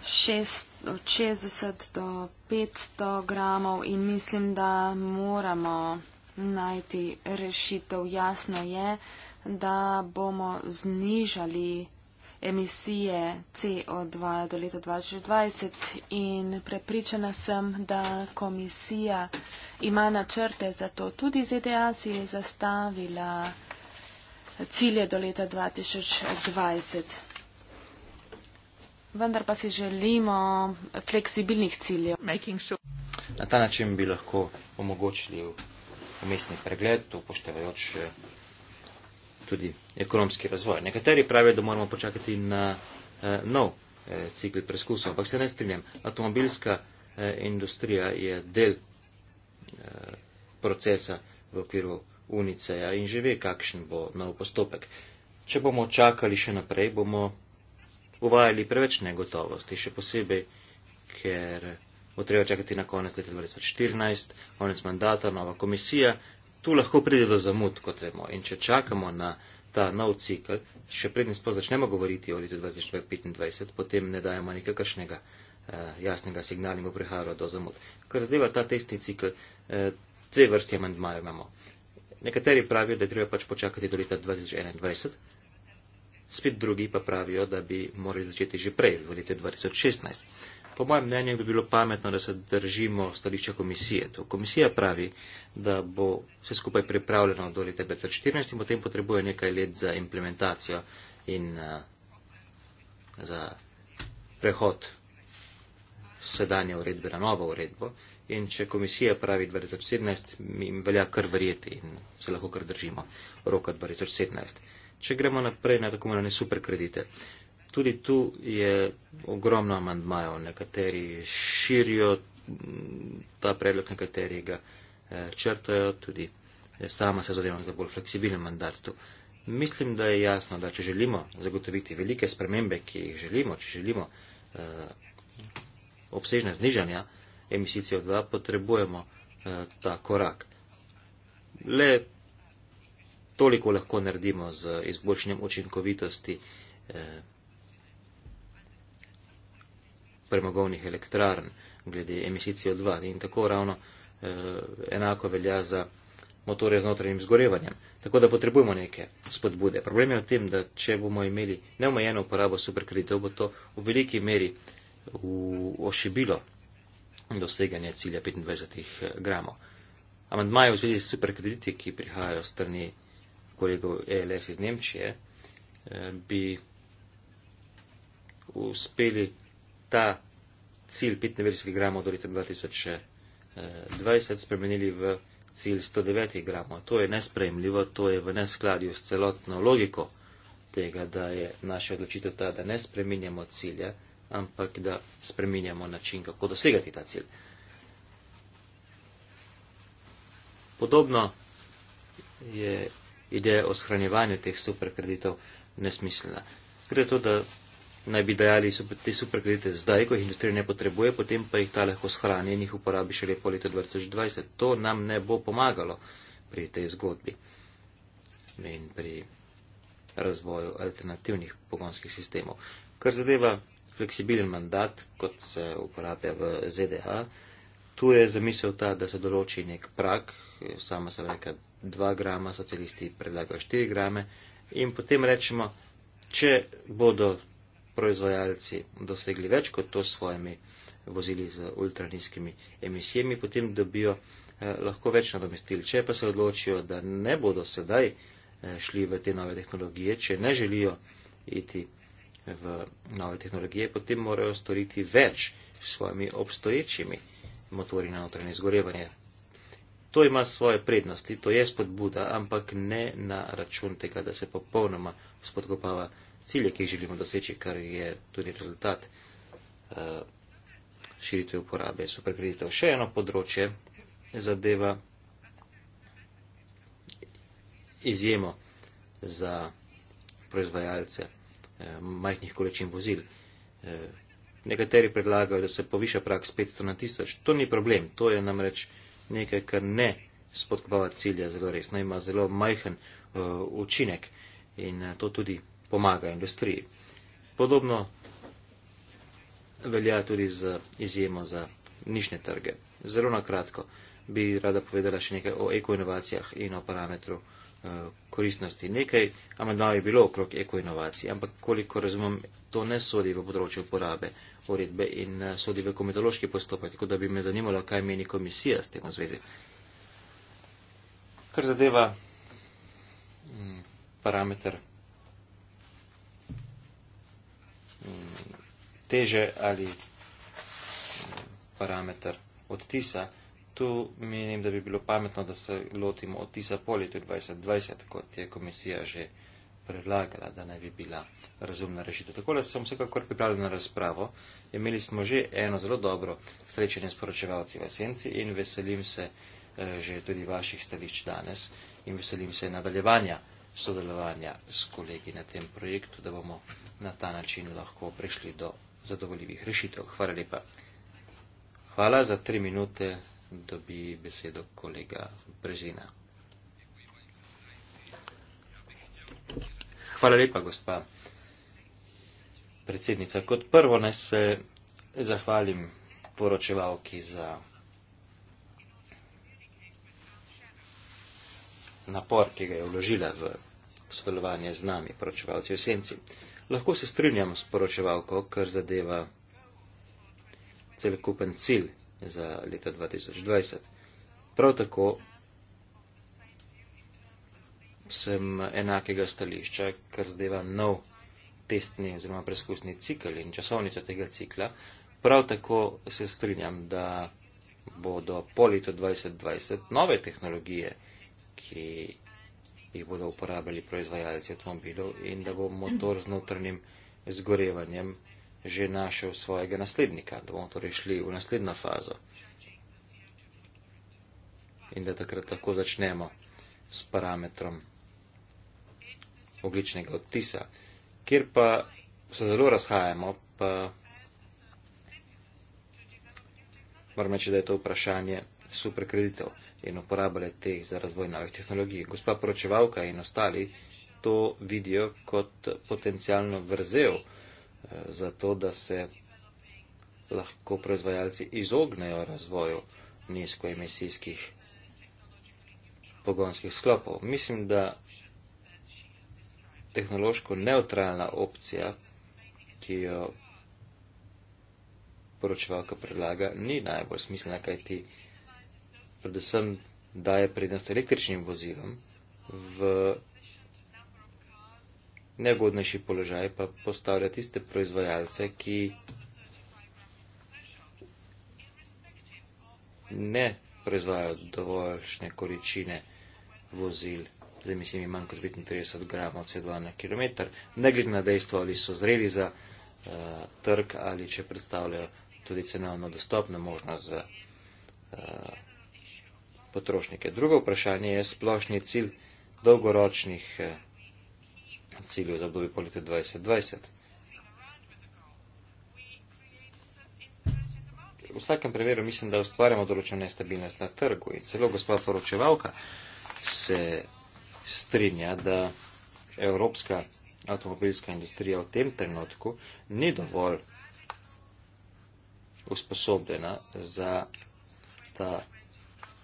šest, od 60 do 500 gramov in mislim, da moramo najti rešitev. Jasno je, da bomo znižali emisije CO2 do leta 2020 in prepričana sem, da komisija ima načrte za to. Tudi ZDA si je zastavila cilje do leta 2020 vendar pa si želimo fleksibilnih ciljev. Sure. Na ta način bi lahko omogočili umestni pregled, upoštevajoč eh, tudi ekonomski razvoj. Nekateri pravijo, da moramo počakati na eh, nov eh, cikl preskusov, ampak se ne strinjam. Automobilska eh, industrija je del eh, procesa v okviru Uniceja in že ve, kakšen bo nov postopek. Če bomo čakali še naprej, bomo uvajali preveč negotovosti, še posebej, ker bo treba čakati na konec leta 2014, konec mandata, nova komisija, tu lahko pride do zamud, kot vemo. In če čakamo na ta nov cikl, še prednjem sploh začnemo govoriti o letu 2025, potem ne dajemo nikakršnega eh, jasnega signala in bo prihajalo do zamud. Kar zadeva ta testni cikl, eh, dve vrsti amandmajev imamo. Nekateri pravijo, da treba pač počakati do leta 2021 spet drugi pa pravijo, da bi morali začeti že prej, v letu 2016. Po mojem mnenju bi bilo pametno, da se držimo stališča komisije. To komisija pravi, da bo vse skupaj pripravljeno do leta 2014 in potem potrebuje nekaj let za implementacijo in uh, za prehod sedanje uredbe na novo uredbo. In če komisija pravi 2017, jim velja kar verjeti in se lahko kar držimo roka 2017. Če gremo naprej na tako imenovane superkredite. Tudi tu je ogromno amandmajev, nekateri širijo ta predlog, nekateri ga eh, črtajo, tudi eh, sama se zavedam za bolj fleksibilen mandat tu. Mislim, da je jasno, da če želimo zagotoviti velike spremembe, ki jih želimo, če želimo eh, obsežne znižanja emisij CO2, potrebujemo eh, ta korak. Le toliko lahko naredimo z izboljšanjem učinkovitosti eh, premogovnih elektrarn glede emisicijo 2 in tako ravno eh, enako velja za motorje z notranjim zgorevanjem. Tako da potrebujemo neke spodbude. Problem je v tem, da če bomo imeli neomejeno uporabo superkreditov, bo to v veliki meri v eh, ošibilo doseganje cilja 25 eh, gramov. Amandmaje v zvezi s superkrediti, ki prihajajo strani kolegov ELS iz Nemčije, eh, bi uspeli ta cilj 95 gramov do leta 2020 spremenili v cilj 109 gramov. To je nespremljivo, to je v neskladju s celotno logiko tega, da je naša odločitev ta, da ne spreminjamo cilja, ampak da spreminjamo način, kako dosegati ta cilj. Podobno je ideja o shranjevanju teh superkreditov nesmiselna. Gre to, da naj bi dajali super, te superkredite zdaj, ko jih industrija ne potrebuje, potem pa jih ta lahko shrani in jih uporabi še lepo leta 2020. To nam ne bo pomagalo pri tej zgodbi in pri razvoju alternativnih pogonskih sistemov. Kar zadeva fleksibilen mandat, kot se uporablja v ZDA, tu je zamisel ta, da se določi nek prak, sama sem rekla 2 grama, socialisti predlagajo 4 grame. In potem rečemo, če bodo proizvajalci dosegli več kot to s svojimi vozili z ultranizkimi emisijami, potem dobijo eh, lahko več nadomestil. Če pa se odločijo, da ne bodo sedaj eh, šli v te nove tehnologije, če ne želijo iti v nove tehnologije, potem morajo storiti več s svojimi obstoječimi motori na notranje zgorevanje. To ima svoje prednosti, to je spodbuda, ampak ne na račun tega, da se popolnoma spodkopava cilje, ki jih želimo doseči, kar je tudi rezultat uh, širitve uporabe superkreditev. Še eno področje zadeva izjemo za proizvajalce eh, majhnih količin vozil. Eh, nekateri predlagajo, da se poviša prak s 500 na 1000. To ni problem, to je namreč nekaj, kar ne spodkopava cilja zelo resno, ima zelo majhen uh, učinek in uh, to tudi pomaga industriji. Podobno velja tudi z izjemo za nišne trge. Zelo na kratko bi rada povedala še nekaj o ekoinovacijah in o parametru eh, koristnosti. Nekaj amandmajev je bilo okrog ekoinovacij, ampak koliko razumem, to ne sodi v področju uporabe uh, uredbe in eh, sodi v komitološki postopek, tako da bi me zanimalo, kaj meni komisija s tem v zvezi. Kar zadeva mm, parameter mm, teže ali mm, parameter odtisa, tu menim, da bi bilo pametno, da se lotimo odtisa politi 2020, kot je komisija že predlagala, da naj bi bila razumna rešitev. Tako da sem vsekakor pripravljen na razpravo. Imeli smo že eno zelo dobro srečanje s poročevalci v Senci in veselim se eh, že tudi vaših stališč danes in veselim se nadaljevanja sodelovanja s kolegi na tem projektu, da bomo na ta način lahko prišli do zadovoljivih rešitev. Hvala lepa. Hvala za tri minute, dobi besedo kolega Brezina. Hvala lepa, gospa predsednica. Kot prvo naj se zahvalim poročevalki za napor, ki ga je vložila v sodelovanje z nami, poročevalci v senci. Lahko se strinjam s poročevalko, kar zadeva celokupen cilj za leto 2020. Prav tako sem enakega stališča, kar zadeva nov testni oziroma preskusni cikl in časovnico tega cikla. Prav tako se strinjam, da bodo po letu 2020 nove tehnologije, ki jih bodo uporabljali proizvajalci avtomobilov in da bo motor z notrnim zgorevanjem že našel svojega naslednika, da bomo torej šli v naslednjo fazo in da takrat lahko začnemo s parametrom ogličnega odtisa. Kjer pa se zelo razhajamo, pa moram reči, da je to vprašanje superkreditev in uporabljanje teh za razvoj novih tehnologij. Gospa poročevalka in ostali to vidijo kot potencijalno vrzel eh, za to, da se lahko proizvajalci izognejo razvoju nizkoemisijskih pogonskih sklopov. Mislim, da tehnološko neutralna opcija, ki jo poročevalka predlaga, ni najbolj smiselna, kaj ti predvsem daje prednost električnim vozilom v neugodnejši položaj pa postavlja tiste proizvajalce, ki ne proizvajajo dovoljšne količine vozil da bi se mi manj kot 35 gramov CO2 na kilometr, ne glede na dejstvo, ali so zreli za uh, trg ali če predstavljajo tudi cenovno dostopno možnost za uh, potrošnike. Drugo vprašanje je splošni cilj dolgoročnih uh, ciljev za obdobje polite 2020. V vsakem primeru mislim, da ustvarjamo določeno nestabilnost na trgu in celo gospod poročevalka se strinja, da evropska avtomobilska industrija v tem trenutku ni dovolj usposobljena za ta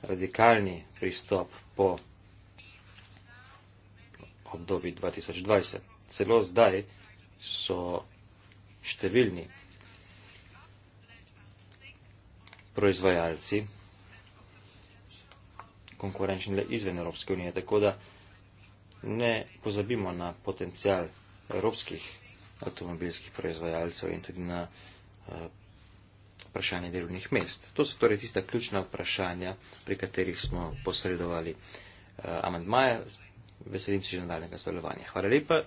radikalni pristop po obdobju 2020. Celo zdaj so številni proizvajalci konkurenčni le izven Evropske unije, tako da ne pozabimo na potencijal evropskih avtomobilskih proizvajalcev in tudi na eh, vprašanje delovnih mest. To so torej tista ključna vprašanja, pri katerih smo posredovali eh, amandmaje. Veselim se že nadaljnega sodelovanja. Hvala lepa,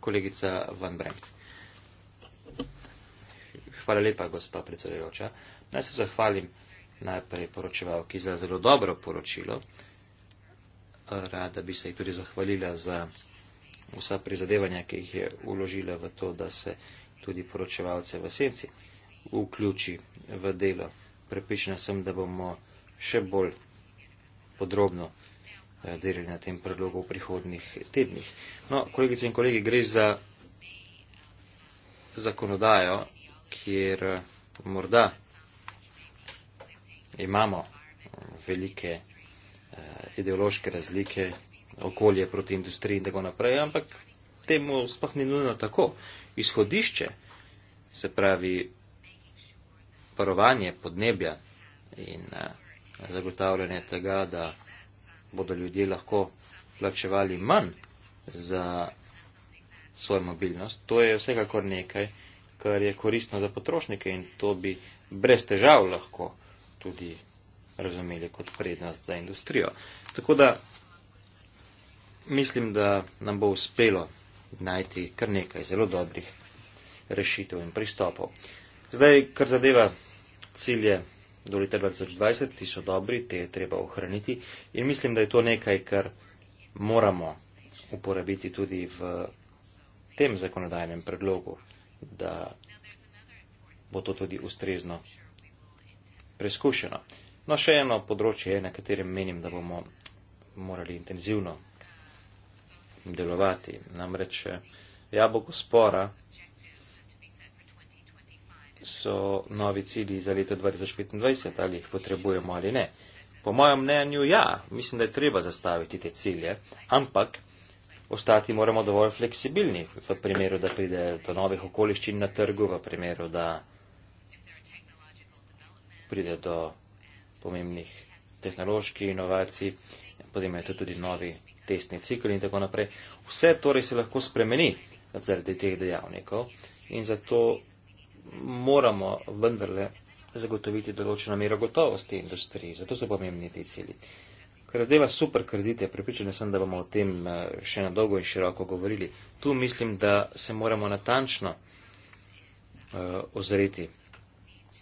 kolegica Van Bremt. Hvala lepa, gospa predsedujoča. Naj se zahvalim najprej poročevalki za zelo dobro poročilo rada bi se ji tudi zahvalila za vsa prizadevanja, ki jih je uložila v to, da se tudi poročevalce v senci vključi v delo. Prepričana sem, da bomo še bolj podrobno eh, delali na tem predlogu v prihodnih tednih. No, kolegice in kolegi, gre za zakonodajo, kjer eh, morda imamo velike Eh, ideološke razlike, okolje proti industriji in tako naprej, ampak temu sploh ni nujno tako. Izhodišče, se pravi varovanje podnebja in eh, zagotavljanje tega, da bodo ljudje lahko plačevali manj za svojo mobilnost, to je vsekakor nekaj, kar je koristno za potrošnike in to bi brez težav lahko tudi razumeli kot prednost za industrijo. Tako da mislim, da nam bo uspelo najti kar nekaj zelo dobrih rešitev in pristopov. Zdaj, kar zadeva cilje do leta 2020, ti so dobri, te je treba ohraniti in mislim, da je to nekaj, kar moramo uporabiti tudi v tem zakonodajnem predlogu, da bo to tudi ustrezno preskušeno. No, še eno področje je, na katerem menim, da bomo morali intenzivno delovati. Namreč eh, jaboko spora so novi cilji za leto 2025, ali jih potrebujemo ali ne. Po mojem mnenju, ja, mislim, da je treba zastaviti te cilje, ampak ostati moramo dovolj fleksibilni v primeru, da pride do novih okoliščin na trgu, v primeru, da pride do pomembnih tehnoloških inovacij, potem je to tudi novi testni cikl in tako naprej. Vse torej se lahko spremeni zaradi teh dejavnikov in zato moramo vendarle zagotoviti določeno mero gotovosti industriji. Zato so pomembni ti cilji. Ker zadeva super kredite, pripričane sem, da bomo o tem eh, še na dolgo in široko govorili. Tu mislim, da se moramo natančno uh, ozreti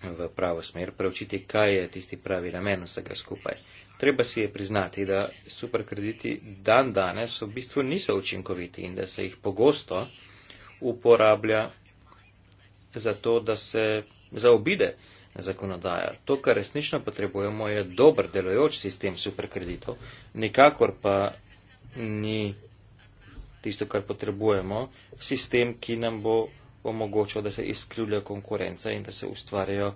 v pravo smer, preučiti, kaj je tisti pravi namen vsega skupaj. Treba si je priznati, da superkrediti dan danes v bistvu niso učinkoviti in da se jih pogosto uporablja za to, da se zaobide zakonodaja. To, kar resnično potrebujemo, je dober delojoč sistem superkreditov, nikakor pa ni tisto, kar potrebujemo, sistem, ki nam bo omogočal, da se izkrivlja konkurenca in da se ustvarjajo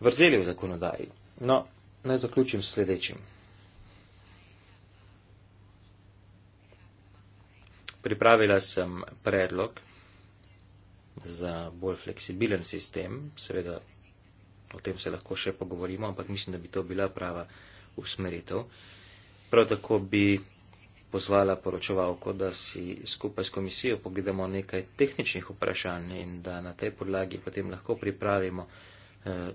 vrzeli v zakonodaji. No, naj zaključim s sledečim. Pripravila sem predlog za bolj fleksibilen sistem, seveda o tem se lahko še pogovorimo, ampak mislim, da bi to bila prava usmeritev. Prav tako bi pozvala poročevalko, da si skupaj s komisijo pogledamo nekaj tehničnih vprašanj in da na tej podlagi potem lahko pripravimo eh,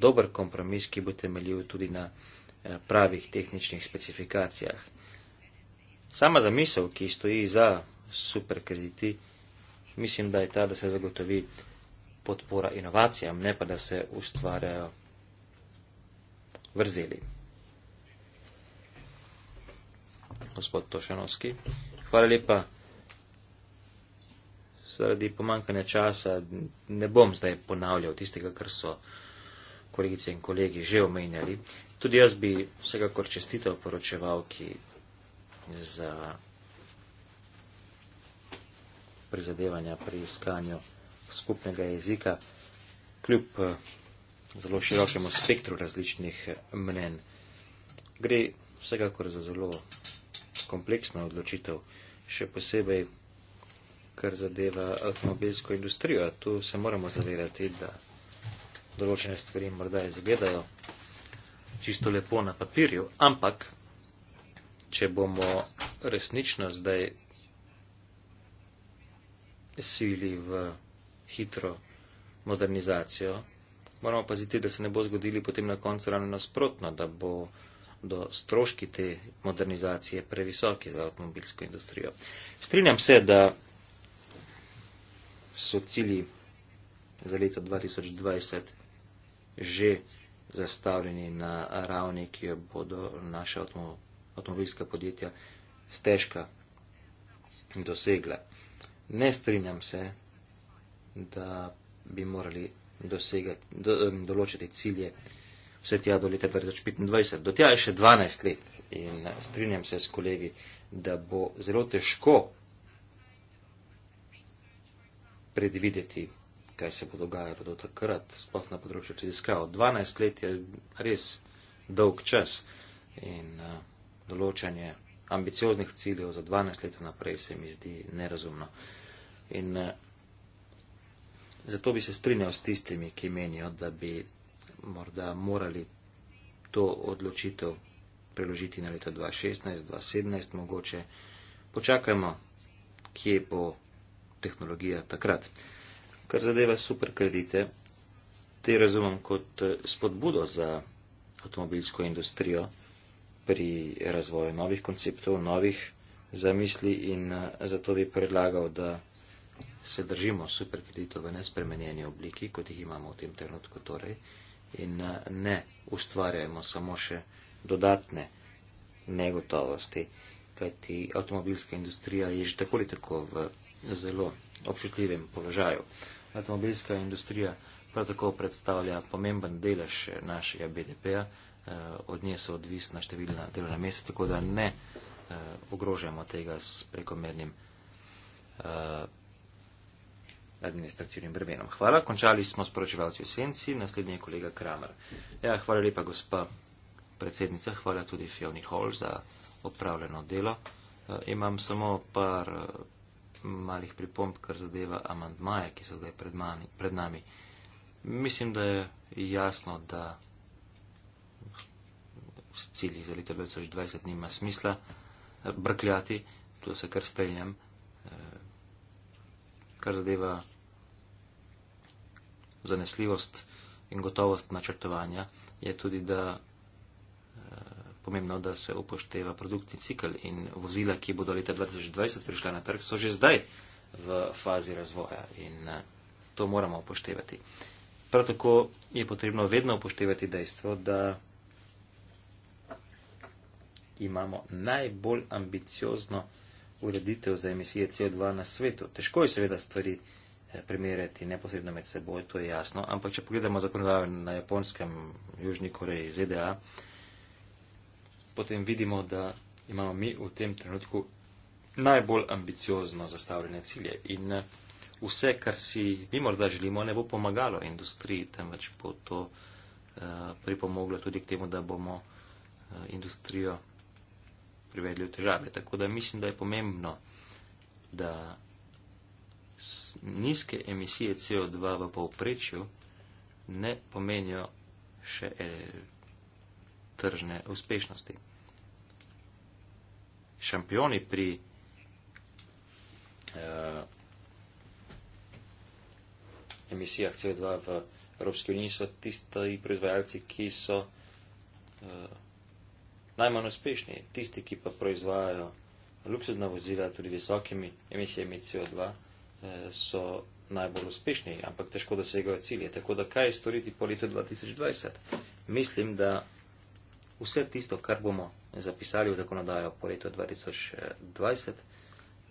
dober kompromis, ki bo temeljil tudi na eh, pravih tehničnih specifikacijah. Sama zamisel, ki stoji za superkrediti, mislim, da je ta, da se zagotovi podpora inovacijam, ne pa da se ustvarjajo vrzeli. gospod Tošanovski. Hvala lepa. Zaradi pomankanja časa ne bom zdaj ponavljal tistega, kar so kolegice in kolegi že omenjali. Tudi jaz bi vsekakor čestitev poročevalki za prizadevanja pri iskanju skupnega jezika, kljub eh, zelo širokemu spektru različnih mnen. Gre vsekakor za zelo kompleksna odločitev, še posebej, kar zadeva avtomobilsko industrijo. Tu se moramo zavedati, da določene stvari morda izgledajo čisto lepo na papirju, ampak če bomo resnično zdaj sili v hitro modernizacijo, moramo paziti, da se ne bo zgodili potem na koncu ravno nasprotno, da bo da stroški te modernizacije previsoki za avtomobilsko industrijo. Strinjam se, da so cilji za leto 2020 že zastavljeni na ravni, ki jo bodo naše avtomobilska podjetja stežka dosegla. Ne strinjam se, da bi morali dosegati, do, določiti cilje, vse tja do leta 2025. Do tja je še 12 let in strinjam se s kolegi, da bo zelo težko predvideti, kaj se bo dogajalo do takrat, sploh na področju raziskav. 12 let je res dolg čas in eh, določanje ambicioznih ciljev za 12 let naprej se mi zdi nerazumno. In eh, zato bi se strinjal s tistimi, ki menijo, da bi morda morali to odločitev preložiti na leto 2016, 2017 mogoče. Počakajmo, kje bo tehnologija takrat. Kar zadeva superkredite, te razumem kot eh, spodbudo za avtomobilsko industrijo pri razvoju novih konceptov, novih zamisli in eh, zato bi predlagal, da se držimo superkreditov v nespremenjeni obliki, kot jih imamo v tem trenutku. Torej in eh, ne ustvarjajmo samo še dodatne negotovosti, kajti avtomobilska industrija je že tako ali tako v zelo občutljivem položaju. Avtomobilska industrija prav tako predstavlja pomemben delež našega BDP-ja, eh, od nje so odvisna številna delovna mesta, tako da ne eh, ogrožamo tega s prekomernim administrativnim bremenom. Hvala, končali smo s poročevalci v senci, naslednji je kolega Kramer. Ja, hvala lepa, gospa predsednica, hvala tudi Fioni Hall za opravljeno delo. Uh, imam samo par uh, malih pripomb, kar zadeva amantmaje, ki so zdaj pred, mani, pred nami. Mislim, da je jasno, da s cilji za leto 2020 nima smisla eh, brkljati, tu se kar streljam kar zadeva zanesljivost in gotovost načrtovanja, je tudi, da e, pomembno, da se upošteva produktni cikl in vozila, ki bodo leta 2020 prišla na trg, so že zdaj v fazi razvoja in e, to moramo upoštevati. Prav tako je potrebno vedno upoštevati dejstvo, da imamo najbolj ambiciozno ureditev za emisije CO2 na svetu. Težko je seveda stvari eh, primerjati neposredno med seboj, to je jasno, ampak če pogledamo zakonodajo na japonskem, Južni Koreji, ZDA, potem vidimo, da imamo mi v tem trenutku najbolj ambiciozno zastavljene cilje in eh, vse, kar si mi morda želimo, ne bo pomagalo industriji, temveč bo to uh, pripomoglo tudi k temu, da bomo uh, industrijo privedli v težave. Tako da mislim, da je pomembno, da nizke emisije CO2 v povprečju ne pomenijo še e, tržne uspešnosti. Šampioni pri uh, emisijah CO2 v Evropski uniji so tisti proizvajalci, ki so uh, najmanj uspešni, tisti, ki pa proizvajajo luksuzna vozila tudi visokimi emisijami CO2, eh, so najbolj uspešni, ampak težko dosegajo cilje. Tako da kaj storiti po letu 2020? Mislim, da vse tisto, kar bomo zapisali v zakonodajo po letu 2020,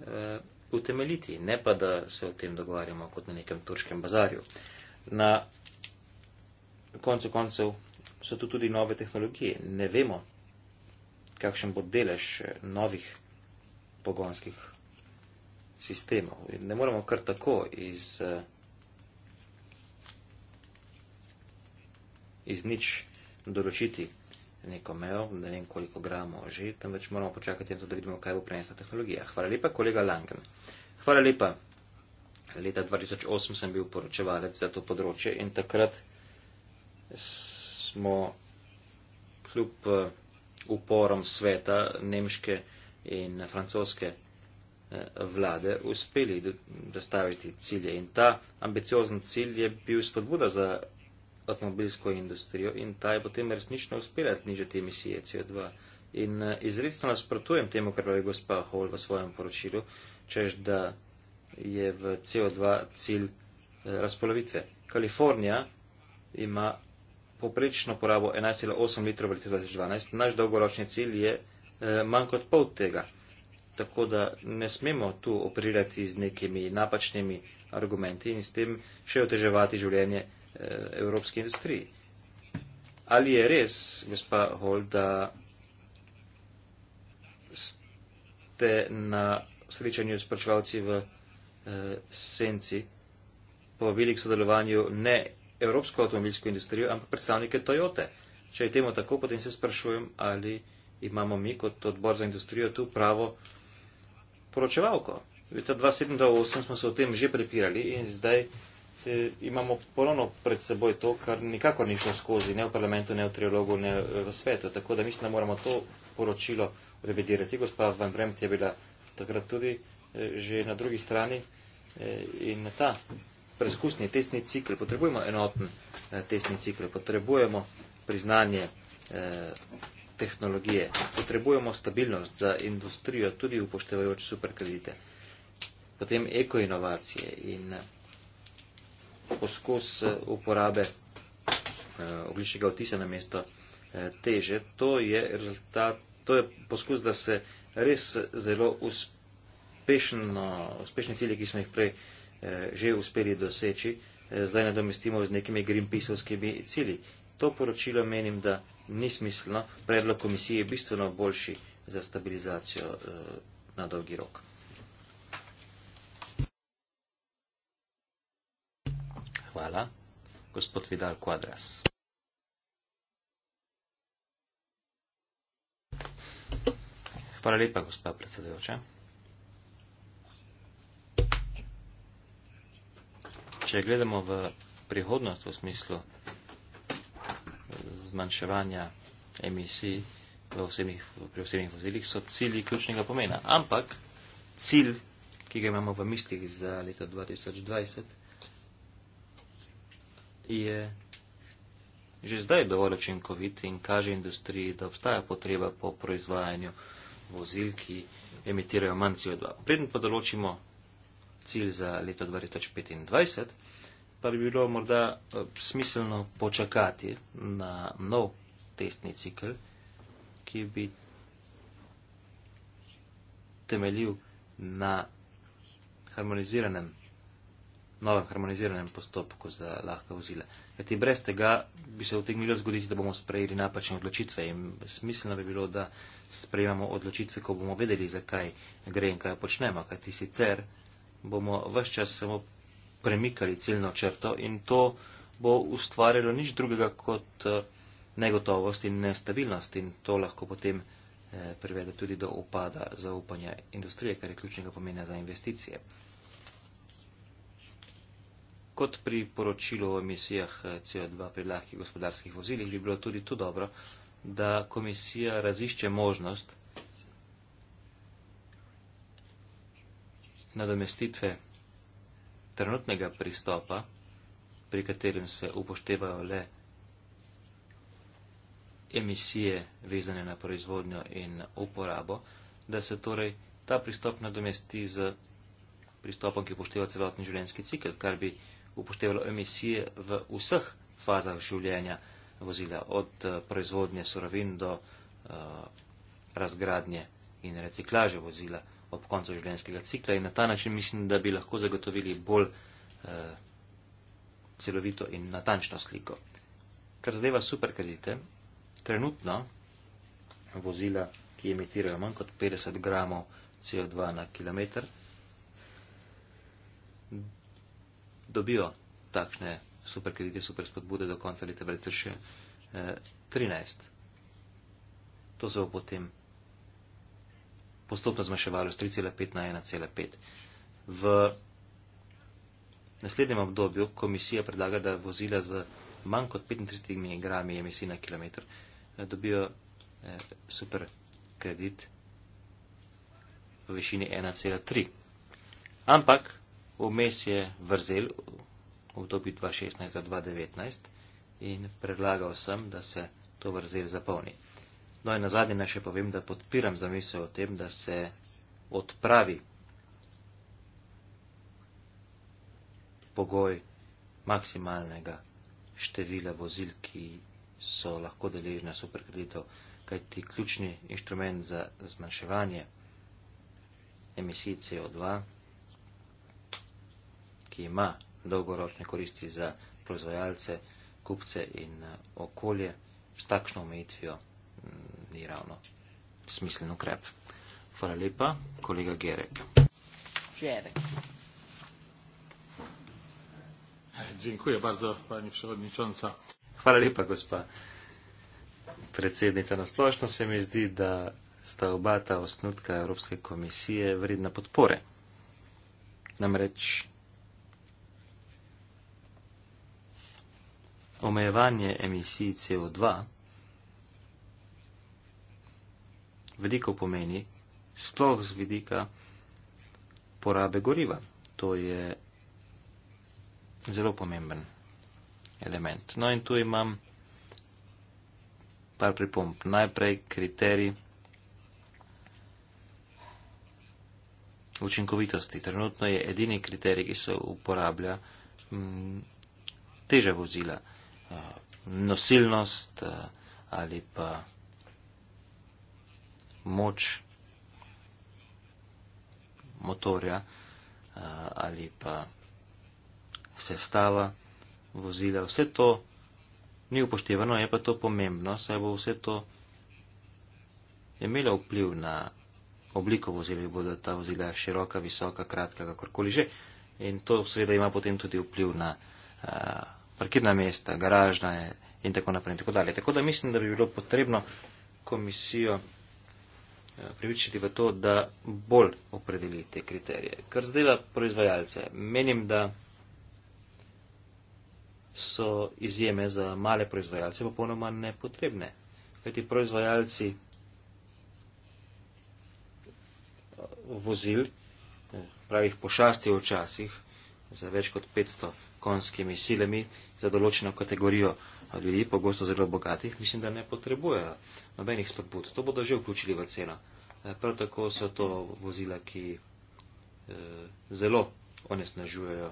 eh, utemeljiti, ne pa da se o tem dogovarjamo kot na nekem turškem bazarju. Na koncu koncev so tu tudi nove tehnologije. Ne vemo, kakšen bo delež eh, novih pogonskih sistemov. Ne moramo kar tako iz, eh, iz nič določiti neko mejo, ne vem koliko gramov že, temveč moramo počakati na to, da vidimo, kaj bo prenesla tehnologija. Hvala lepa, kolega Langen. Hvala lepa. Leta 2008 sem bil poročevalec za to področje in takrat smo kljub eh, uporom sveta nemške in francoske eh, vlade uspeli dostaviti cilje. In ta ambiciozen cilj je bil spodbuda za avtomobilsko industrijo in ta je potem resnično uspela znižati emisije CO2. In eh, izredno nasprotujem temu, kar pravi gospa Hol v svojem poročilu, čež da je v CO2 cilj eh, razpolovitve. Kalifornija ima povprečno porabo 11,8 litrov v letu 2012, naš dolgoročni cilj je eh, manj kot pol tega. Tako da ne smemo tu operirati z nekimi napačnimi argumenti in s tem še oteževati življenje eh, evropske industriji. Ali je res, gospa Hol, da ste na srečanju s prečevalci v eh, senci povabili k sodelovanju ne evropsko avtomobilsko industrijo, ampak predstavnike Toyote. Če je temu tako, potem se sprašujem, ali imamo mi kot odbor za industrijo tu pravo poročevalko. Leta 2007-2008 smo se o tem že prepirali in zdaj eh, imamo ponovno pred seboj to, kar nikakor ni šlo skozi, ne v parlamentu, ne v trilogu, ne eh, v svetu. Tako da mislim, da moramo to poročilo revidirati. Gospa Van Bremt je bila takrat tudi eh, že na drugi strani eh, in ta preizkusni testni cikl, potrebujemo enoten eh, testni cikl, potrebujemo priznanje eh, tehnologije, potrebujemo stabilnost za industrijo, tudi upoštevajoč superkredite, potem ekoinovacije in eh, poskus eh, uporabe eh, ogličnega otisa na mesto eh, teže. To je, rezultat, to je poskus, da se res zelo uspešno, uspešni cilje, ki smo jih prej eh, Eh, že uspeli doseči, eh, zdaj nadomestimo z nekimi Greenpeaceovskimi cilji. To poročilo menim, da ni smiselno. Predlog komisije je bistveno boljši za stabilizacijo eh, na dolgi rok. Hvala. Gospod Vidal Quadras. Hvala lepa, gospod predsedujoča. če gledamo v prihodnost v smislu zmanjševanja emisij v osebnih, pri osebnih vozilih, so cilji ključnega pomena. Ampak cilj, ki ga imamo v mislih za leto 2020, je že zdaj dovolj učinkovit in kaže industriji, da obstaja potreba po proizvajanju vozil, ki emitirajo manj CO2. Preden pa določimo cilj za leto 2025, pa bi bilo morda eh, smiselno počakati na nov testni cikl, ki bi temeljil na harmoniziranem, novem harmoniziranem postopku za lahka vozila. Kajti brez tega bi se utegnilo zgoditi, da bomo sprejeli napačne odločitve in smiselno bi bilo, da sprejemamo odločitve, ko bomo vedeli, zakaj gre in kaj počnemo. Kajti sicer bomo vse čas samo premikali ciljno črto in to bo ustvarjalo nič drugega kot eh, negotovost in nestabilnost in to lahko potem eh, privede tudi do upada zaupanja industrije, kar je ključnega pomena za investicije. Kot pri poročilu o emisijah eh, CO2 pri lahkih gospodarskih vozilih bi bilo tudi to dobro, da komisija razišče možnost, nadomestitve trenutnega pristopa, pri katerem se upoštevajo le emisije vezane na proizvodnjo in uporabo, da se torej ta pristop nadomesti z pristopom, ki upošteva celotni življenjski cikl, kar bi upoštevalo emisije v vseh fazah življenja vozila, od eh, proizvodnje surovin do uh, razgradnje in reciklaže vozila ob koncu življenjskega cikla in na ta način mislim, da bi lahko zagotovili bolj eh, celovito in natančno sliko. Kar zadeva superkredite, trenutno vozila, ki emitirajo manj kot 50 gramov CO2 na kilometr, dobijo takšne superkredite, super spodbude do konca leta 2013. Eh, to se bo potem postopno zmanjševalo z 3,5 na 1,5. V naslednjem obdobju komisija predlaga, da vozila z manj kot 35 grami emisij na kilometr eh, dobijo eh, super kredit v višini 1,3. Ampak vmes je vrzel v obdobju 2016-2019 in predlagal sem, da se to vrzel zapolni. No in na zadnje naj še povem, da podpiram zamisel o tem, da se odpravi pogoj maksimalnega števila vozil, ki so lahko deležna superkreditov, kajti ključni inštrument za zmanjševanje emisij CO2, ki ima dolgoročne koristi za proizvajalce, kupce in eh, okolje, s takšno omejitvijo ni ravno smislen ukrep. Hvala lepa, kolega Gerek. Gerek. Dziękuję bardzo, pani przewodnicząca. Hvala lepa, gospa predsednica. Na splošno se mi zdi, da sta oba ta osnutka Evropske komisije vredna podpore. Namreč omejevanje emisij CO2 veliko pomeni, sploh z vidika porabe goriva. To je zelo pomemben element. No in tu imam par pripomp. Najprej kriterij učinkovitosti. Trenutno je edini kriterij, ki se uporablja mm, teža vozila, eh, nosilnost eh, ali pa moč motorja eh, ali pa sestava vozila. Vse to ni upoštevano, je pa to pomembno, saj bo vse to imelo vpliv na obliko vozila, ki bodo ta vozila široka, visoka, kratka, kakorkoli že. In to seveda ima potem tudi vpliv na a, eh, parkirna mesta, garažna in tako naprej. In tako, dalje. tako da mislim, da bi bilo potrebno komisijo. Eh, pripričati v to, da bolj opredeli te kriterije. Kar zdela proizvajalce, menim, da so izjeme za male proizvajalce popolnoma nepotrebne. Kajti proizvajalci eh, vozil, eh, pravih pošasti včasih, za več kot 500 konskimi silami, za določeno kategorijo ljudi, pogosto zelo bogatih, mislim, da ne potrebujejo nobenih spodbud. To bodo že vključili v ceno. Eh, prav tako so to vozila, ki eh, zelo onesnažujejo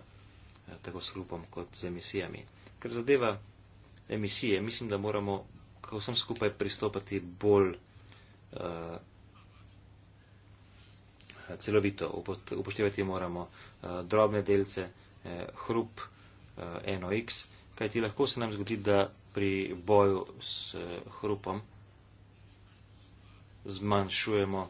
eh, tako s hrupom kot z emisijami. Ker zadeva emisije, mislim, da moramo kako vsem skupaj pristopati bolj celovito. Upoštevati moramo drobne delce, hrup, NOx, kaj ti lahko se nam zgodi, da pri boju s eh, hrupom zmanjšujemo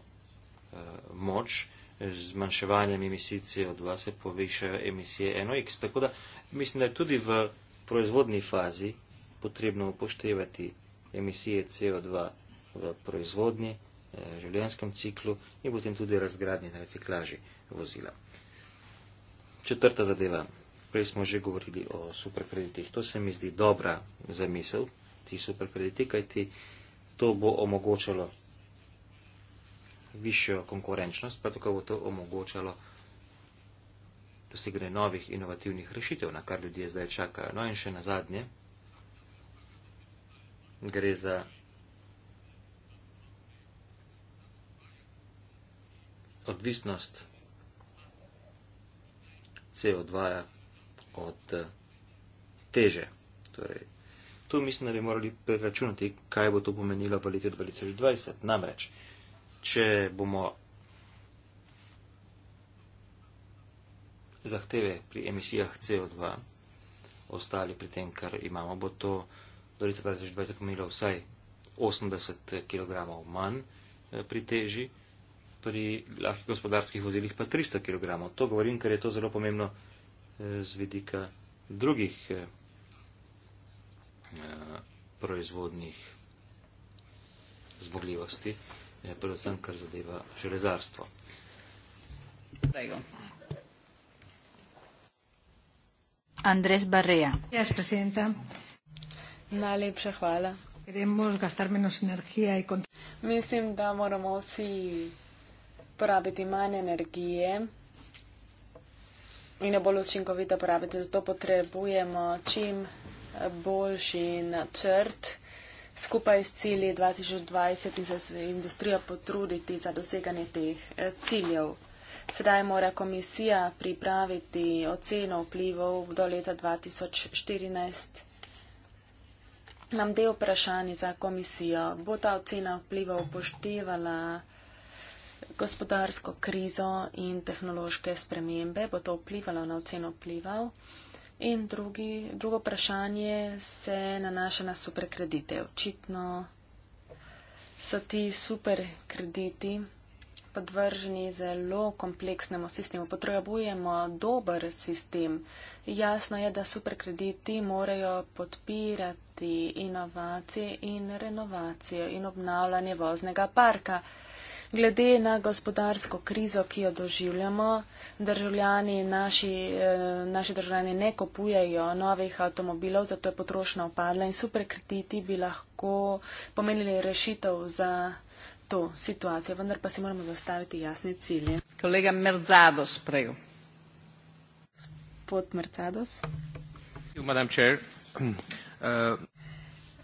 eh, moč, z manjševanjem emisicije od vas se povišajo emisije NOx. Tako da mislim, da je tudi v proizvodni fazi potrebno upoštevati emisije CO2 v proizvodni, eh, življenjskem ciklu in potem tudi razgradnje na reciklaži vozila. Četrta zadeva prej smo že govorili o superkreditih. To se mi zdi dobra zamisel, ti superkrediti, kajti to bo omogočalo višjo konkurenčnost, pa tako bo to omogočalo dosegne novih inovativnih rešitev, na kar ljudje zdaj čakajo. No in še na zadnje, gre za odvisnost CO2 od eh, teže. Torej, tu mislim, da bi morali preračunati, kaj bo to pomenilo v letu 2020. Namreč, če bomo zahteve pri emisijah CO2 ostali pri tem, kar imamo, bo to do leta 2020 pomenilo vsaj 80 kg manj eh, pri teži, pri lahkih gospodarskih vozilih pa 300 kg. To govorim, ker je to zelo pomembno. Eh, z vidika drugih eh, eh, proizvodnih zmogljivosti, predvsem kar zadeva železarstvo. Prego. Andres Barrea. Jaz, presidenta. Najlepša hvala. Mislim, da moramo vsi porabiti manj energije in jo bolj učinkovito porabiti. Zato potrebujemo čim boljši načrt skupaj s cilji 2020 in se z industrijo potruditi za doseganje teh eh, ciljev. Sedaj mora komisija pripraviti oceno vplivov do leta 2014. Nam del vprašanj za komisijo. Bo ta ocena vplivov upoštevala? gospodarsko krizo in tehnološke spremembe, bo to vplivalo na oceno vplival. In drugi, drugo vprašanje se nanaša na superkredite. Očitno so ti superkrediti podvrženi zelo kompleksnemu sistemu. Potrebujemo dober sistem. Jasno je, da superkrediti morajo podpirati inovacije in renovacijo in obnavljanje voznega parka glede na gospodarsko krizo, ki jo doživljamo, državljani, naši, eh, naši državljani ne kupujejo novih avtomobilov, zato je potrošnja upadla in superkrediti bi lahko pomenili rešitev za to situacijo, vendar pa si moramo zastaviti jasne cilje. Kolega Merzados prej. Gospod Merzados. Madam Chair, uh,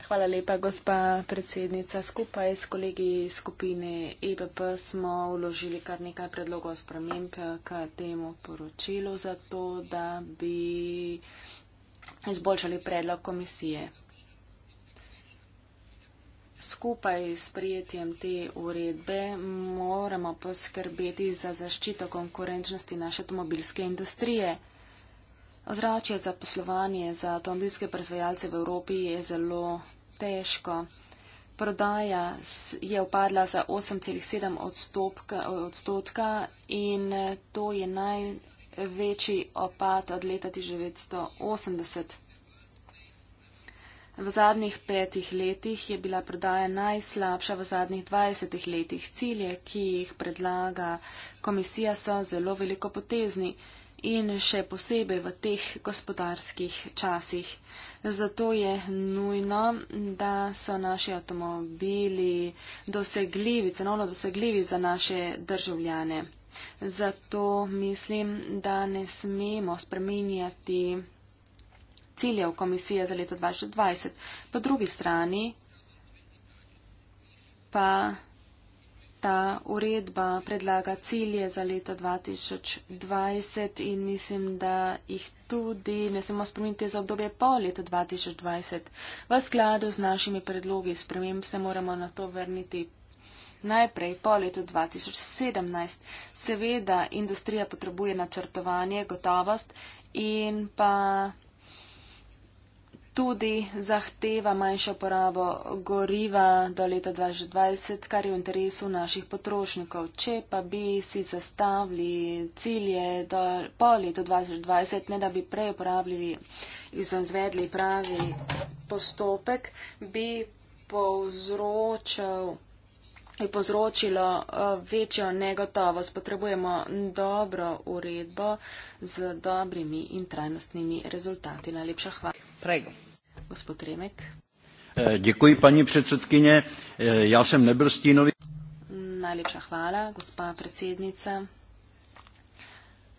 Hvala lepa, gospa predsednica. Skupaj s kolegi skupine EPP smo uložili kar nekaj predlogov sprememb k temu poročilu, zato da bi izboljšali predlog komisije. Skupaj s prijetjem te uredbe moramo poskrbeti za zaščito konkurenčnosti naše avtomobilske industrije. Ozračje za poslovanje za avtomobilske proizvajalce v Evropi je zelo težko. Prodaja je upadla za 8,7 odstotka in to je največji opad od leta 1980. V zadnjih petih letih je bila prodaja najslabša v zadnjih 20 letih. Cilje, ki jih predlaga komisija, so zelo veliko potezni in še posebej v teh gospodarskih časih. Zato je nujno, da so naši avtomobili dosegljivi, cenovno dosegljivi za naše državljane. Zato mislim, da ne smemo spremenjati ciljev komisije za leto 2020. Po drugi strani pa ta uredba predlaga cilje za leto 2020 in mislim, da jih tudi ne samo spremeniti za obdobje po leta 2020. V skladu z našimi predlogi sprememb se moramo na to vrniti. Najprej po letu 2017. Seveda, industrija potrebuje načrtovanje, gotovost in pa tudi zahteva manjšo porabo goriva do leta 2020, kar je v interesu naših potrošnikov. Če pa bi si zastavili cilje do, po letu 2020, ne da bi prej uporabljali in izvedli pravi postopek, bi povzročal je povzročilo eh, večjo negotovost. Potrebujemo dobro uredbo z dobrimi in trajnostnimi rezultati. Najlepša hvala. Prego. Gospod Remek. Eh, děkuji, paní predsedkine. Eh, ja sem nebyl stínový. Najlepša hvala, gospa predsednica.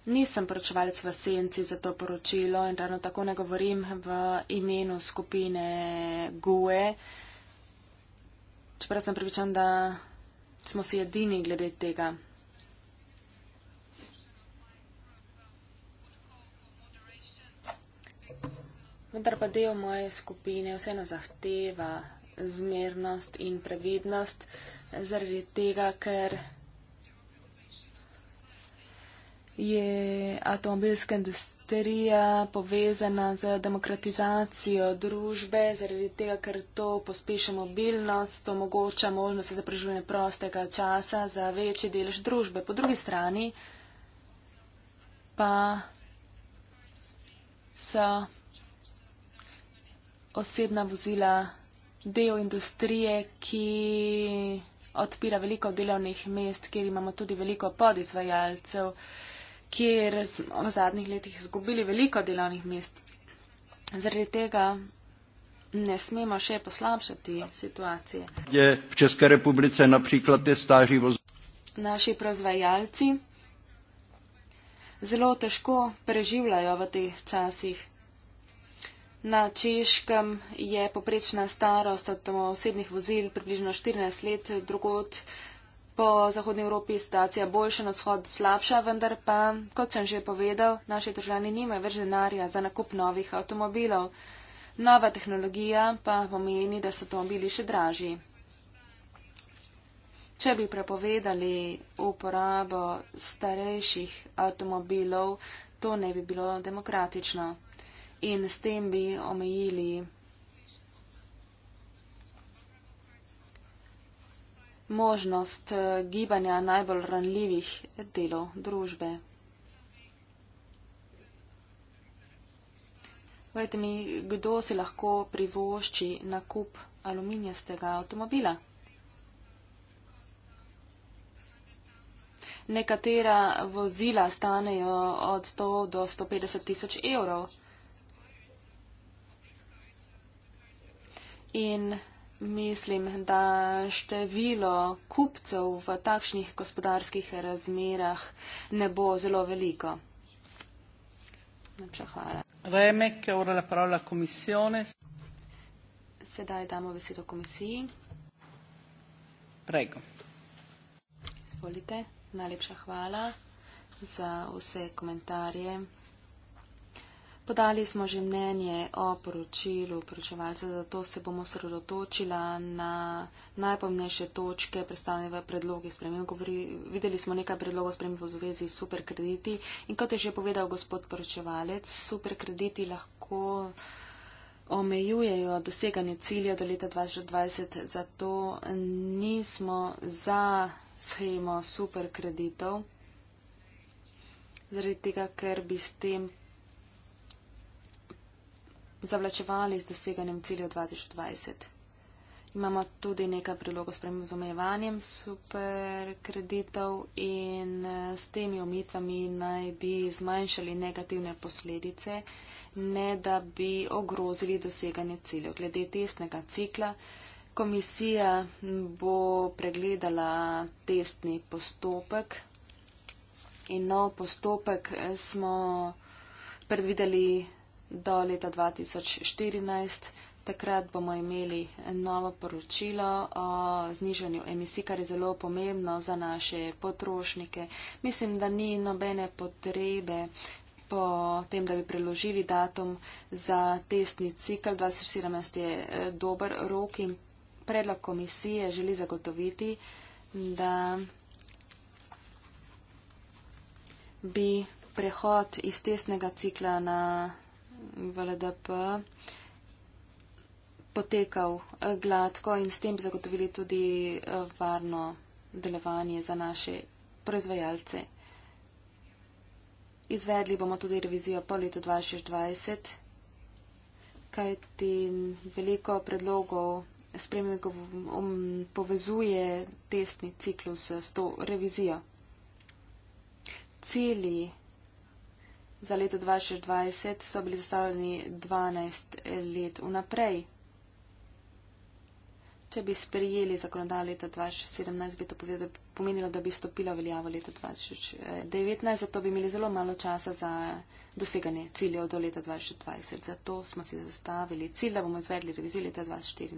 Nisem poročevalec v senci za to poročilo in ravno tako ne govorim v imenu skupine GUE. Čeprav sem pripričan, da smo si edini glede tega. vendar pa del moje skupine vseeno zahteva zmernost in previdnost, zaradi tega, ker je avtomobilska industrija povezana z demokratizacijo družbe, zaradi tega, ker to pospeša mobilnost, omogoča možnosti za preživljanje prostega časa za večji delež družbe. Po drugi strani pa so osebna vozila del industrije, ki odpira veliko delovnih mest, kjer imamo tudi veliko podizvajalcev, kjer smo v zadnjih letih izgubili veliko delovnih mest. Zaradi tega ne smemo še poslabšati situacije. Je v Česke republice naprimer te staži vozili. Naši proizvajalci zelo težko preživljajo v teh časih. Na Češkem je poprečna starost od osebnih vozil približno 14 let, drugod po Zahodni Evropi je situacija boljša, na vzhod slabša, vendar pa, kot sem že povedal, naši državljani nimajo več denarja za nakup novih avtomobilov. Nova tehnologija pa pomeni, da so avtomobili še dražji. Če bi prepovedali uporabo starejših avtomobilov, to ne bi bilo demokratično in s tem bi omejili možnost eh, gibanja najbolj ranljivih delov družbe. Vajte mi, kdo si lahko privošči nakup aluminijastega avtomobila? Nekatera vozila stanejo od 100 do 150 tisoč evrov. In mislim, da število kupcev v takšnih gospodarskih razmerah ne bo zelo veliko. Najlepša hvala. Reme, ki ora la parola komisione. Sedaj damo besedo komisiji. Prego. Izvolite. Najlepša hvala za vse komentarje. Podali smo že mnenje o poročilu poročevalca, zato se bomo sredotočila na najpomnejše točke predstavljene v predlogi sprememb. Videli smo nekaj predlogov sprememb v zvezi s superkrediti in kot je že povedal gospod poročevalec, superkrediti lahko omejujejo doseganje cilja do leta 2020, zato nismo za schemo superkreditov, zaradi tega, ker bi s tem zavlačevali z doseganjem ciljev 2020. Imamo tudi nekaj prilogo s premozomejevanjem superkreditov in eh, s temi omitvami naj bi zmanjšali negativne posledice, ne da bi ogrozili doseganje ciljev. Glede testnega cikla, komisija bo pregledala testni postopek in nov postopek eh, smo predvideli do leta 2014. Takrat bomo imeli novo poročilo o znižanju emisij, kar je zelo pomembno za naše potrošnike. Mislim, da ni nobene potrebe po tem, da bi preložili datum za testni cikl. 2017 je eh, dober rok in predlog komisije želi zagotoviti, da bi prehod iz testnega cikla na VLDP potekal eh, gladko in s tem zagotovili tudi eh, varno delovanje za naše proizvajalce. Izvedli bomo tudi revizijo po letu 2020, kajti veliko predlogov spremljikov um, povezuje testni ciklus s to revizijo. Cilji za leto 2020 so bili zastavljeni 12 let vnaprej. Če bi sprijeli zakonodajo leta 2017, bi to pomenilo, da bi stopila veljavo leta 2019, zato bi imeli zelo malo časa za doseganje ciljev do leta 2020. Zato smo si zastavili cilj, da bomo izvedli revizijo leta 2014.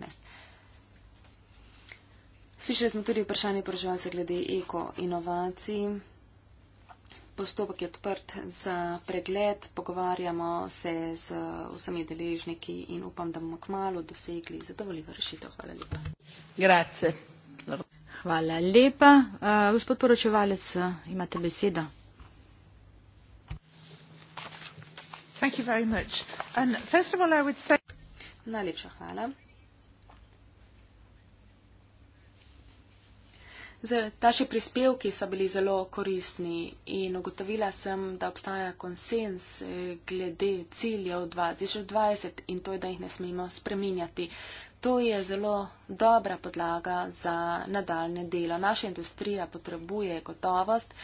Slišali smo tudi vprašanje proživalce glede eko inovacij. Postopek je odprt za pregled, pogovarjamo se z vsemi deležniki in upam, da bomo k malu dosegli zadovoljivo rešitev. Hvala lepa. Grace. Hvala lepa. Uh, gospod poročevalec, imate besedo. Najlepša hvala. Taši prispevki so bili zelo koristni in ugotovila sem, da obstaja konsens eh, glede ciljev 2020 in to je, da jih ne smemo spreminjati. To je zelo dobra podlaga za nadaljne delo. Naša industrija potrebuje gotovost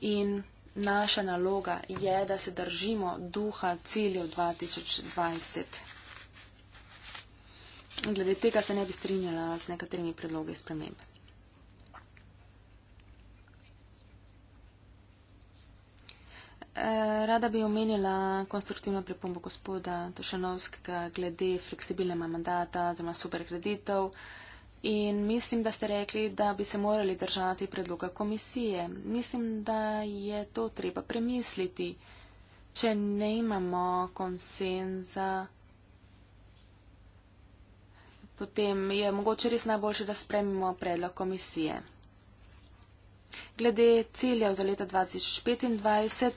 in naša naloga je, da se držimo duha ciljev 2020. Glede tega se ne bi strinjala z nekaterimi predlogi spremembe. Eh, rada bi omenila konstruktivno pripombo gospoda Tošanovskega glede fleksibilnega mandata, zelo super kreditov. In mislim, da ste rekli, da bi se morali držati predloga komisije. Mislim, da je to treba premisliti, če ne imamo konsenza. Potem je mogoče res najboljše, da spremimo predlog komisije. Glede ciljev za leto 2025.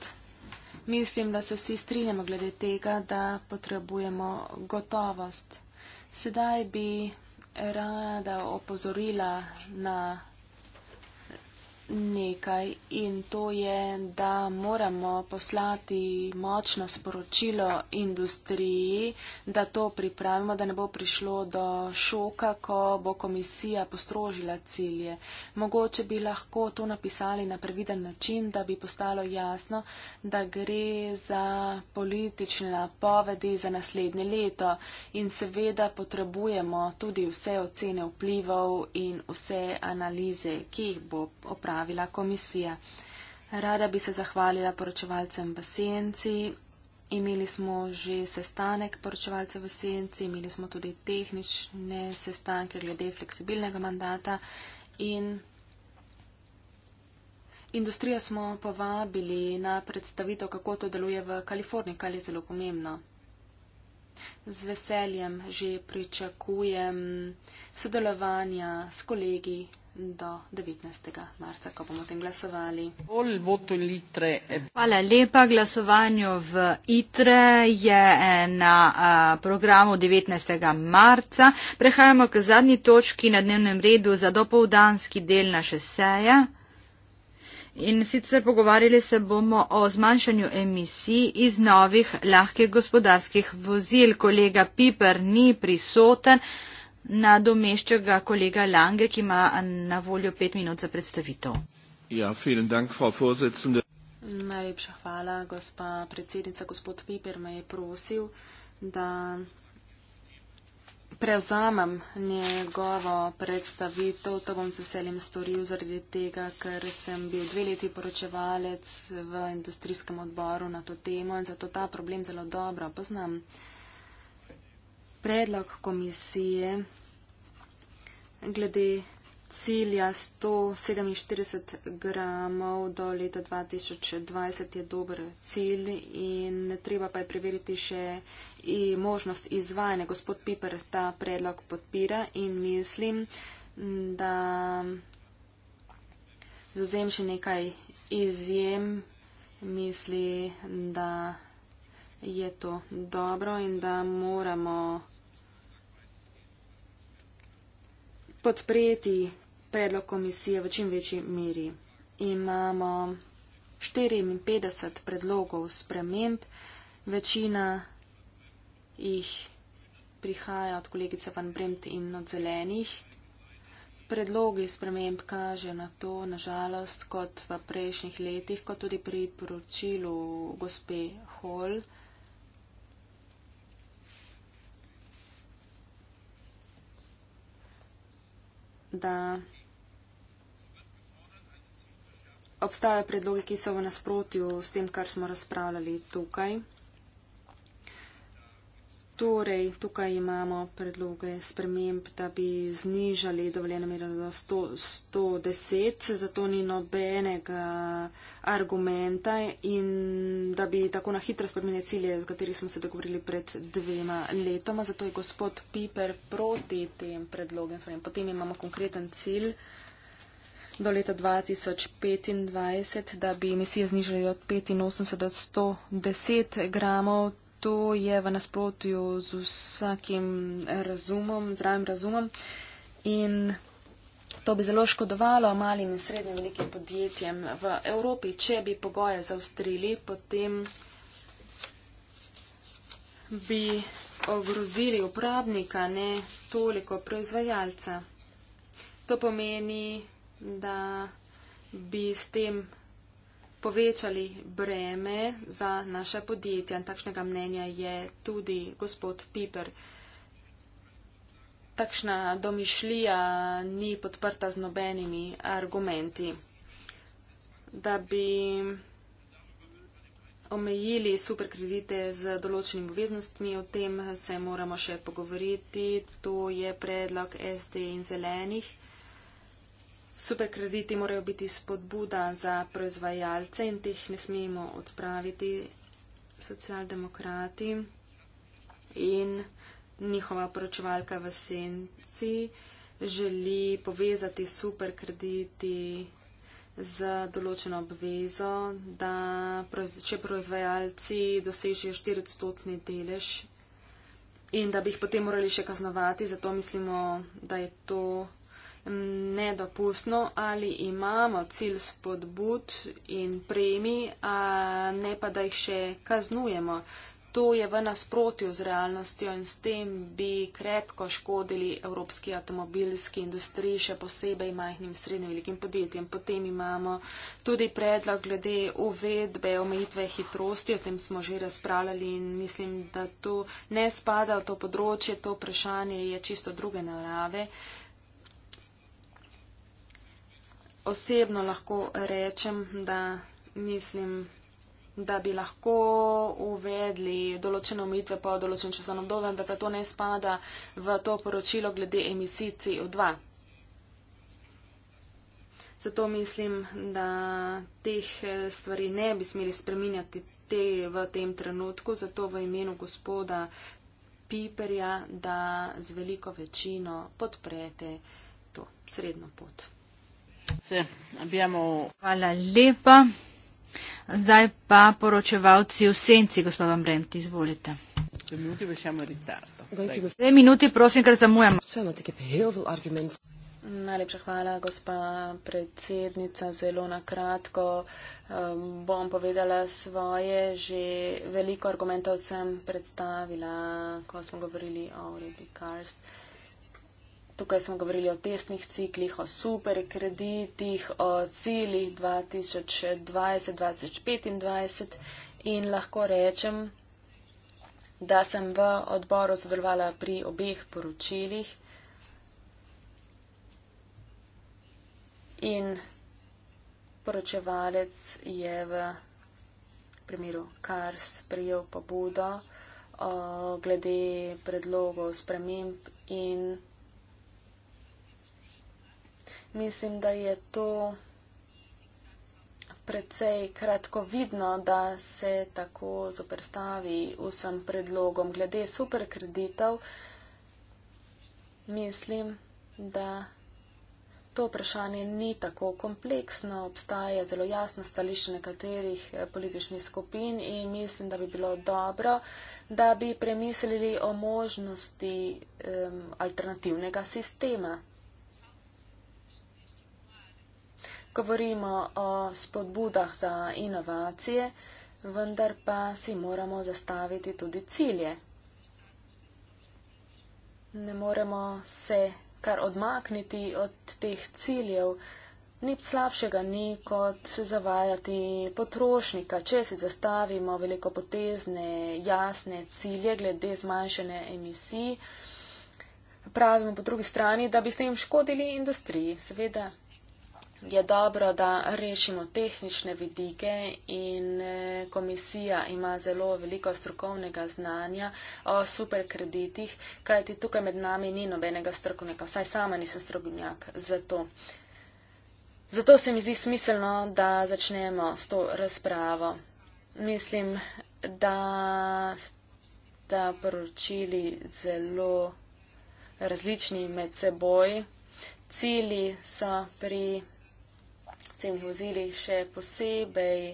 Mislim, da se vsi strinjamo glede tega, da potrebujemo gotovost. Sedaj bi rada opozorila na nekaj in to je, da moramo poslati močno sporočilo industriji, da to pripravimo, da ne bo prišlo do šoka, ko bo komisija postrožila cilje. Mogoče bi lahko to napisali na previden način, da bi postalo jasno, da gre za politične napovedi za naslednje leto in seveda potrebujemo tudi vse ocene vplivov in vse analize, ki jih bo opravljala ustanovila komisija. Rada bi se zahvalila poročevalcem v senci. Imeli smo že sestanek poročevalce v senci, imeli smo tudi tehnične sestanke glede fleksibilnega mandata in industrijo smo povabili na predstavitev, kako to deluje v Kaliforniji, kar je zelo pomembno. Z veseljem že pričakujem sodelovanja s kolegi do 19. marca, ko bomo o tem glasovali. Hvala lepa. Glasovanje v ITRE je na programu 19. marca. Prehajamo k zadnji točki na dnevnem redu za dopoldanski del naše seje. In sicer pogovarjali se bomo o zmanjšanju emisij iz novih lahkih gospodarskih vozil. Kolega Piper ni prisoten. Nadomeščega kolega Lange, ki ima na voljo pet minut za predstavitev. Ja, dank, Najlepša hvala, gospa predsednica. Gospod Piper me je prosil, da prevzamem njegovo predstavitev. To bom z veseljem storil zaradi tega, ker sem bil dve leti poročevalec v industrijskem odboru na to temo in zato ta problem zelo dobro poznam predlog komisije glede cilja 147 gramov do leta 2020 je dober cilj in treba pa je preveriti še možnost izvajanja. Gospod Piper ta predlog podpira in mislim, da zozem še nekaj izjem, misli, da je to dobro in da moramo podpreti predlog komisije v čim večji meri. Imamo 54 predlogov sprememb, večina jih prihaja od kolegice Van Bremt in od zelenih. Predlogi sprememb kaže na to, nažalost, kot v prejšnjih letih, kot tudi pri poročilu gospe Hall. da obstajajo predlogi, ki so v nasprotju s tem, kar smo razpravljali tukaj. Torej, tukaj imamo predloge sprememb, da bi znižali dovoljeno mero do 110, zato ni nobenega argumenta in da bi tako na hitro spremenili cilje, o katerih smo se dogovorili pred dvema letoma. Zato je gospod Piper proti tem predlogem. Potem imamo konkreten cilj do leta 2025, da bi emisije znižali od 85 do 110 gramov to je v nasprotju z vsakim razumom, zdravim razumom in to bi zelo škodovalo malim in srednjim velikim podjetjem v Evropi, če bi pogoje zaustrili, potem bi ogrozili uporabnika, ne toliko proizvajalca. To pomeni, da bi s tem povečali breme za naše podjetja. Takšnega mnenja je tudi gospod Piper. Takšna domišljija ni podprta z nobenimi argumenti. Da bi omejili superkredite z določenimi obveznostmi, o tem se moramo še pogovoriti. To je predlog SD in zelenih. Super krediti morajo biti spodbuda za proizvajalce in teh ne smemo odpraviti socialdemokrati in njihova poročevalka v senci želi povezati super krediti z določeno obvezo, da če proizvajalci dosežejo 4-odstotni delež in da bi jih potem morali še kaznovati, zato mislimo, da je to nedopustno, ali imamo cilj spodbud in premij, a ne pa da jih še kaznujemo. To je v nasprotju z realnostjo in s tem bi krepko škodili evropski avtomobilski industriji, še posebej majhnim srednjim velikim podjetjem. Potem imamo tudi predlog glede uvedbe omejitve hitrosti, o tem smo že razpravljali in mislim, da to ne spada v to področje, to vprašanje je čisto druge narave. Uh, osebno lahko rečem, da mislim, da bi lahko uvedli določene omitve po določen časovnem dobu, da pa to ne spada v to poročilo glede emisij CO2. Zato mislim, da teh eh, stvari ne bi smeli spreminjati te v tem trenutku, zato v imenu gospoda Piperja, da z veliko večino podprete to srednjo pot. Hvala lepa. Zdaj pa poročevalci v senci, gospod Van Bremt, izvolite. Dve minuti, prosim, ker zamujam. Najlepša hvala, gospa predsednica. Zelo na kratko um, bom povedala svoje. Že veliko argumentov sem predstavila, ko smo govorili o Ruby Cars. Uh, Tukaj smo govorili o tesnih ciklih, o superkreditih, o ciljih 2020-2025 in lahko rečem, da sem v odboru sodelovala pri obeh poročilih in poročevalec je v primeru KARS prijel pobudo glede predlogov sprememb in predlogov mislim, da je to precej kratkovidno, da se tako zoprstavi vsem predlogom. Glede superkreditov, mislim, da to vprašanje ni tako kompleksno, obstaja zelo jasno stališče nekaterih eh, političnih skupin in mislim, da bi bilo dobro, da bi premislili o možnosti um, alternativnega sistema. govorimo o spodbudah za inovacije, vendar pa si moramo zastaviti tudi cilje. Ne moremo se kar odmakniti od teh ciljev. Nič slabšega ni, kot zavajati potrošnika, če si zastavimo velikopotezne, jasne cilje glede zmanjšene emisij. Pravimo po drugi strani, da bi s tem škodili industriji. Seveda je dobro, da rešimo tehnične vidike in eh, komisija ima zelo veliko strokovnega znanja o super kreditih, kajti tukaj med nami ni nobenega strokovnjaka, vsaj sama nisem strokovnjak za to. Zato se mi zdi smiselno, da začnemo s to razpravo. Mislim, da sta poročili zelo različni med seboj. Cili so pri vsemi vozili še posebej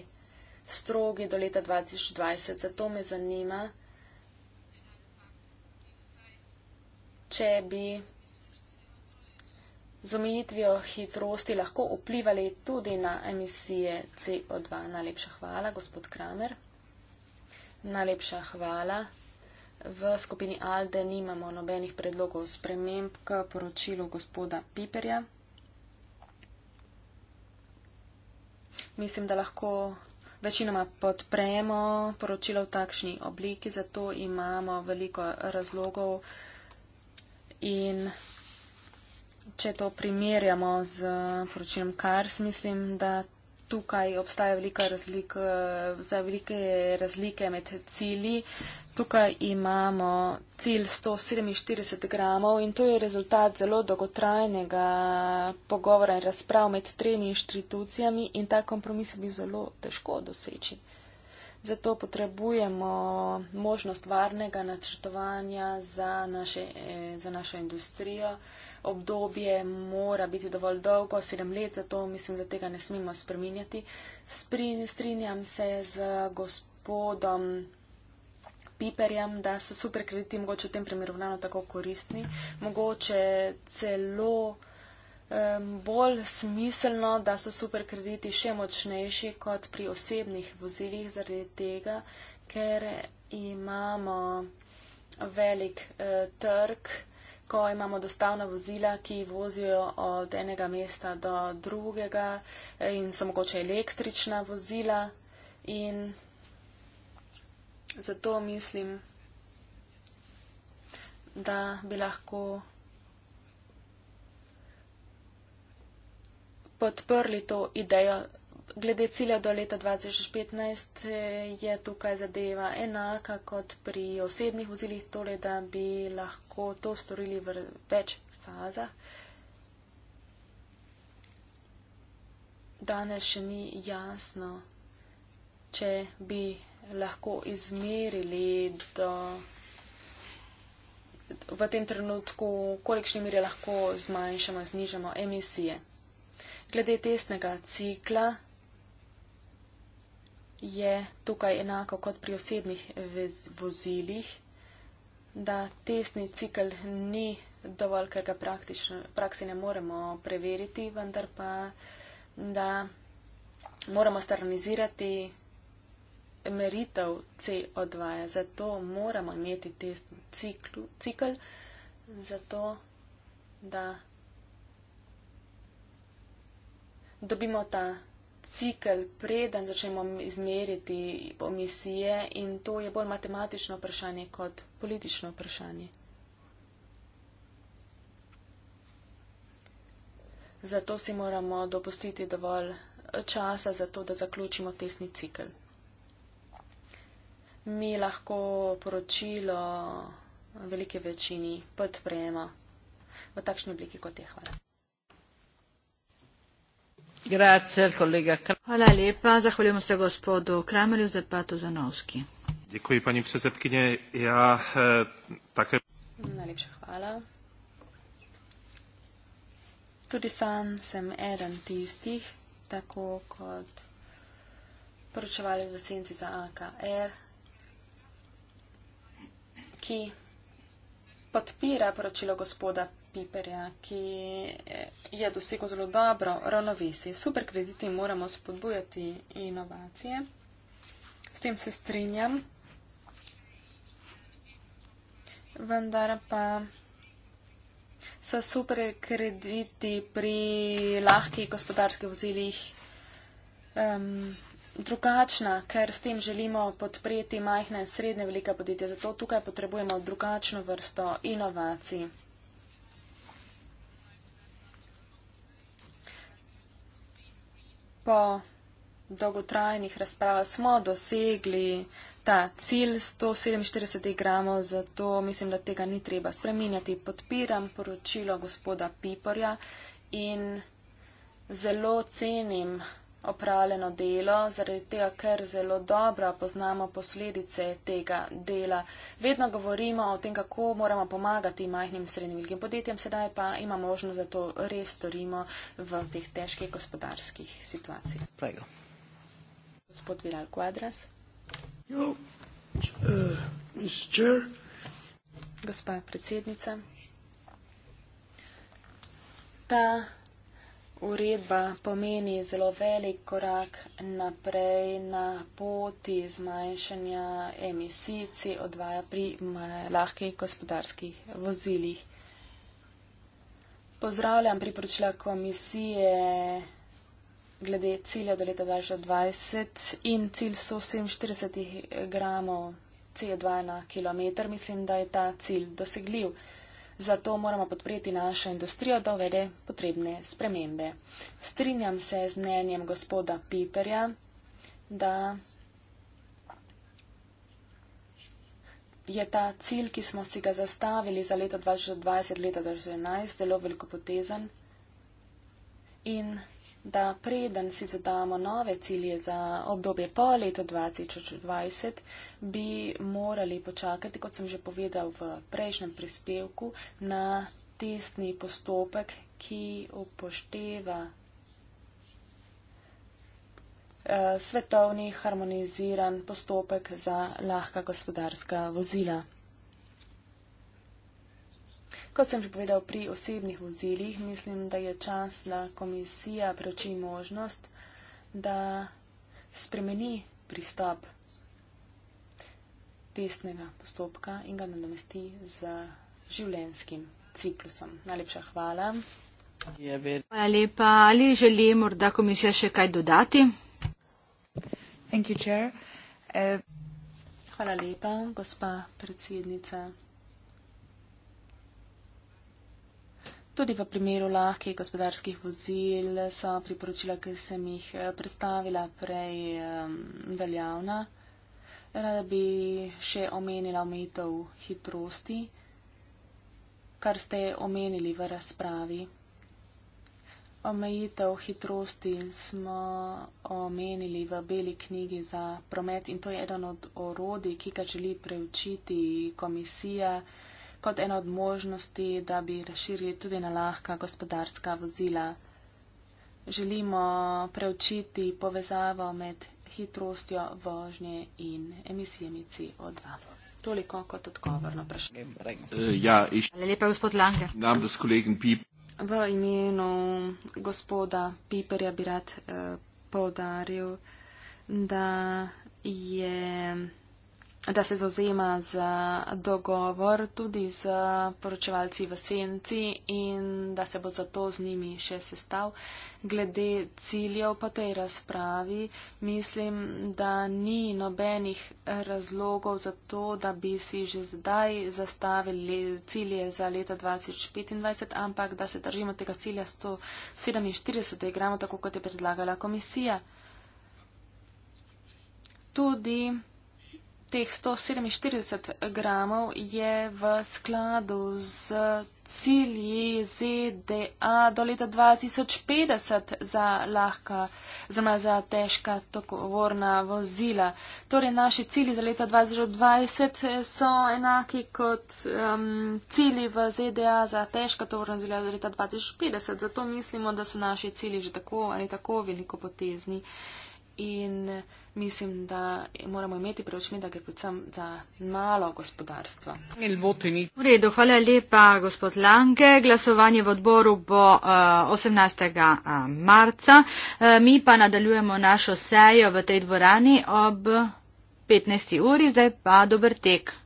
strogi do leta 2020. Zato me zanima, če bi z omejitvijo hitrosti lahko vplivali tudi na emisije CO2. Najlepša hvala, gospod Kramer. Najlepša hvala. V skupini ALDE nimamo nobenih predlogov sprememb k poročilu gospoda Piperja. mislim, da lahko večinoma podpremo poročilo v takšni obliki, zato imamo veliko razlogov in če to primerjamo z poročilom Kars, mislim, da tukaj obstaja velika razlika, eh, vsaj velike razlike med cilji. Tukaj imamo cilj 147 gramov in to je rezultat zelo dolgotrajnega pogovora in razprav med tremi inštitucijami in ta kompromis je bil zelo težko doseči. Zato potrebujemo možnost varnega načrtovanja za, naše, eh, za našo industrijo obdobje mora biti dovolj dolgo, sedem let, zato mislim, da tega ne smemo spreminjati. Strinjam se z gospodom Piperjem, da so superkrediti mogoče v tem primeru ravno tako koristni, mogoče celo um, bolj smiselno, da so superkrediti še močnejši kot pri osebnih vozilih zaradi tega, ker imamo velik uh, trg, ko imamo dostavna vozila, ki vozijo od enega mesta do drugega eh, in so mogoče električna vozila. In zato mislim, da bi lahko podprli to idejo glede cilja do leta 2015 eh, je tukaj zadeva enaka kot pri osebnih vozilih, torej da bi lahko to storili v več fazah. Danes še ni jasno, če bi lahko izmerili do. V tem trenutku, kolikšni meri lahko zmanjšamo, znižamo emisije. Glede testnega cikla, je tukaj enako kot pri osebnih vozilih, da testni cikl ni dovolj, ker ga praksi ne moremo preveriti, vendar pa, da moramo sterilizirati meritev CO2. Zato moramo imeti testni ciklu, cikl, zato da dobimo ta cikl, preden začnemo izmeriti emisije, in to je bolj matematično vprašanje kot politično vprašanje. Zato si moramo dopustiti dovolj časa, to, da zaključimo tesni cikl. Mi lahko poročilo velike večini podprejemo v takšni obliki, kot je hvala. Hvala lepa. Zahvaljujemo se gospodu Kramerju, zdaj pa Tozanovski. Děkuji, paní předsedkyně. Já eh, také. Najlepša hvala. Tudi sam sem eden tistih, tako kot poročevali v senci za AKR, ki podpira poročilo gospoda Piperja, ki eh, je dosegel zelo dobro ravnovesje. Super krediti moramo spodbujati inovacije. S tem se strinjam. Vendar pa so super krediti pri lahkih gospodarskih vozilih um, drugačna, ker s tem želimo podpreti majhne in srednje velike podjetja. Zato tukaj potrebujemo drugačno vrsto inovacij. po dolgotrajnih razpravah smo dosegli ta cilj 147 gramov, zato mislim, da tega ni treba spreminjati. Podpiram poročilo gospoda Piporja in zelo cenim opravljeno delo, zaradi tega, ker zelo dobro poznamo posledice tega dela. Vedno govorimo o tem, kako moramo pomagati majhnim in srednjim velikim podjetjem, sedaj pa ima možnost, da to res storimo v teh težkih gospodarskih situacijah. Prego. Gospod Viral Kvadras. Jo, uh, Gospa predsednica. Ta Uredba pomeni zelo velik korak naprej na poti zmanjšanja emisij CO2 pri lahkih gospodarskih vozilih. Pozdravljam priporočila komisije glede cilja do leta 2020 in cilj so 47 gramov CO2 na kilometr. Mislim, da je ta cilj dosegljiv zato moramo podpreti našo industrijo, da uvede potrebne spremembe. Strinjam se z mnenjem gospoda Piperja, da je ta cilj, ki smo si ga zastavili za leto 2020, leta 2011, zelo veliko potezen. In da preden si zadamo nove cilje za obdobje po letu 2020, bi morali počakati, kot sem že povedal v prejšnjem prispevku, na testni postopek, ki upošteva eh, svetovni harmoniziran postopek za lahka gospodarska vozila. Kot sem že povedal pri osebnih vozilih, mislim, da je čas, da komisija preuči možnost, da spremeni pristop testnega postopka in ga nadomesti z življenskim ciklusom. Najlepša hvala. Hvala lepa. Ali želi morda komisija še kaj dodati? Eh, hvala lepa, gospa predsednica. Tudi v primeru lahkih gospodarskih vozil so priporočila, ki sem jih eh, predstavila prej, veljavna. Rada bi še omenila omejitev hitrosti, kar ste omenili v razpravi. Omejitev hitrosti smo omenili v beli knjigi za promet in to je eden od orodij, ki ga želi preučiti komisija kot ena od možnosti, da bi razširili tudi na lahka gospodarska vozila. Želimo preučiti povezavo med hitrostjo vožnje in emisijami CO2. Toliko kot odgovor na vprašanje. Eh, ja, v imenu gospoda Piperja bi rad eh, povdaril, da je da se zauzema za dogovor tudi z poročevalci v senci in da se bo zato z njimi še sestav. Glede ciljev po tej razpravi mislim, da ni nobenih razlogov za to, da bi si že zdaj zastavili cilje za leta 2025, ampak da se držimo tega cilja 147 gramov, tako kot je predlagala komisija. Tudi teh 147 gramov je v skladu z cilji ZDA do leta 2050 za lahka, zma za težka tokovorna vozila. Torej, naši cilji za leta 2020 so enaki kot um, cilji v ZDA za težka tokovorna vozila do leta 2050, zato mislimo, da so naši cilji že tako ali tako veliko potezni. In, mislim, da moramo imeti pri očmi, da gre predvsem za malo gospodarstva. V redu, hvala lepa, gospod Lange. Glasovanje v odboru bo uh, eh, 18. Eh, marca. Uh, mi pa nadaljujemo našo sejo v tej dvorani ob 15. uri, zdaj pa dober tek.